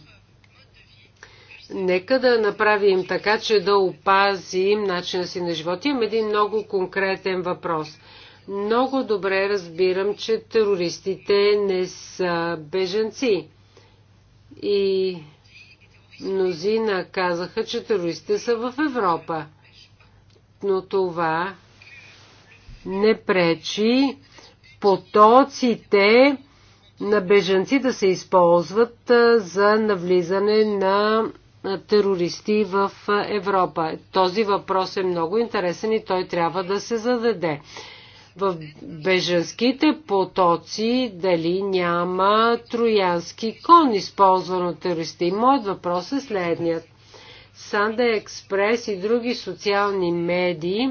Нека да направим така, че да опазим начина си на живота. Имам един много конкретен въпрос. Много добре разбирам, че терористите не са беженци. И мнозина казаха, че терористите са в Европа. Но това не пречи потоците на бежанци да се използват за навлизане на терористи в Европа. Този въпрос е много интересен и той трябва да се зададе. В бежанските потоци дали няма троянски кон, използван от терористи? И моят въпрос е следният. Санда Експрес и други социални медии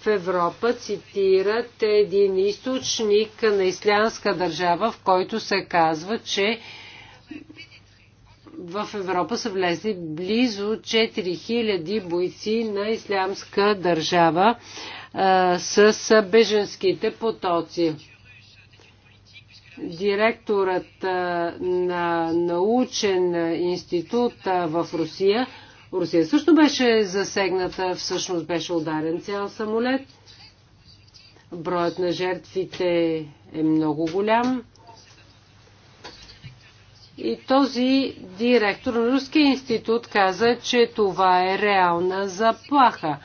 в Европа цитират един източник на ислямска държава, в който се казва, че в Европа са влезли близо 4000 бойци на ислямска държава а, с беженските потоци. Директорът а, на научен институт а, в Русия Русия също беше засегната, всъщност беше ударен цял самолет. Броят на жертвите е много голям. И този директор на Руския институт каза, че това е реална заплаха.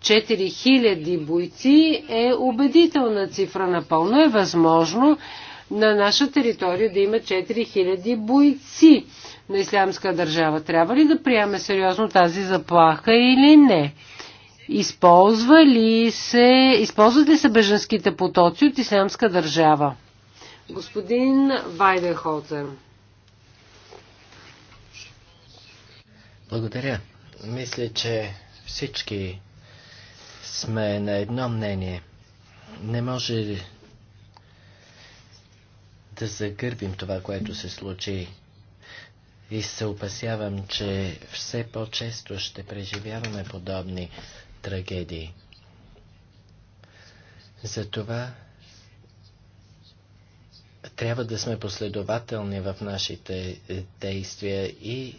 4000 бойци е убедителна цифра. Напълно е възможно на наша територия да има 4000 бойци на Ислямска държава. Трябва ли да приеме сериозно тази заплаха или не? Използва ли се, използват ли се беженските потоци от Ислямска държава? Господин Вайденхолцер. Благодаря. Мисля, че всички сме на едно мнение. Не може да загърбим това, което се случи и се опасявам, че все по-често ще преживяваме подобни трагедии. Затова трябва да сме последователни в нашите е, действия и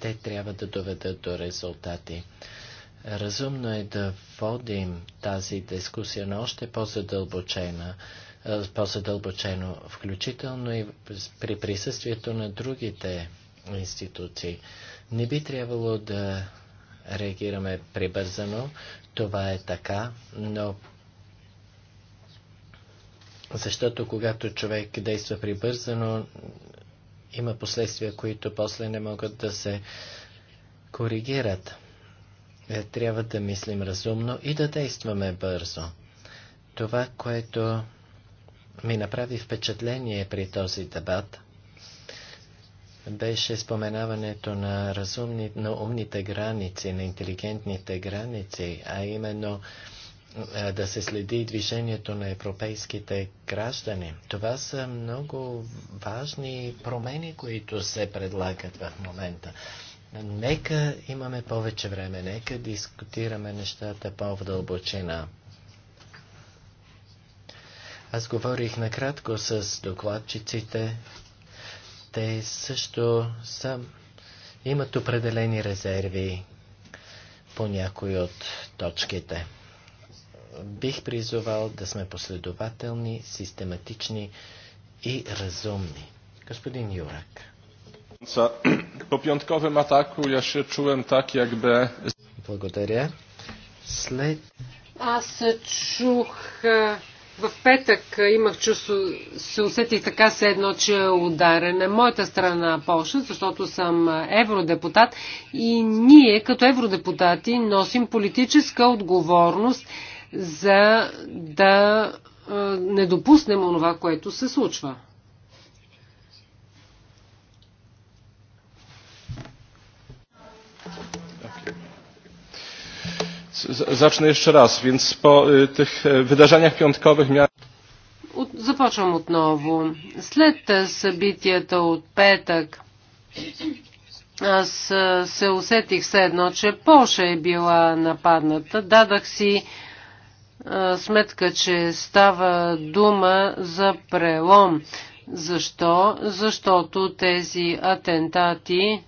те трябва да доведат до резултати. Разумно е да водим тази дискусия на още по-задълбочена, е, по-задълбочено, включително и при присъствието на другите институции. Не би трябвало да реагираме прибързано. Това е така, но защото когато човек действа прибързано, има последствия, които после не могат да се коригират. Е, трябва да мислим разумно и да действаме бързо. Това, което ми направи впечатление при този дебат – беше споменаването на, разумни, на умните граници, на интелигентните граници, а именно е, да се следи движението на европейските граждани. Това са много важни промени, които се предлагат в момента. Нека имаме повече време, нека дискутираме нещата по-вдълбочина. Аз говорих накратко с докладчиците те също са, имат определени резерви по някои от точките. Бих призовал да сме последователни, систематични и разумни. Господин Юрак. Po атаку я ja чувам так, як бе... Благодаря. След... Аз чух в петък имах чувство, се усетих така се едно, че е ударена моята страна Польша, защото съм евродепутат и ние като евродепутати носим политическа отговорност за да не допуснем онова, което се случва. Zacznę jeszcze raz, więc po tych wydarzeniach piątkowych miałem... od започвам отново. След събитията от петък, аз се усетих все едно, че Польша е била нападната. Дадах си а, сметка, че става дума за прелом. Защо? Защото тези атентати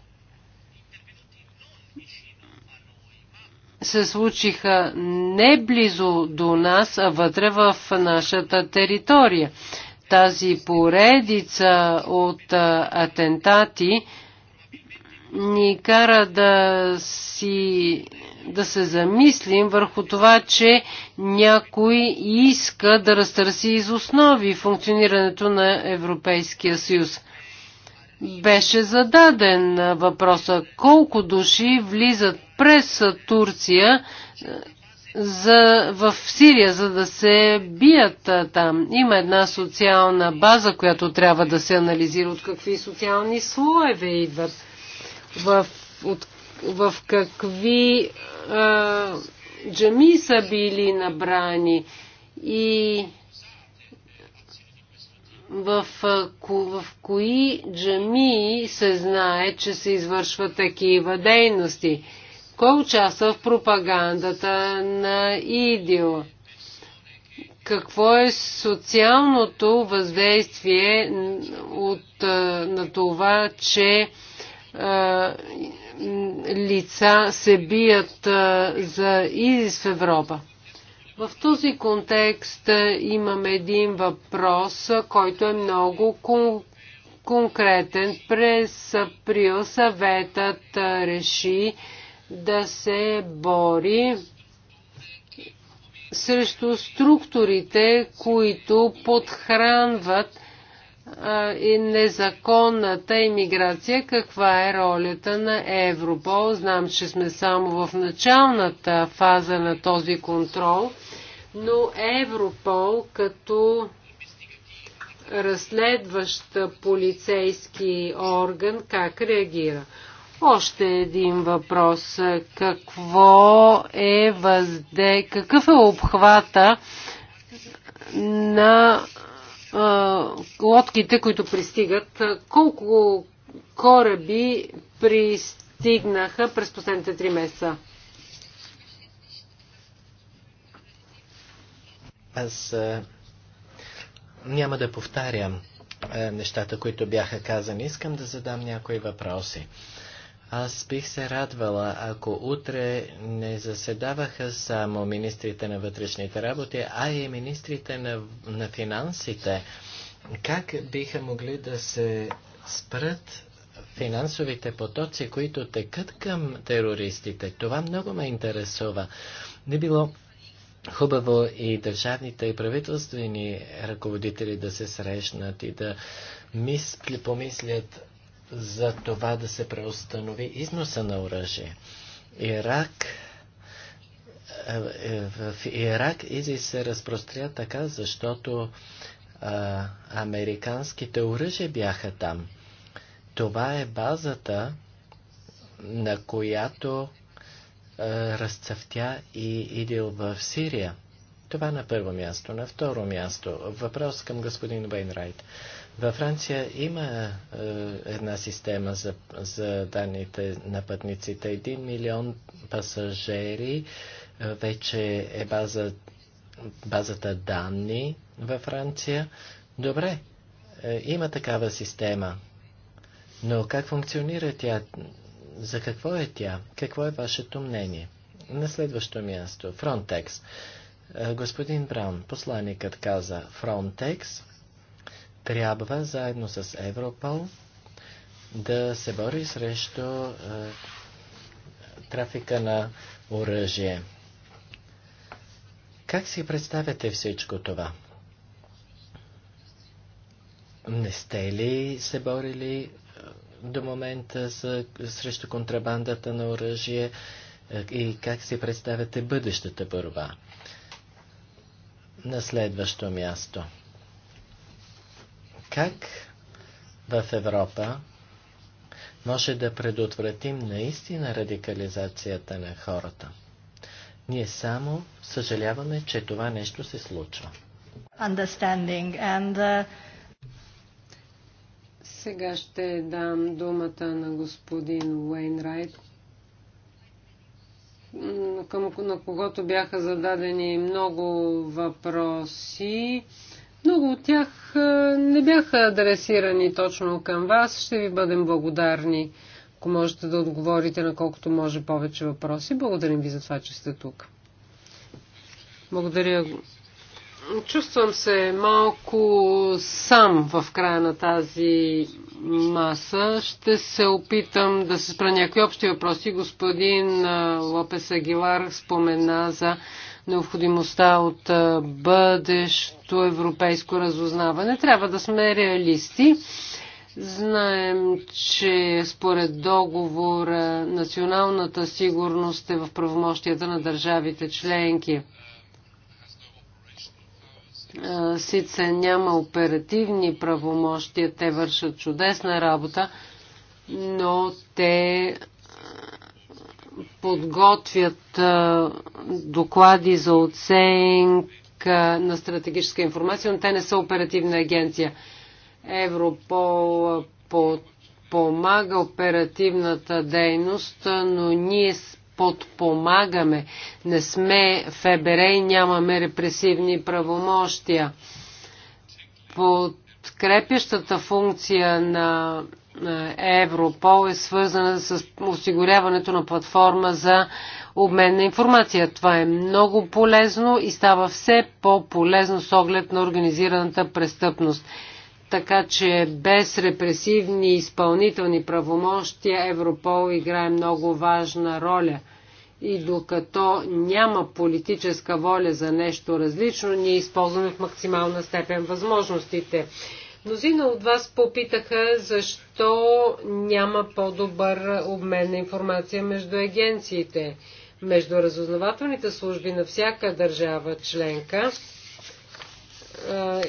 се случиха не близо до нас, а вътре в нашата територия. Тази поредица от атентати ни кара да си да се замислим върху това, че някой иска да разтърси из основи функционирането на Европейския съюз беше зададен въпроса колко души влизат през Турция е, за, в Сирия, за да се бият е, там. Има една социална база, която трябва да се анализира от какви социални слоеве идват, в, от, в какви а, е, джами са били набрани и в, ко, в кои джамии се знае, че се извършват такива дейности? Кой участва в пропагандата на ИДИО? Какво е социалното въздействие от, на това, че а, лица се бият а, за ИДИС в Европа? В този контекст е, имам един въпрос, който е много кон- конкретен. През април съветът е, реши да се бори срещу структурите, които подхранват е, и незаконната иммиграция. Каква е ролята на Европол? Знам, че сме само в началната фаза на този контрол – но Европол като разследващ полицейски орган как реагира? Още един въпрос. Какво е възде... Какъв е обхвата на а, лодките, които пристигат? Колко кораби пристигнаха през последните три месеца? Аз а, няма да повтарям а, нещата, които бяха казани. Искам да задам някои въпроси. Аз бих се радвала, ако утре не заседаваха само министрите на вътрешните работи, а и министрите на, на финансите. Как биха могли да се спрат финансовите потоци, които текат към терористите? Това много ме интересува. Не било Хубаво и държавните и правителствени ръководители да се срещнат и да мисли, помислят за това да се преустанови износа на оръжие. Ирак е, е, в Ирак изи се разпростря така, защото а, американските оръжия бяха там. Това е базата, на която е, разцъфтя и идил в Сирия. Това на първо място. На второ място, въпрос към господин Вейнрайт. Във Франция има е, една система за, за данните на пътниците. Един милион пасажери е, вече е база, базата данни във Франция. Добре, е, има такава система. Но как функционира тя? За какво е тя? Какво е вашето мнение? На следващо място, Фронтекс. Господин Браун, посланникът каза, Фронтекс трябва заедно с Европол да се бори срещу е, трафика на оръжие. Как си представяте всичко това? Не сте ли се борили до момента за, срещу контрабандата на оръжие е, и как си представяте бъдещата борба? На следващо място. Как в Европа може да предотвратим наистина радикализацията на хората? Ние само съжаляваме, че това нещо се случва. Understanding and uh, сега ще дам думата на господин Уейнрайт, към, на когото бяха зададени много въпроси. Много от тях не бяха адресирани точно към вас. Ще ви бъдем благодарни, ако можете да отговорите на колкото може повече въпроси. Благодарим ви за това, че сте тук. Благодаря, Чувствам се малко сам в края на тази маса. Ще се опитам да се спра някои общи въпроси. Господин Лопес Агилар спомена за необходимостта от бъдещо европейско разузнаване. Трябва да сме реалисти. Знаем, че според договора националната сигурност е в правомощията на държавите членки. Сице няма оперативни правомощия, те вършат чудесна работа, но те подготвят доклади за оценка на стратегическа информация, но те не са оперативна агенция. Европол помага оперативната дейност, но ние подпомагаме. Не сме ФБР и нямаме репресивни правомощия. Подкрепящата функция на Европол е свързана с осигуряването на платформа за обмен на информация. Това е много полезно и става все по-полезно с оглед на организираната престъпност. Така че без репресивни изпълнителни правомощия Европол играе много важна роля. И докато няма политическа воля за нещо различно, ние използваме в максимална степен възможностите. Мнозина от вас попитаха защо няма по-добър обмен на информация между агенциите, между разузнавателните служби на всяка държава членка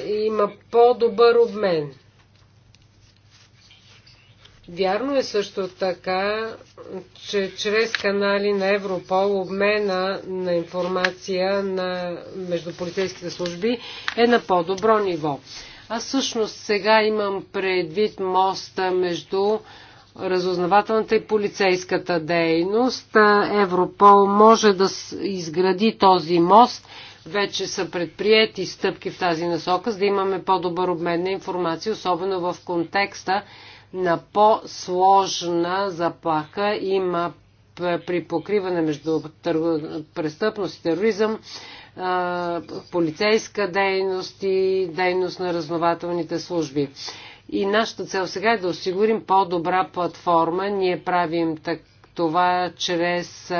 има по-добър обмен. Вярно е също така, че чрез канали на Европол обмена на информация на междуполицейските служби е на по-добро ниво. Аз всъщност сега имам предвид моста между разузнавателната и полицейската дейност. Европол може да изгради този мост – вече са предприяти стъпки в тази насока, за да имаме по-добър обмен на информация, особено в контекста на по-сложна заплаха. Има при покриване между престъпност и тероризъм, полицейска дейност и дейност на разнователните служби. И нашата цел сега е да осигурим по-добра платформа. Ние правим так, това чрез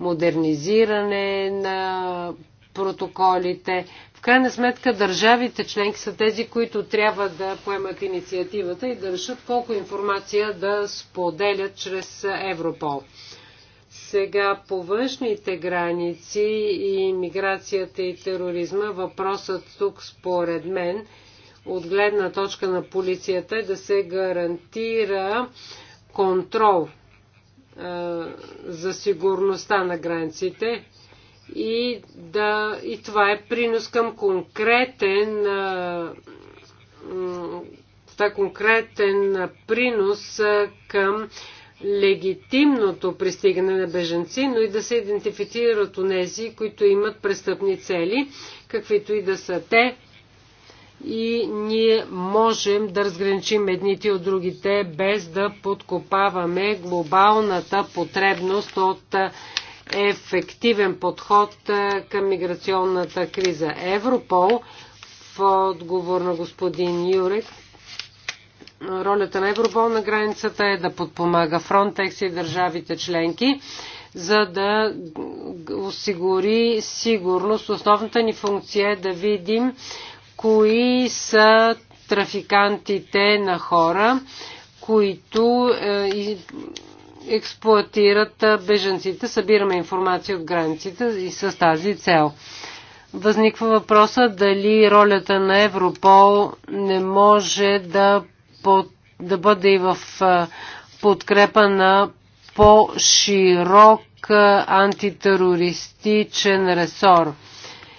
модернизиране на протоколите. В крайна сметка държавите членки са тези, които трябва да поемат инициативата и да решат колко информация да споделят чрез Европол. Сега по външните граници и миграцията и тероризма въпросът тук според мен от гледна точка на полицията е да се гарантира контрол за сигурността на границите и, да, и това е принос към конкретен това е конкретен принос към легитимното пристигане на беженци, но и да се идентифицират у нези, които имат престъпни цели, каквито и да са те. И ние можем да разграничим едните от другите, без да подкопаваме глобалната потребност от ефективен подход към миграционната криза. Европол в отговор на господин Юрик ролята на Европол на границата е да подпомага Фронтекс и държавите членки, за да осигури сигурност. Основната ни функция е да видим кои са трафикантите на хора, които е, експлуатират беженците. Събираме информация от границите и с тази цел. Възниква въпроса дали ролята на Европол не може да, под, да бъде и в подкрепа на по-широк антитерористичен ресор.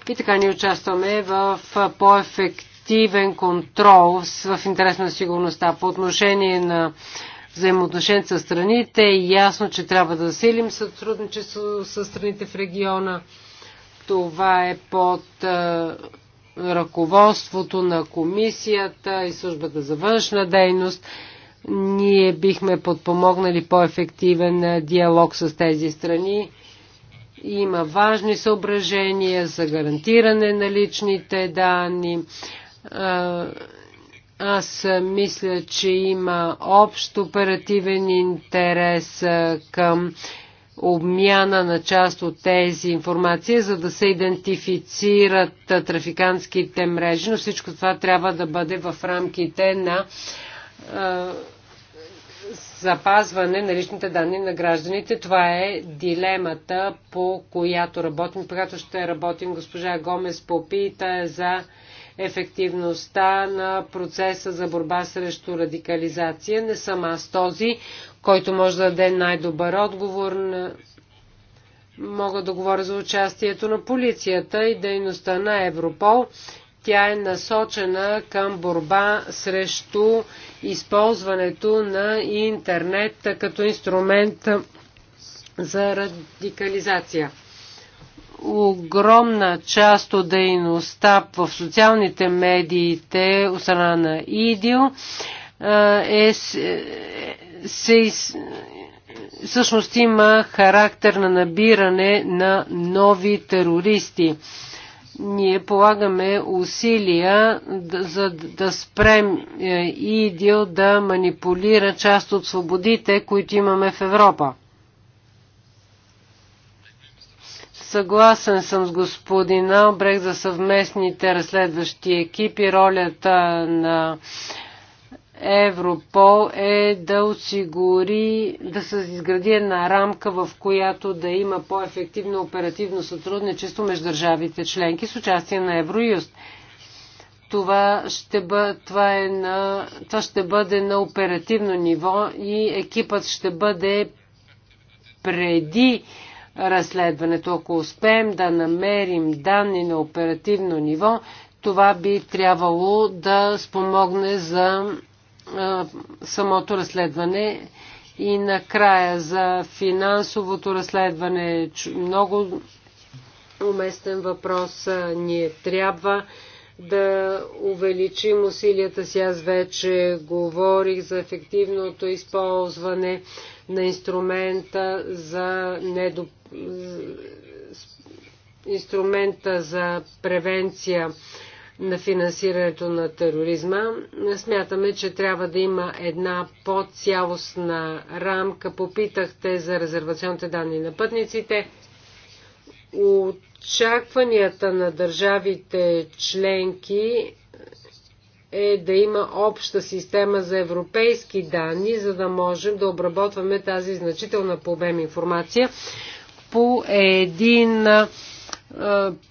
И така ни участваме в по-ефективен контрол в интерес на сигурността. По отношение на взаимоотношенията с страните. Е ясно, че трябва да засилим сътрудничество с страните в региона. Това е под ръководството на комисията и службата за външна дейност. Ние бихме подпомогнали по-ефективен диалог с тези страни. Има важни съображения за гарантиране на личните данни аз мисля, че има общ оперативен интерес към обмяна на част от тези информации, за да се идентифицират трафикантските мрежи, но всичко това трябва да бъде в рамките на запазване на личните данни на гражданите. Това е дилемата, по която работим, по която ще работим. Госпожа Гомес попита за ефективността на процеса за борба срещу радикализация. Не съм аз този, който може да даде най-добър отговор на Мога да говоря за участието на полицията и дейността на Европол. Тя е насочена към борба срещу използването на интернет като инструмент за радикализация огромна част от дейността в социалните медиите от страна на ИДИО е, е, се, всъщност има характер на набиране на нови терористи. Ние полагаме усилия да, за да спрем е, идио да манипулира част от свободите, които имаме в Европа. Съгласен съм с господин Албрех за съвместните разследващи екипи. Ролята на Европол е да осигури, да се изгради една рамка, в която да има по-ефективно оперативно сътрудничество между държавите членки с участие на Евроюст. Това ще, бъ, това, е на, това ще бъде на оперативно ниво и екипът ще бъде преди разследването. Ако успеем да намерим данни на оперативно ниво, това би трябвало да спомогне за самото разследване. И накрая за финансовото разследване много уместен въпрос. Ние трябва да увеличим усилията си. Аз вече говорих за ефективното използване на инструмента за недоп инструмента за превенция на финансирането на тероризма. Смятаме, че трябва да има една по-цялостна рамка. Попитахте за резервационните данни на пътниците. Очакванията на държавите членки е да има обща система за европейски данни, за да можем да обработваме тази значителна по обем информация по един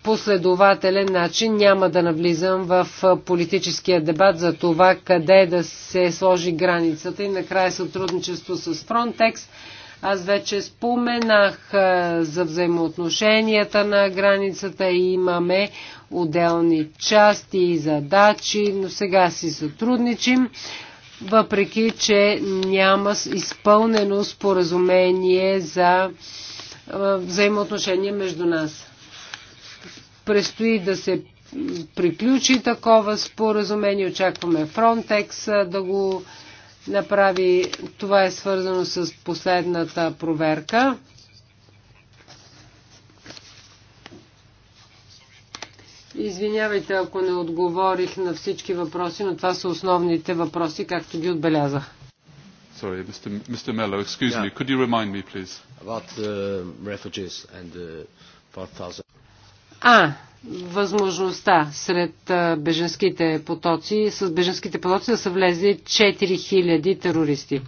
последователен начин. Няма да навлизам в политическия дебат за това къде да се сложи границата и накрая сътрудничество с Frontex. Аз вече споменах за взаимоотношенията на границата и имаме отделни части и задачи, но сега си сътрудничим, въпреки че няма изпълнено споразумение за взаимоотношения между нас. Престои да се приключи такова споразумение. Очакваме Frontex да го направи. Това е свързано с последната проверка. Извинявайте, ако не отговорих на всички въпроси, но това са основните въпроси, както ги отбелязах. Sorry, Mr. Mr. Mello, excuse yeah. me. Could you remind me, please? About the uh, refugees and the 4,000. Ah. възможността сред беженските потоци, с беженските потоци да са влезли 4000 терористи.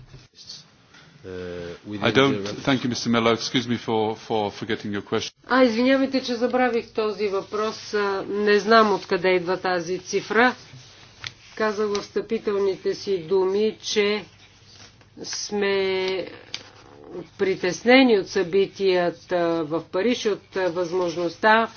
Uh, I don't, thank you, Mr. Mello. Excuse me for, for forgetting your question. А, извинявайте, че забравих този въпрос. Не знам откъде идва тази цифра. Казах в стъпителните си думи, че сме притеснени от събитията в Париж, от възможността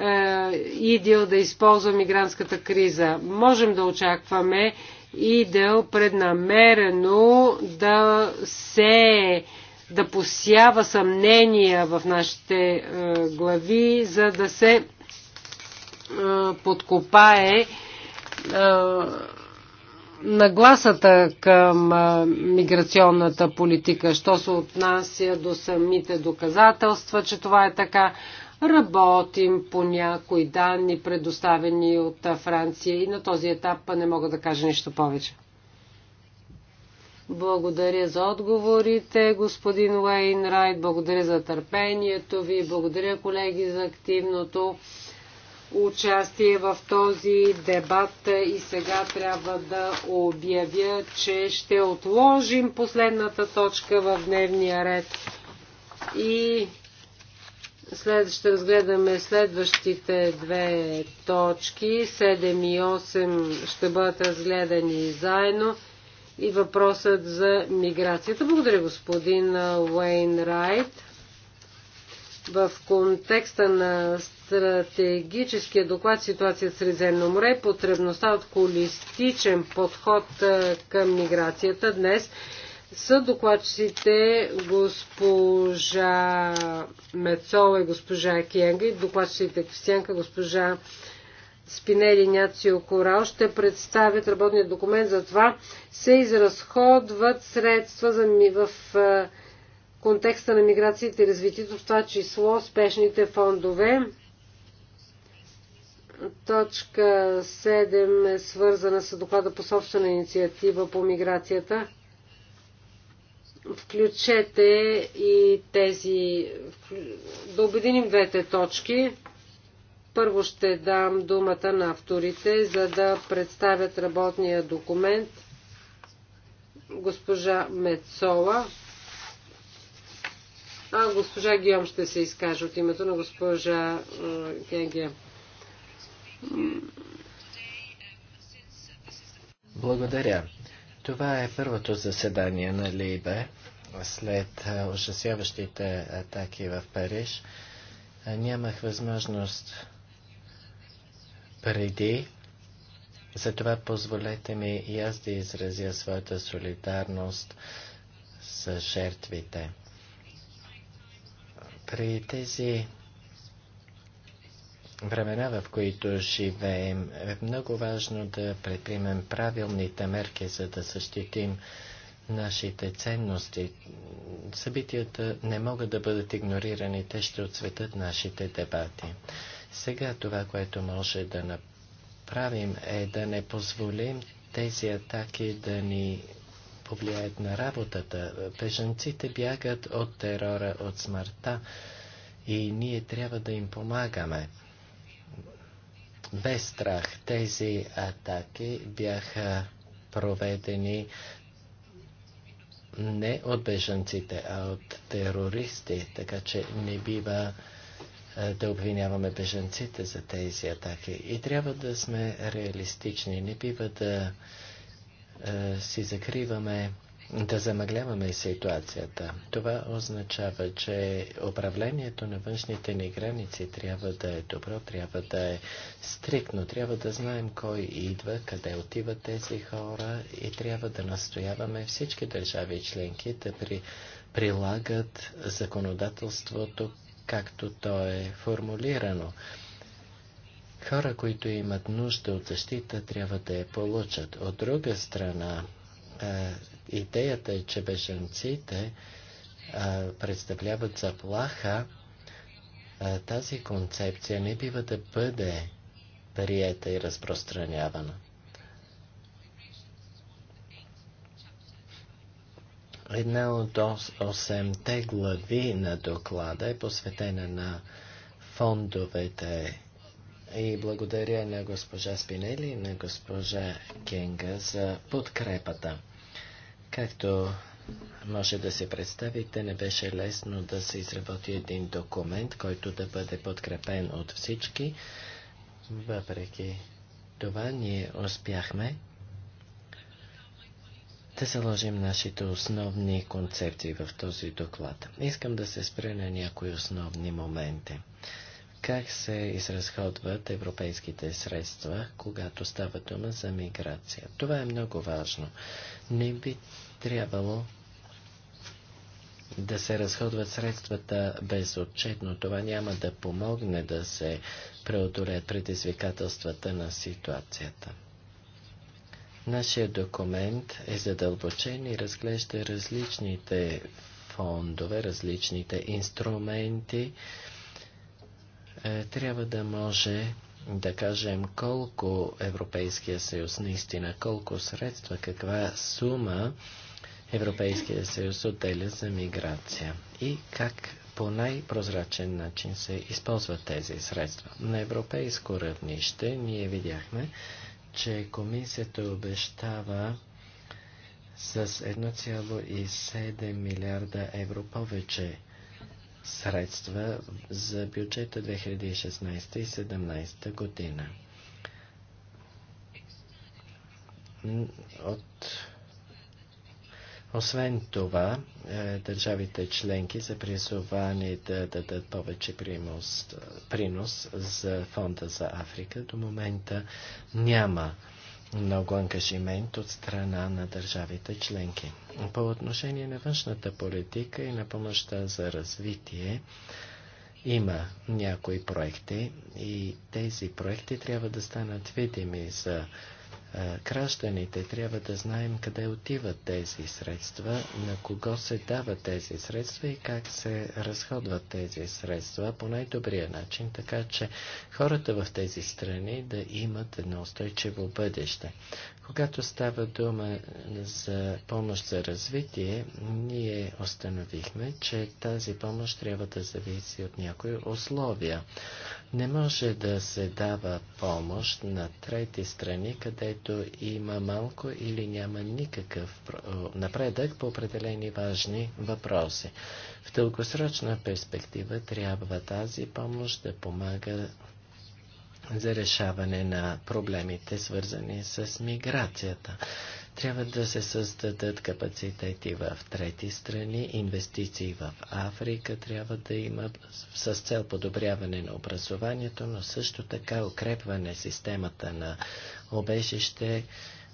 е, ИДИЛ да използва мигрантската криза. Можем да очакваме ИДИЛ преднамерено да се да посява съмнения в нашите е, глави, за да се е, подкопае нагласата към миграционната политика, що се отнася до самите доказателства, че това е така. Работим по някои данни, предоставени от Франция и на този етап не мога да кажа нищо повече. Благодаря за отговорите, господин Уейнрайт. Благодаря за търпението ви. Благодаря, колеги, за активното участие в този дебат и сега трябва да обявя, че ще отложим последната точка в дневния ред и след, ще разгледаме следващите две точки. 7 и 8 ще бъдат разгледани заедно и въпросът за миграцията. Благодаря господин Уейн Райт в контекста на стратегическия доклад ситуация в Средиземно море, потребността от холистичен подход към миграцията днес са докладчиците госпожа Мецова и госпожа Кенга и докладчиците Кристиянка госпожа Спинели Няцио Корал ще представят работния документ за това се изразходват средства за, в контекста на миграцията и развитието, в това число спешните фондове. Точка 7 е свързана с доклада по собствена инициатива по миграцията. Включете и тези... Да обединим двете точки. Първо ще дам думата на авторите, за да представят работния документ. Госпожа Мецола. А, госпожа Гиом ще се изкаже от името на госпожа Генгия. Благодаря. Това е първото заседание на Либе след ужасяващите атаки в Париж. Нямах възможност преди. Затова позволете ми и аз да изразя своята солидарност с жертвите. При тези времена, в които живеем, е много важно да предприемем правилните мерки, за да защитим нашите ценности. Събитията не могат да бъдат игнорирани, те ще отцветат нашите дебати. Сега това, което може да направим, е да не позволим тези атаки да ни повлияят на работата. Бежанците бягат от терора, от смъртта и ние трябва да им помагаме. Без страх тези атаки бяха проведени не от бежанците, а от терористи, така че не бива е, да обвиняваме бежанците за тези атаки. И трябва да сме реалистични, не бива да е, си закриваме, да замъгляваме ситуацията. Това означава, че управлението на външните ни граници трябва да е добро, трябва да е стриктно, трябва да знаем кой идва, къде отиват тези хора и трябва да настояваме всички държави членки да при, прилагат законодателството, както то е формулирано. Хора, които имат нужда от защита, трябва да я получат. От друга страна, е, идеята е, че бежанците е, представляват заплаха, е, тази концепция не бива да бъде приета и разпространявана. Една от 8-те глави на доклада е посветена на фондовете и благодаря на госпожа Спинели и на госпожа Кенга за подкрепата. Както може да се представите, не беше лесно да се изработи един документ, който да бъде подкрепен от всички. Въпреки това, ние успяхме да заложим нашите основни концепции в този доклад. Искам да се спре на някои основни моменти как се изразходват европейските средства, когато става дума за миграция. Това е много важно. Не би трябвало да се разходват средствата безотчетно. Това няма да помогне да се преодолеят предизвикателствата на ситуацията. Нашия документ е задълбочен и разглежда различните фондове, различните инструменти, е, трябва да може да кажем колко Европейския съюз наистина, колко средства, каква сума Европейския съюз отделя за миграция и как по най-прозрачен начин се използват тези средства. На европейско равнище ние видяхме, че комисията обещава с 1,7 милиарда евро повече средства за бюджета 2016 и 2017 година. От... Освен това, е, държавите членки са призовани да дадат повече е, принос за фонда за Африка. До момента няма много ангажимент от страна на държавите членки. По отношение на външната политика и на помощта за развитие, има някои проекти и тези проекти трябва да станат видими за Кращаните е, трябва да знаем къде отиват тези средства, на кого се дават тези средства и как се разходват тези средства по най-добрия начин, така че хората в тези страни да имат едно устойчиво бъдеще. Когато става дума за помощ за развитие, ние установихме, че тази помощ трябва да зависи от някои условия. Не може да се дава помощ на трети страни, където има малко или няма никакъв напредък по определени важни въпроси. В дългосрочна перспектива трябва тази помощ да помага за решаване на проблемите, свързани с миграцията. Трябва да се създадат капацитети в трети страни, инвестиции в Африка трябва да има с цел подобряване на образованието, но също така укрепване системата на обежище,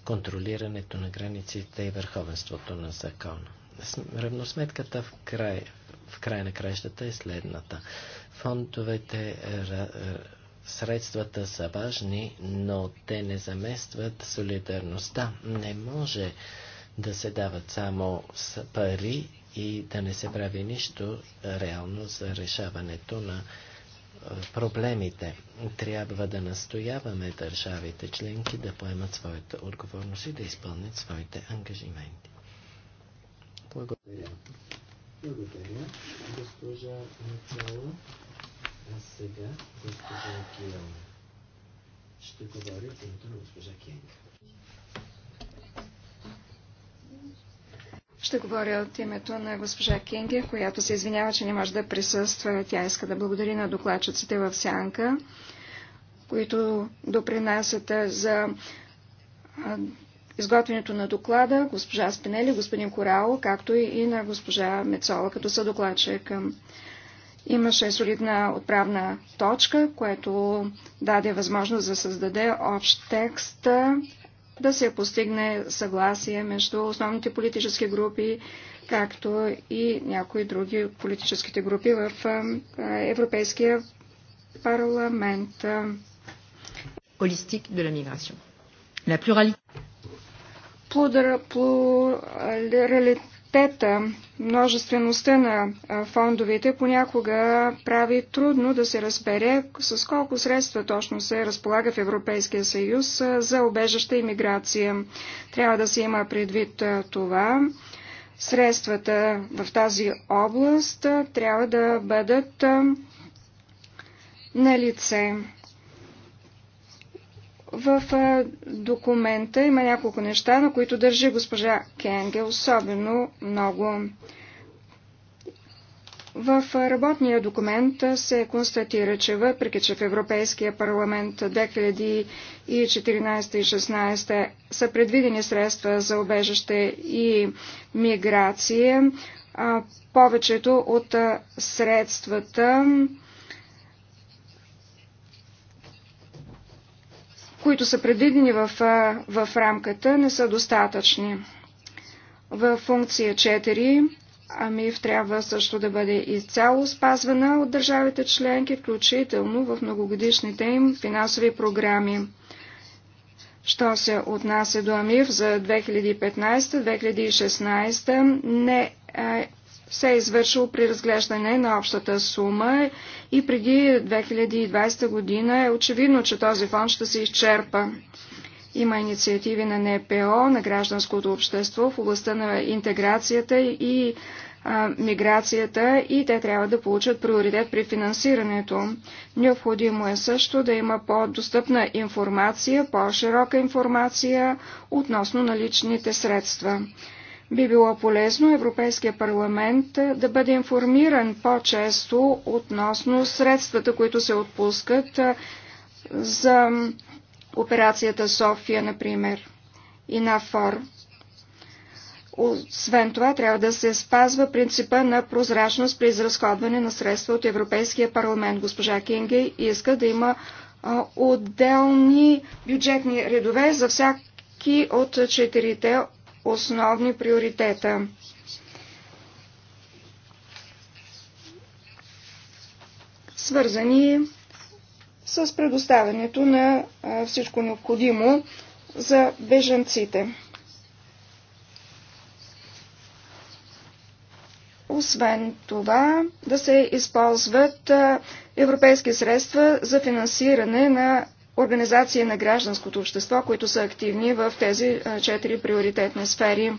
контролирането на границите и върховенството на закона. Равносметката в край, в край на кращата е следната. Фондовете Средствата са важни, но те не заместват солидарността. Не може да се дават само пари и да не се прави нищо реално за решаването на проблемите. Трябва да настояваме държавите членки да поемат своята отговорност и да изпълнят своите ангажименти. Благодаря. Благодаря, госпожа Мицела. А сега госпожа Кион ще говори от името на госпожа Кенга. Ще говоря от името на госпожа Кенге, която се извинява, че не може да присъства. Тя иска да благодари на докладчиците в Сянка, които допринасят за изготвянето на доклада, госпожа Спинели, господин Корао, както и на госпожа Мецола, като са докладчик. Имаше солидна отправна точка, което даде възможност да създаде общ текст, да се постигне съгласие между основните политически групи, както и някои други от политическите групи в Европейския парламент. Холистик de la migration. La pluralité пета множествеността на фондовете понякога прави трудно да се разбере с колко средства точно се разполага в Европейския съюз за обежаща иммиграция. Трябва да се има предвид това. Средствата в тази област трябва да бъдат на лице. В документа има няколко неща, на които държи госпожа Кенге особено много. В работния документ се констатира, че въпреки, че в Европейския парламент 2014 и 2016 са предвидени средства за обежище и миграция, повечето от средствата които са предвидени в, в рамката, не са достатъчни. В функция 4 АМИФ трябва също да бъде изцяло спазвана от държавите членки, включително в многогодишните им финансови програми. Що се отнася до АМИФ за 2015-2016, не е се е извършил при разглеждане на общата сума и преди 2020 година е очевидно, че този фонд ще се изчерпа. Има инициативи на НПО, на гражданското общество в областта на интеграцията и а, миграцията и те трябва да получат приоритет при финансирането. Необходимо е също да има по-достъпна информация, по-широка информация относно наличните средства. Би било полезно Европейския парламент е, да бъде информиран по-често относно средствата, които се отпускат е, за операцията София, например, и на ФОР. Освен това, трябва да се спазва принципа на прозрачност при изразходване на средства от Европейския парламент. Госпожа Кинге иска да има отделни бюджетни редове за всяки от четирите основни приоритета. свързани с предоставянето на всичко необходимо за бежанците. Освен това, да се използват европейски средства за финансиране на организации на гражданското общество, които са активни в тези четири приоритетни сфери.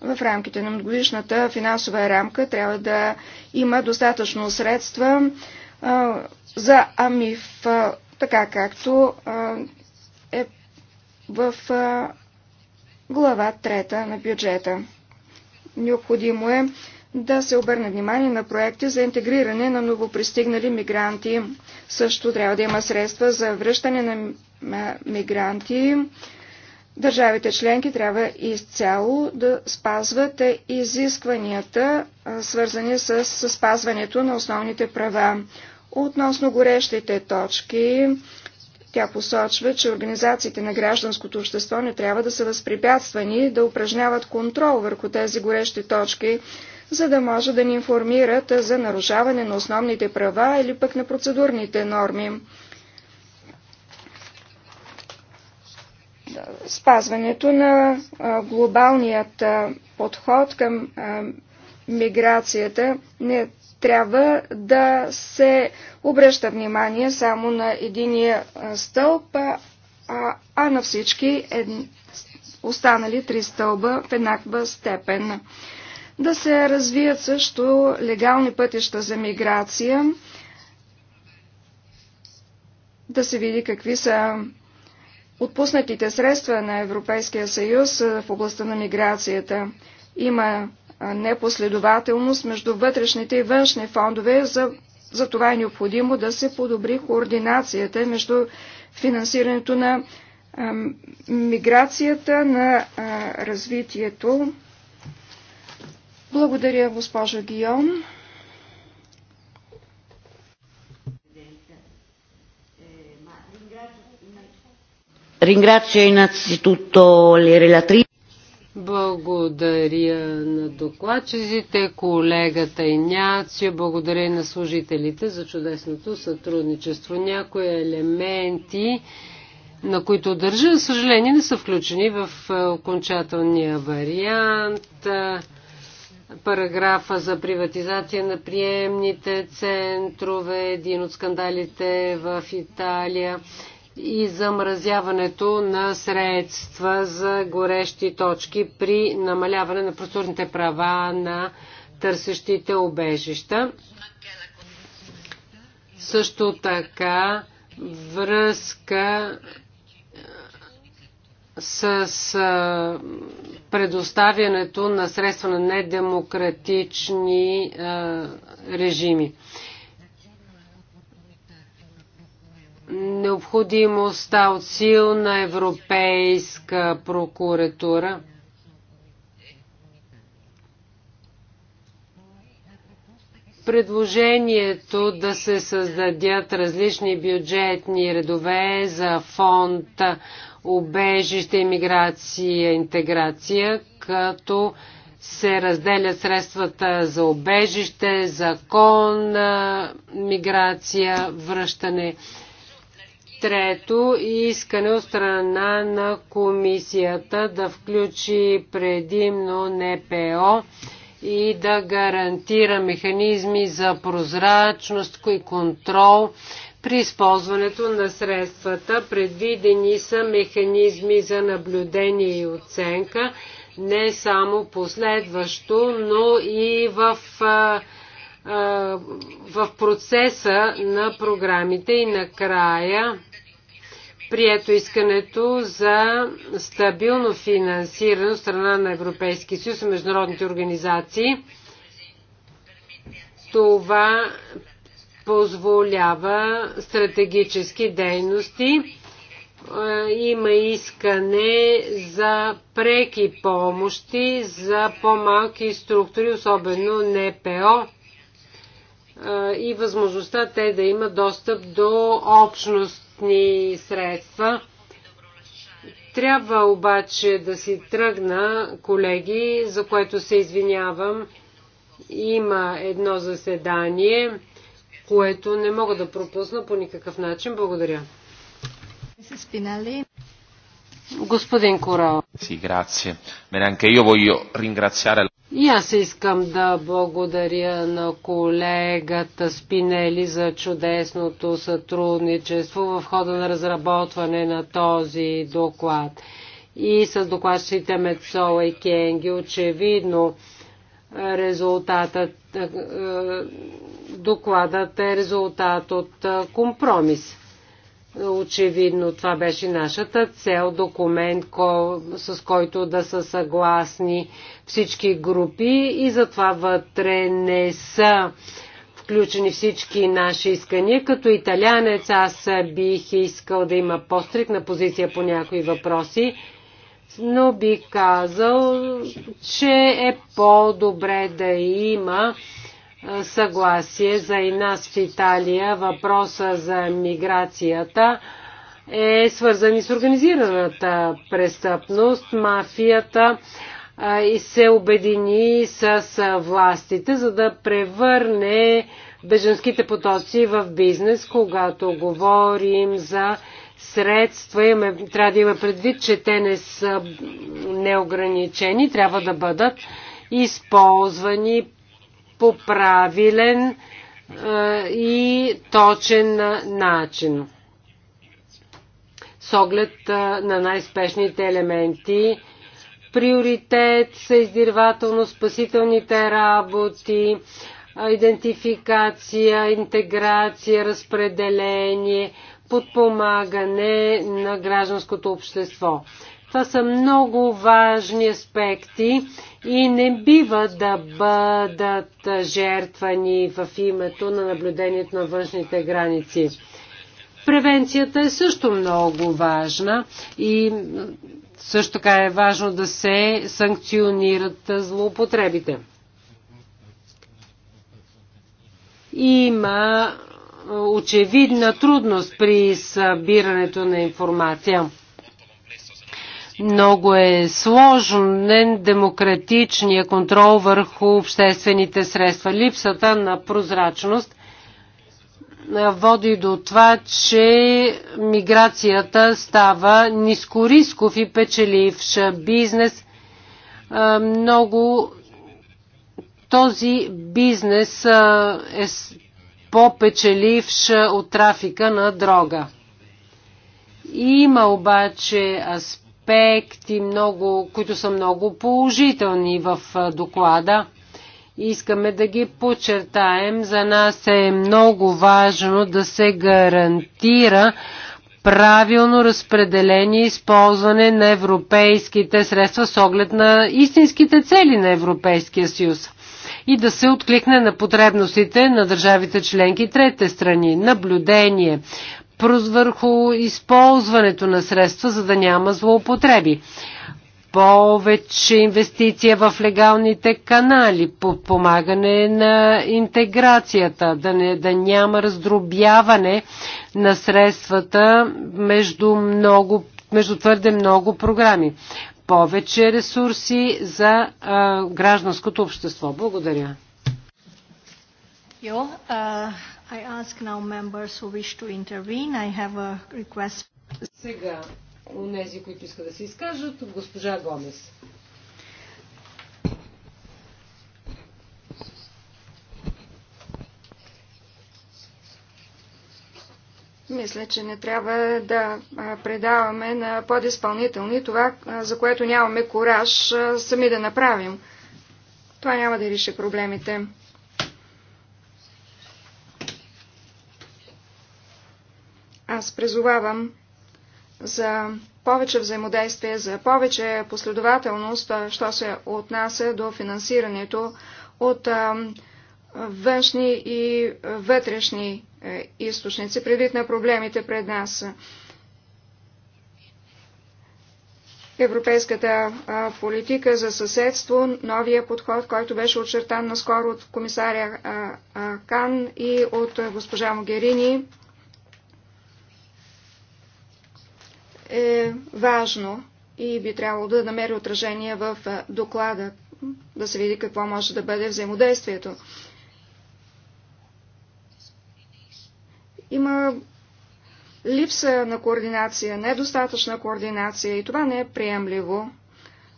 В рамките на годишната финансова рамка трябва да има достатъчно средства за АМИФ, така както е в глава трета на бюджета. Необходимо е да се обърне внимание на проекти за интегриране на новопристигнали мигранти. Също трябва да има средства за връщане на мигранти. Държавите членки трябва изцяло да спазват изискванията, свързани с спазването на основните права. Относно горещите точки, тя посочва, че организациите на гражданското общество не трябва да са възпрепятствани да упражняват контрол върху тези горещи точки, за да може да ни информират за нарушаване на основните права или пък на процедурните норми. Спазването на глобалният подход към миграцията не трябва да се обръща внимание само на единия стълб, а, а на всички ед... останали три стълба в еднаква степен да се развият също легални пътища за миграция, да се види какви са отпуснатите средства на Европейския съюз в областта на миграцията. Има непоследователност между вътрешните и външни фондове, за, за това е необходимо да се подобри координацията между финансирането на миграцията, на развитието благодаря, госпожо Гион. Благодаря на докладчиците, колегата Иняцио, благодаря на служителите за чудесното сътрудничество. Някои елементи, на които държа, за съжаление не са включени в е, окончателния вариант параграфа за приватизация на приемните центрове, един от скандалите в Италия и замразяването на средства за горещи точки при намаляване на просторните права на търсещите обежища. Също така връзка с предоставянето на средства на недемократични режими. Необходимостта от силна европейска прокуратура. предложението да се създадят различни бюджетни редове за фонд убежище, иммиграция, интеграция, като се разделят средствата за обежище, закон, миграция, връщане. Трето, искане от страна на комисията да включи предимно НПО и да гарантира механизми за прозрачност и контрол при използването на средствата предвидени са механизми за наблюдение и оценка, не само последващо, но и в, а, а, в процеса на програмите и накрая прието искането за стабилно финансиране от страна на Европейски съюз и международните организации. Това позволява стратегически дейности. Е, има искане за преки помощи за по-малки структури, особено НПО е, и възможността те да имат достъп до общностни средства. Трябва обаче да си тръгна, колеги, за което се извинявам. Има едно заседание което не мога да пропусна по никакъв начин. Благодаря. Господин Корал. Си, грация. Мене анке io voglio ringraziare и аз искам да благодаря на колегата Спинели за чудесното сътрудничество в хода на разработване на този доклад. И с докладчите Мецола и Кенги очевидно резултатът, е, докладът е резултат от е, компромис. Очевидно това беше нашата цел, документ, с който да са съгласни всички групи и затова вътре не са включени всички наши искания. Като италянец аз бих искал да има постриг на позиция по някои въпроси но би казал, че е по-добре да има съгласие за и нас в Италия. Въпроса за миграцията е свързан и с организираната престъпност, мафията и се обедини с властите, за да превърне беженските потоци в бизнес, когато говорим за средства, имаме, трябва да има предвид, че те не са неограничени, трябва да бъдат използвани по правилен е, и точен начин. С оглед е, на най-спешните елементи, приоритет са издирвателно-спасителните работи, идентификация, интеграция, разпределение, подпомагане на гражданското общество. Това са много важни аспекти и не бива да бъдат жертвани в името на наблюдението на външните граници. Превенцията е също много важна и също така е важно да се санкционират злоупотребите. Има очевидна трудност при събирането на информация. Много е сложен демократичния контрол върху обществените средства. Липсата на прозрачност води до това, че миграцията става нискорисков и печеливш бизнес. Много този бизнес е по-печеливш от трафика на дрога. Има обаче аспекти, много, които са много положителни в доклада. Искаме да ги подчертаем. За нас е много важно да се гарантира правилно разпределение и използване на европейските средства с оглед на истинските цели на Европейския съюз и да се откликне на потребностите на държавите членки трети страни. Наблюдение върху използването на средства, за да няма злоупотреби. Повече инвестиция в легалните канали, подпомагане на интеграцията, да, не, да няма раздробяване на средствата между, много, между твърде много програми повече ресурси за а, гражданското общество. Благодаря. Yo, uh, I ask now members who wish to intervene. I have a request. Сега, у нези, които искат да се изкажат, госпожа Гомес. Мисля, че не трябва да предаваме на подизпълнителни това, за което нямаме кораж сами да направим. Това няма да реши проблемите. Аз призовавам за повече взаимодействие, за повече последователност, що се отнася до финансирането от външни и вътрешни е, източници, предвид на проблемите пред нас. Европейската политика за съседство, новия подход, който беше очертан наскоро от комисаря Кан и от госпожа Могерини, е важно и би трябвало да намери отражение в доклада, да се види какво може да бъде взаимодействието. Има липса на координация, недостатъчна координация и това не е приемливо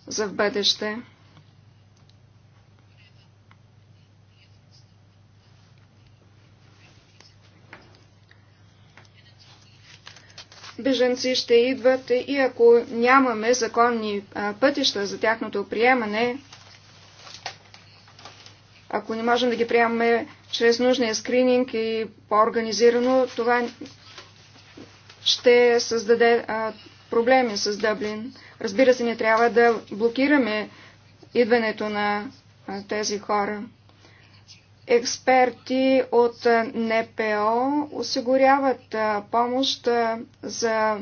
за в бъдеще. Беженци ще идват и ако нямаме законни пътища за тяхното приемане, ако не можем да ги приемаме чрез нужния скрининг и по-организирано, това ще създаде а, проблеми с Дъблин. Разбира се, не трябва да блокираме идването на а, тези хора. Експерти от НПО осигуряват а, помощ а, за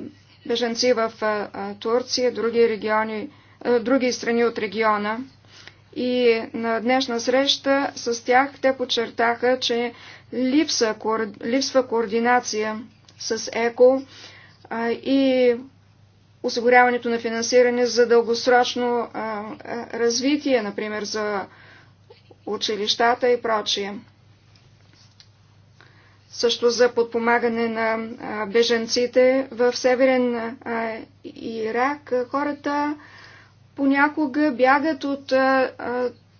беженци в а, Турция, други региони, а, други страни от региона и на днешна среща с тях те подчертаха, че липса, липсва координация с ЕКО и осигуряването на финансиране за дългосрочно развитие, например за училищата и прочие. Също за подпомагане на беженците в Северен Ирак хората понякога бягат от а,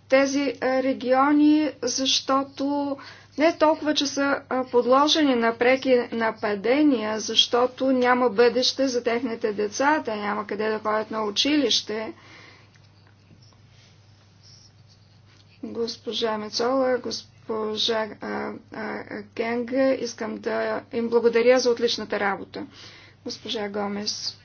тези региони, защото не толкова, че са подложени на преки нападения, защото няма бъдеще за техните деца, те няма къде да ходят на училище. Госпожа Мецола, госпожа Кенга, искам да им благодаря за отличната работа. Госпожа Гомес.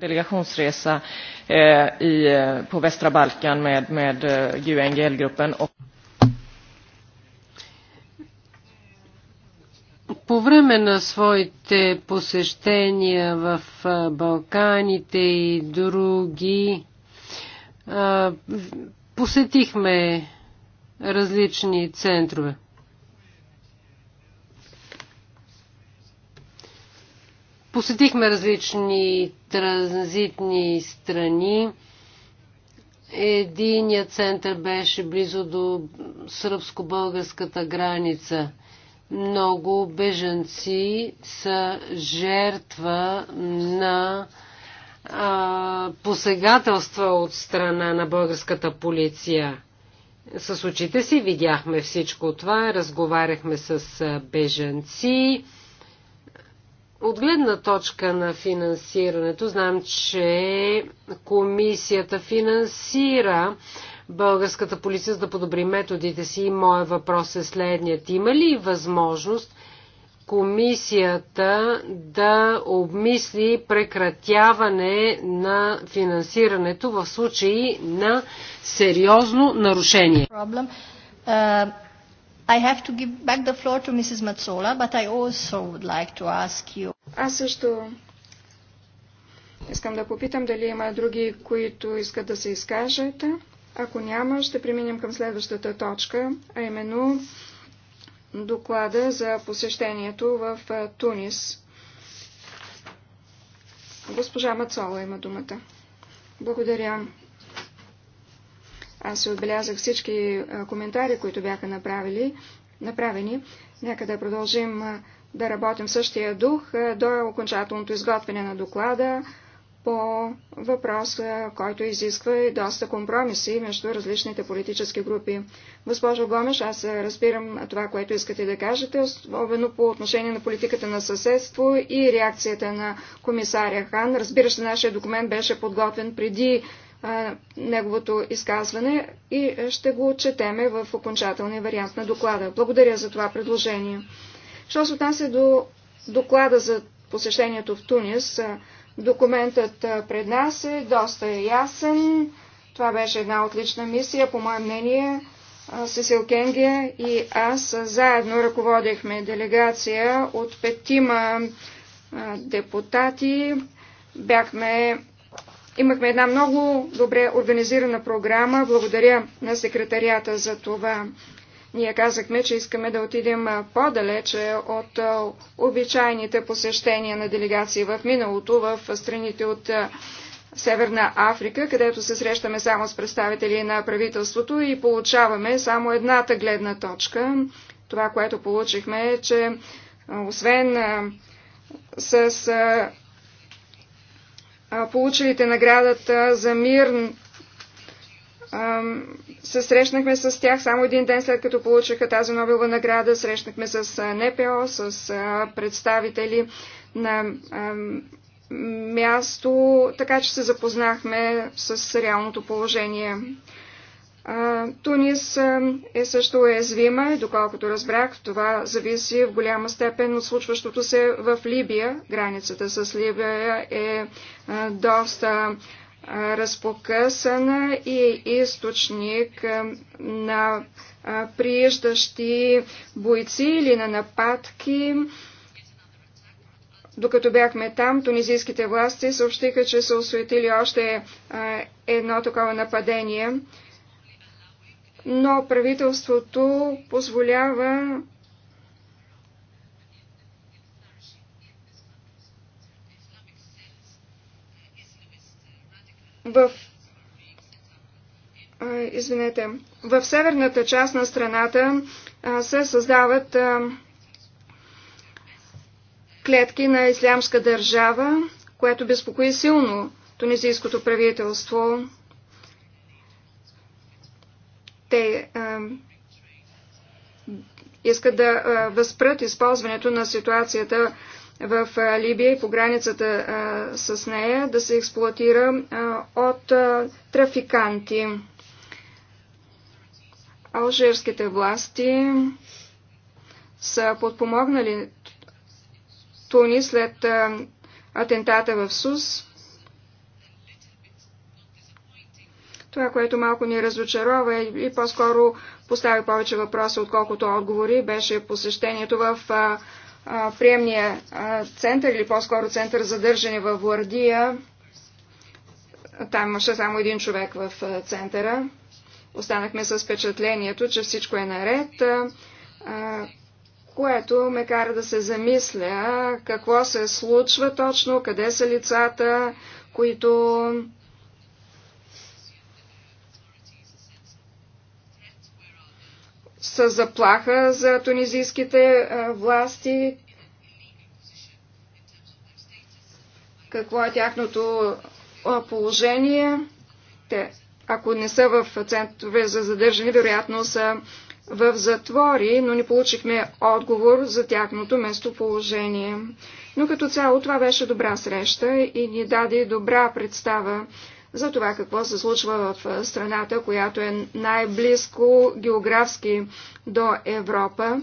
delegationsresa eh, i, eh, på västra Balkan med, med eh, GUNGL-gruppen. Och... По време на своите посещения в Балканите и други посетихме различни центрове. Посетихме различни транзитни страни. Единият център беше близо до сръбско-българската граница. Много бежанци са жертва на а, посегателства от страна на българската полиция. С очите си видяхме всичко това, разговаряхме с бежанци, от гледна точка на финансирането, знам, че комисията финансира българската полиция за да подобри методите си. И моят въпрос е следният. Има ли възможност комисията да обмисли прекратяване на финансирането в случаи на сериозно нарушение? Uh, I have to give back the floor to Mrs. Mazzola, but I also would like to ask you. Аз също искам да попитам дали има други, които искат да се изкажат. Ако няма, ще преминем към следващата точка, а именно доклада за посещението в Тунис. Госпожа Мацола има думата. Благодаря. Аз отбелязах всички коментари, които бяха направили, направени. Нека да продължим да работим в същия дух до окончателното изготвяне на доклада по въпрос, който изисква и доста компромиси между различните политически групи. Госпожо Гомеш, аз разбирам това, което искате да кажете, особено по отношение на политиката на съседство и реакцията на комисаря Хан. Разбира се, нашия документ беше подготвен преди неговото изказване и ще го отчетеме в окончателния вариант на доклада. Благодаря за това предложение. Що се отнася до доклада за посещението в Тунис, документът пред нас е доста ясен. Това беше една отлична мисия, по мое мнение. Сесил Кенге и аз заедно ръководихме делегация от петима депутати. Бяхме Имахме една много добре организирана програма. Благодаря на секретарията за това. Ние казахме, че искаме да отидем по-далече от обичайните посещения на делегации в миналото в страните от Северна Африка, където се срещаме само с представители на правителството и получаваме само едната гледна точка. Това, което получихме е, че освен с получилите наградата за мир се срещнахме с тях само един ден след като получиха тази Нобелова награда. Срещнахме с НПО, с представители на място, така че се запознахме с реалното положение. Тунис е също уязвима и доколкото разбрах, това зависи в голяма степен от случващото се в Либия. Границата с Либия е доста разпокъсана и източник на приеждащи бойци или на нападки. Докато бяхме там, тунизийските власти съобщиха, че са осветили още едно такова нападение но правителството позволява в извинете, в северната част на страната се създават клетки на ислямска държава, което безпокои силно тунизийското правителство. Те а, искат да а, възпрат използването на ситуацията в а, Либия и по границата а, с нея да се експлуатира а, от а, трафиканти. Алжирските власти са подпомогнали Туни след а, атентата в Сус Това, което малко ни разочарова и по-скоро постави повече въпроса, отколкото отговори, беше посещението в а, а, приемния а, център или по-скоро център за държане в Гвардия. Там имаше само един човек в а, центъра. Останахме с впечатлението, че всичко е наред. А, а, което ме кара да се замисля какво се случва точно, къде са лицата, които са заплаха за тунизийските власти? Какво е тяхното положение? Те, ако не са в центрове за задържане, вероятно са в затвори, но не получихме отговор за тяхното местоположение. Но като цяло това беше добра среща и ни даде добра представа за това какво се случва в страната, която е най-близко географски до Европа,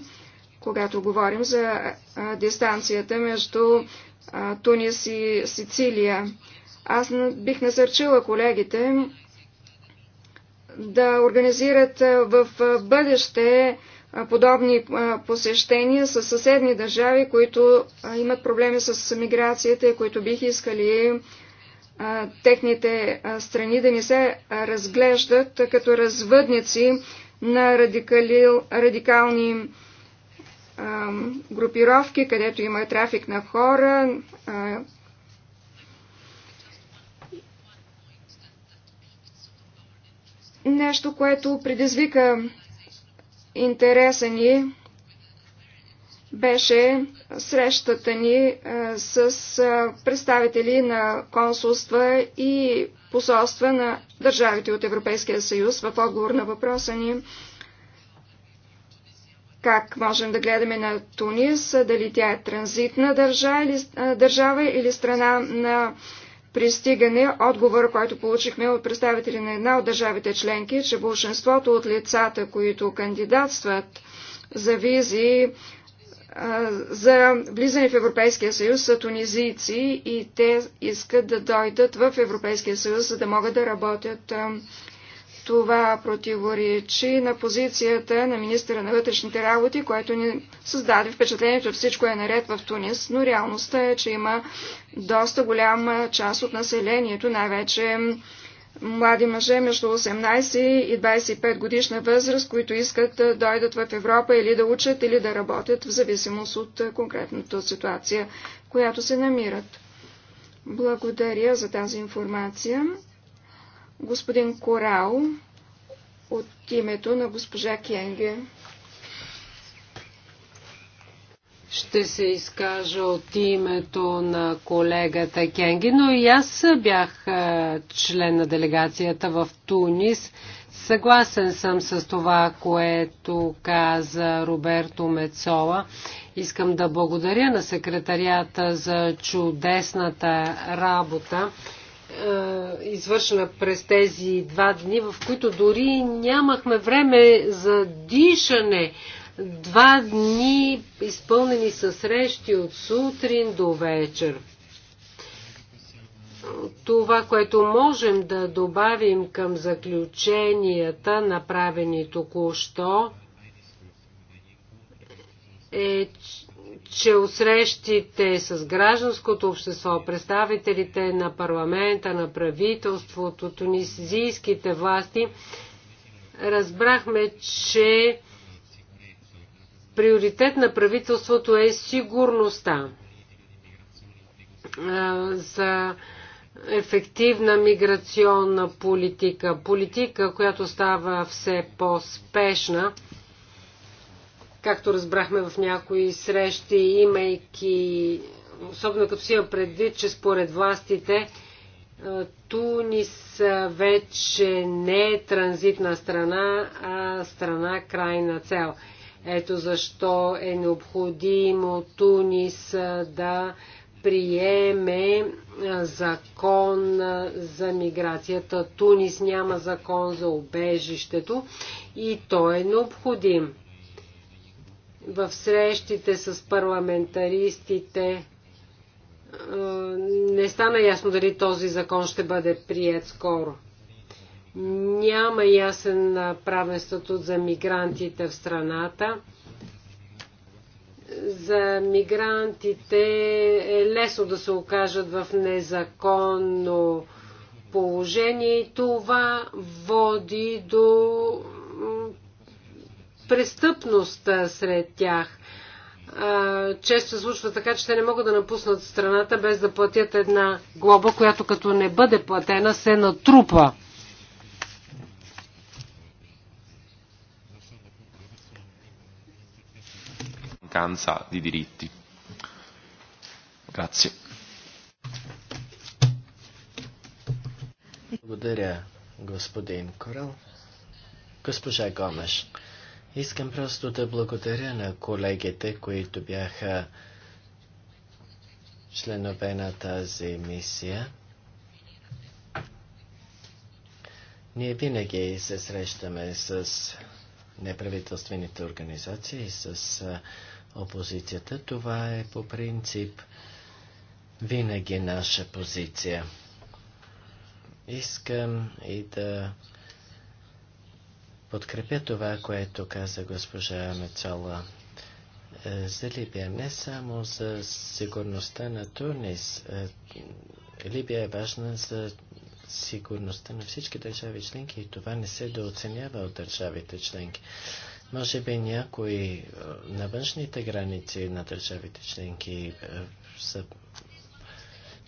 когато говорим за дистанцията между Тунис и Сицилия. Аз бих насърчила колегите да организират в бъдеще подобни посещения с съседни държави, които имат проблеми с миграцията и които бих искали техните страни да не се разглеждат като развъдници на радикали, радикални групировки, където има трафик на хора. Нещо, което предизвика интереса ни беше срещата ни е, с е, представители на консулства и посолства на държавите от Европейския съюз в отговор на въпроса ни как можем да гледаме на Тунис, дали тя е транзитна държава или, е, държава или страна на пристигане. Отговор, който получихме от представители на една от държавите членки, че большинството от лицата, които кандидатстват за визи за влизане в Европейския съюз са тунизийци и те искат да дойдат в Европейския съюз, за да могат да работят. Това противоречи на позицията на министра на вътрешните работи, което ни създаде впечатлението, че всичко е наред в Тунис, но реалността е, че има доста голяма част от населението, най-вече млади мъже между 18 и 25 годишна възраст, които искат да дойдат в Европа или да учат, или да работят, в зависимост от е, конкретната ситуация, в която се намират. Благодаря за тази информация. Господин Корал от името на госпожа Кенге. Ще се изкажа от името на колегата Кенги, но и аз бях е, член на делегацията в Тунис. Съгласен съм с това, което каза Роберто Мецола. Искам да благодаря на секретарията за чудесната работа, е, извършена през тези два дни, в които дори нямахме време за дишане Два дни изпълнени с срещи от сутрин до вечер. Това, което можем да добавим към заключенията, направени току-що, е, че усрещите с гражданското общество, представителите на парламента, на правителството, тунизийските власти, разбрахме, че Приоритет на правителството е сигурността за ефективна миграционна политика, политика, която става все по-спешна. Както разбрахме в някои срещи, имайки, особено като си има предвид, че според властите Тунис вече не е транзитна страна, а страна крайна цел. Ето защо е необходимо Тунис да приеме закон за миграцията. Тунис няма закон за обежището и той е необходим. В срещите с парламентаристите не стана ясно дали този закон ще бъде прият скоро. Няма ясен правен статут за мигрантите в страната. За мигрантите е лесно да се окажат в незаконно положение и това води до престъпност сред тях. Често се случва така, че те не могат да напуснат страната без да платят една глоба, която като не бъде платена се натрупа. mancanza di diritti. Grazie. Благодаря, господин Госпожа Гомеш, искам просто да благодаря на колегите, които бяха членове на тази мисия. Ние винаги се срещаме с неправителствените организации, с опозицията. Това е по принцип винаги наша позиция. Искам и да подкрепя това, което каза госпожа Мецола е, за Либия. Не само за сигурността на Тунис. Е, Либия е важна за сигурността на всички държави членки и това не се дооценява от държавите членки. Може би някои е, на външните граници на държавите членки е, са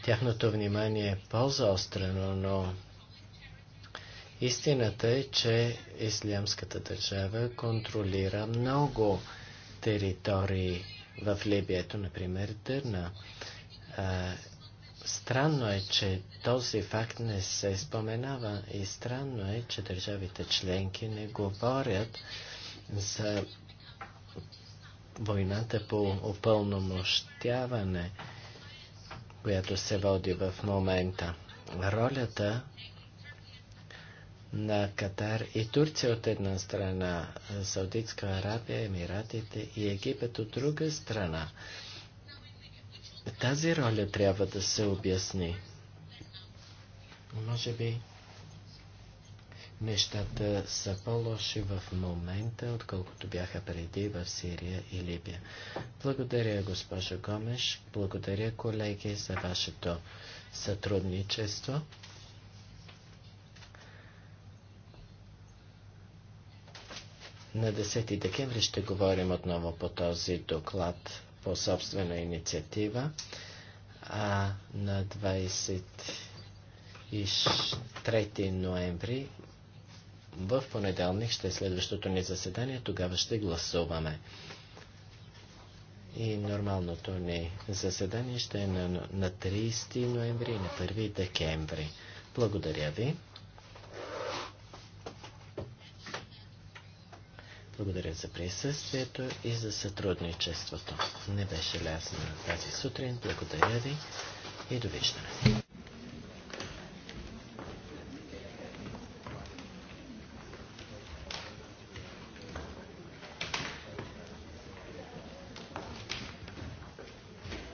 тяхното внимание е по-заострено, но истината е, че Ислямската държава контролира много територии в Либия, ето, например, Дърна. А, е, странно е, че този факт не се споменава и странно е, че държавите членки не говорят за войната по опълномощяване, която се води в момента. Ролята на Катар и Турция от една страна, Саудитска Арабия, Емиратите и Египет от друга страна. Тази роля трябва да се обясни. Може би Нещата са по-лоши в момента, отколкото бяха преди в Сирия и Либия. Благодаря, госпожо Гомеш. Благодаря, колеги, за вашето сътрудничество. На 10 декември ще говорим отново по този доклад по собствена инициатива, а на 23 ноември в понеделник ще е следващото ни заседание, тогава ще гласуваме. И нормалното ни заседание ще е на, на 30 ноември и на 1 декември. Благодаря ви. Благодаря за присъствието и за сътрудничеството. Не беше лесно тази сутрин. Благодаря ви и довиждане.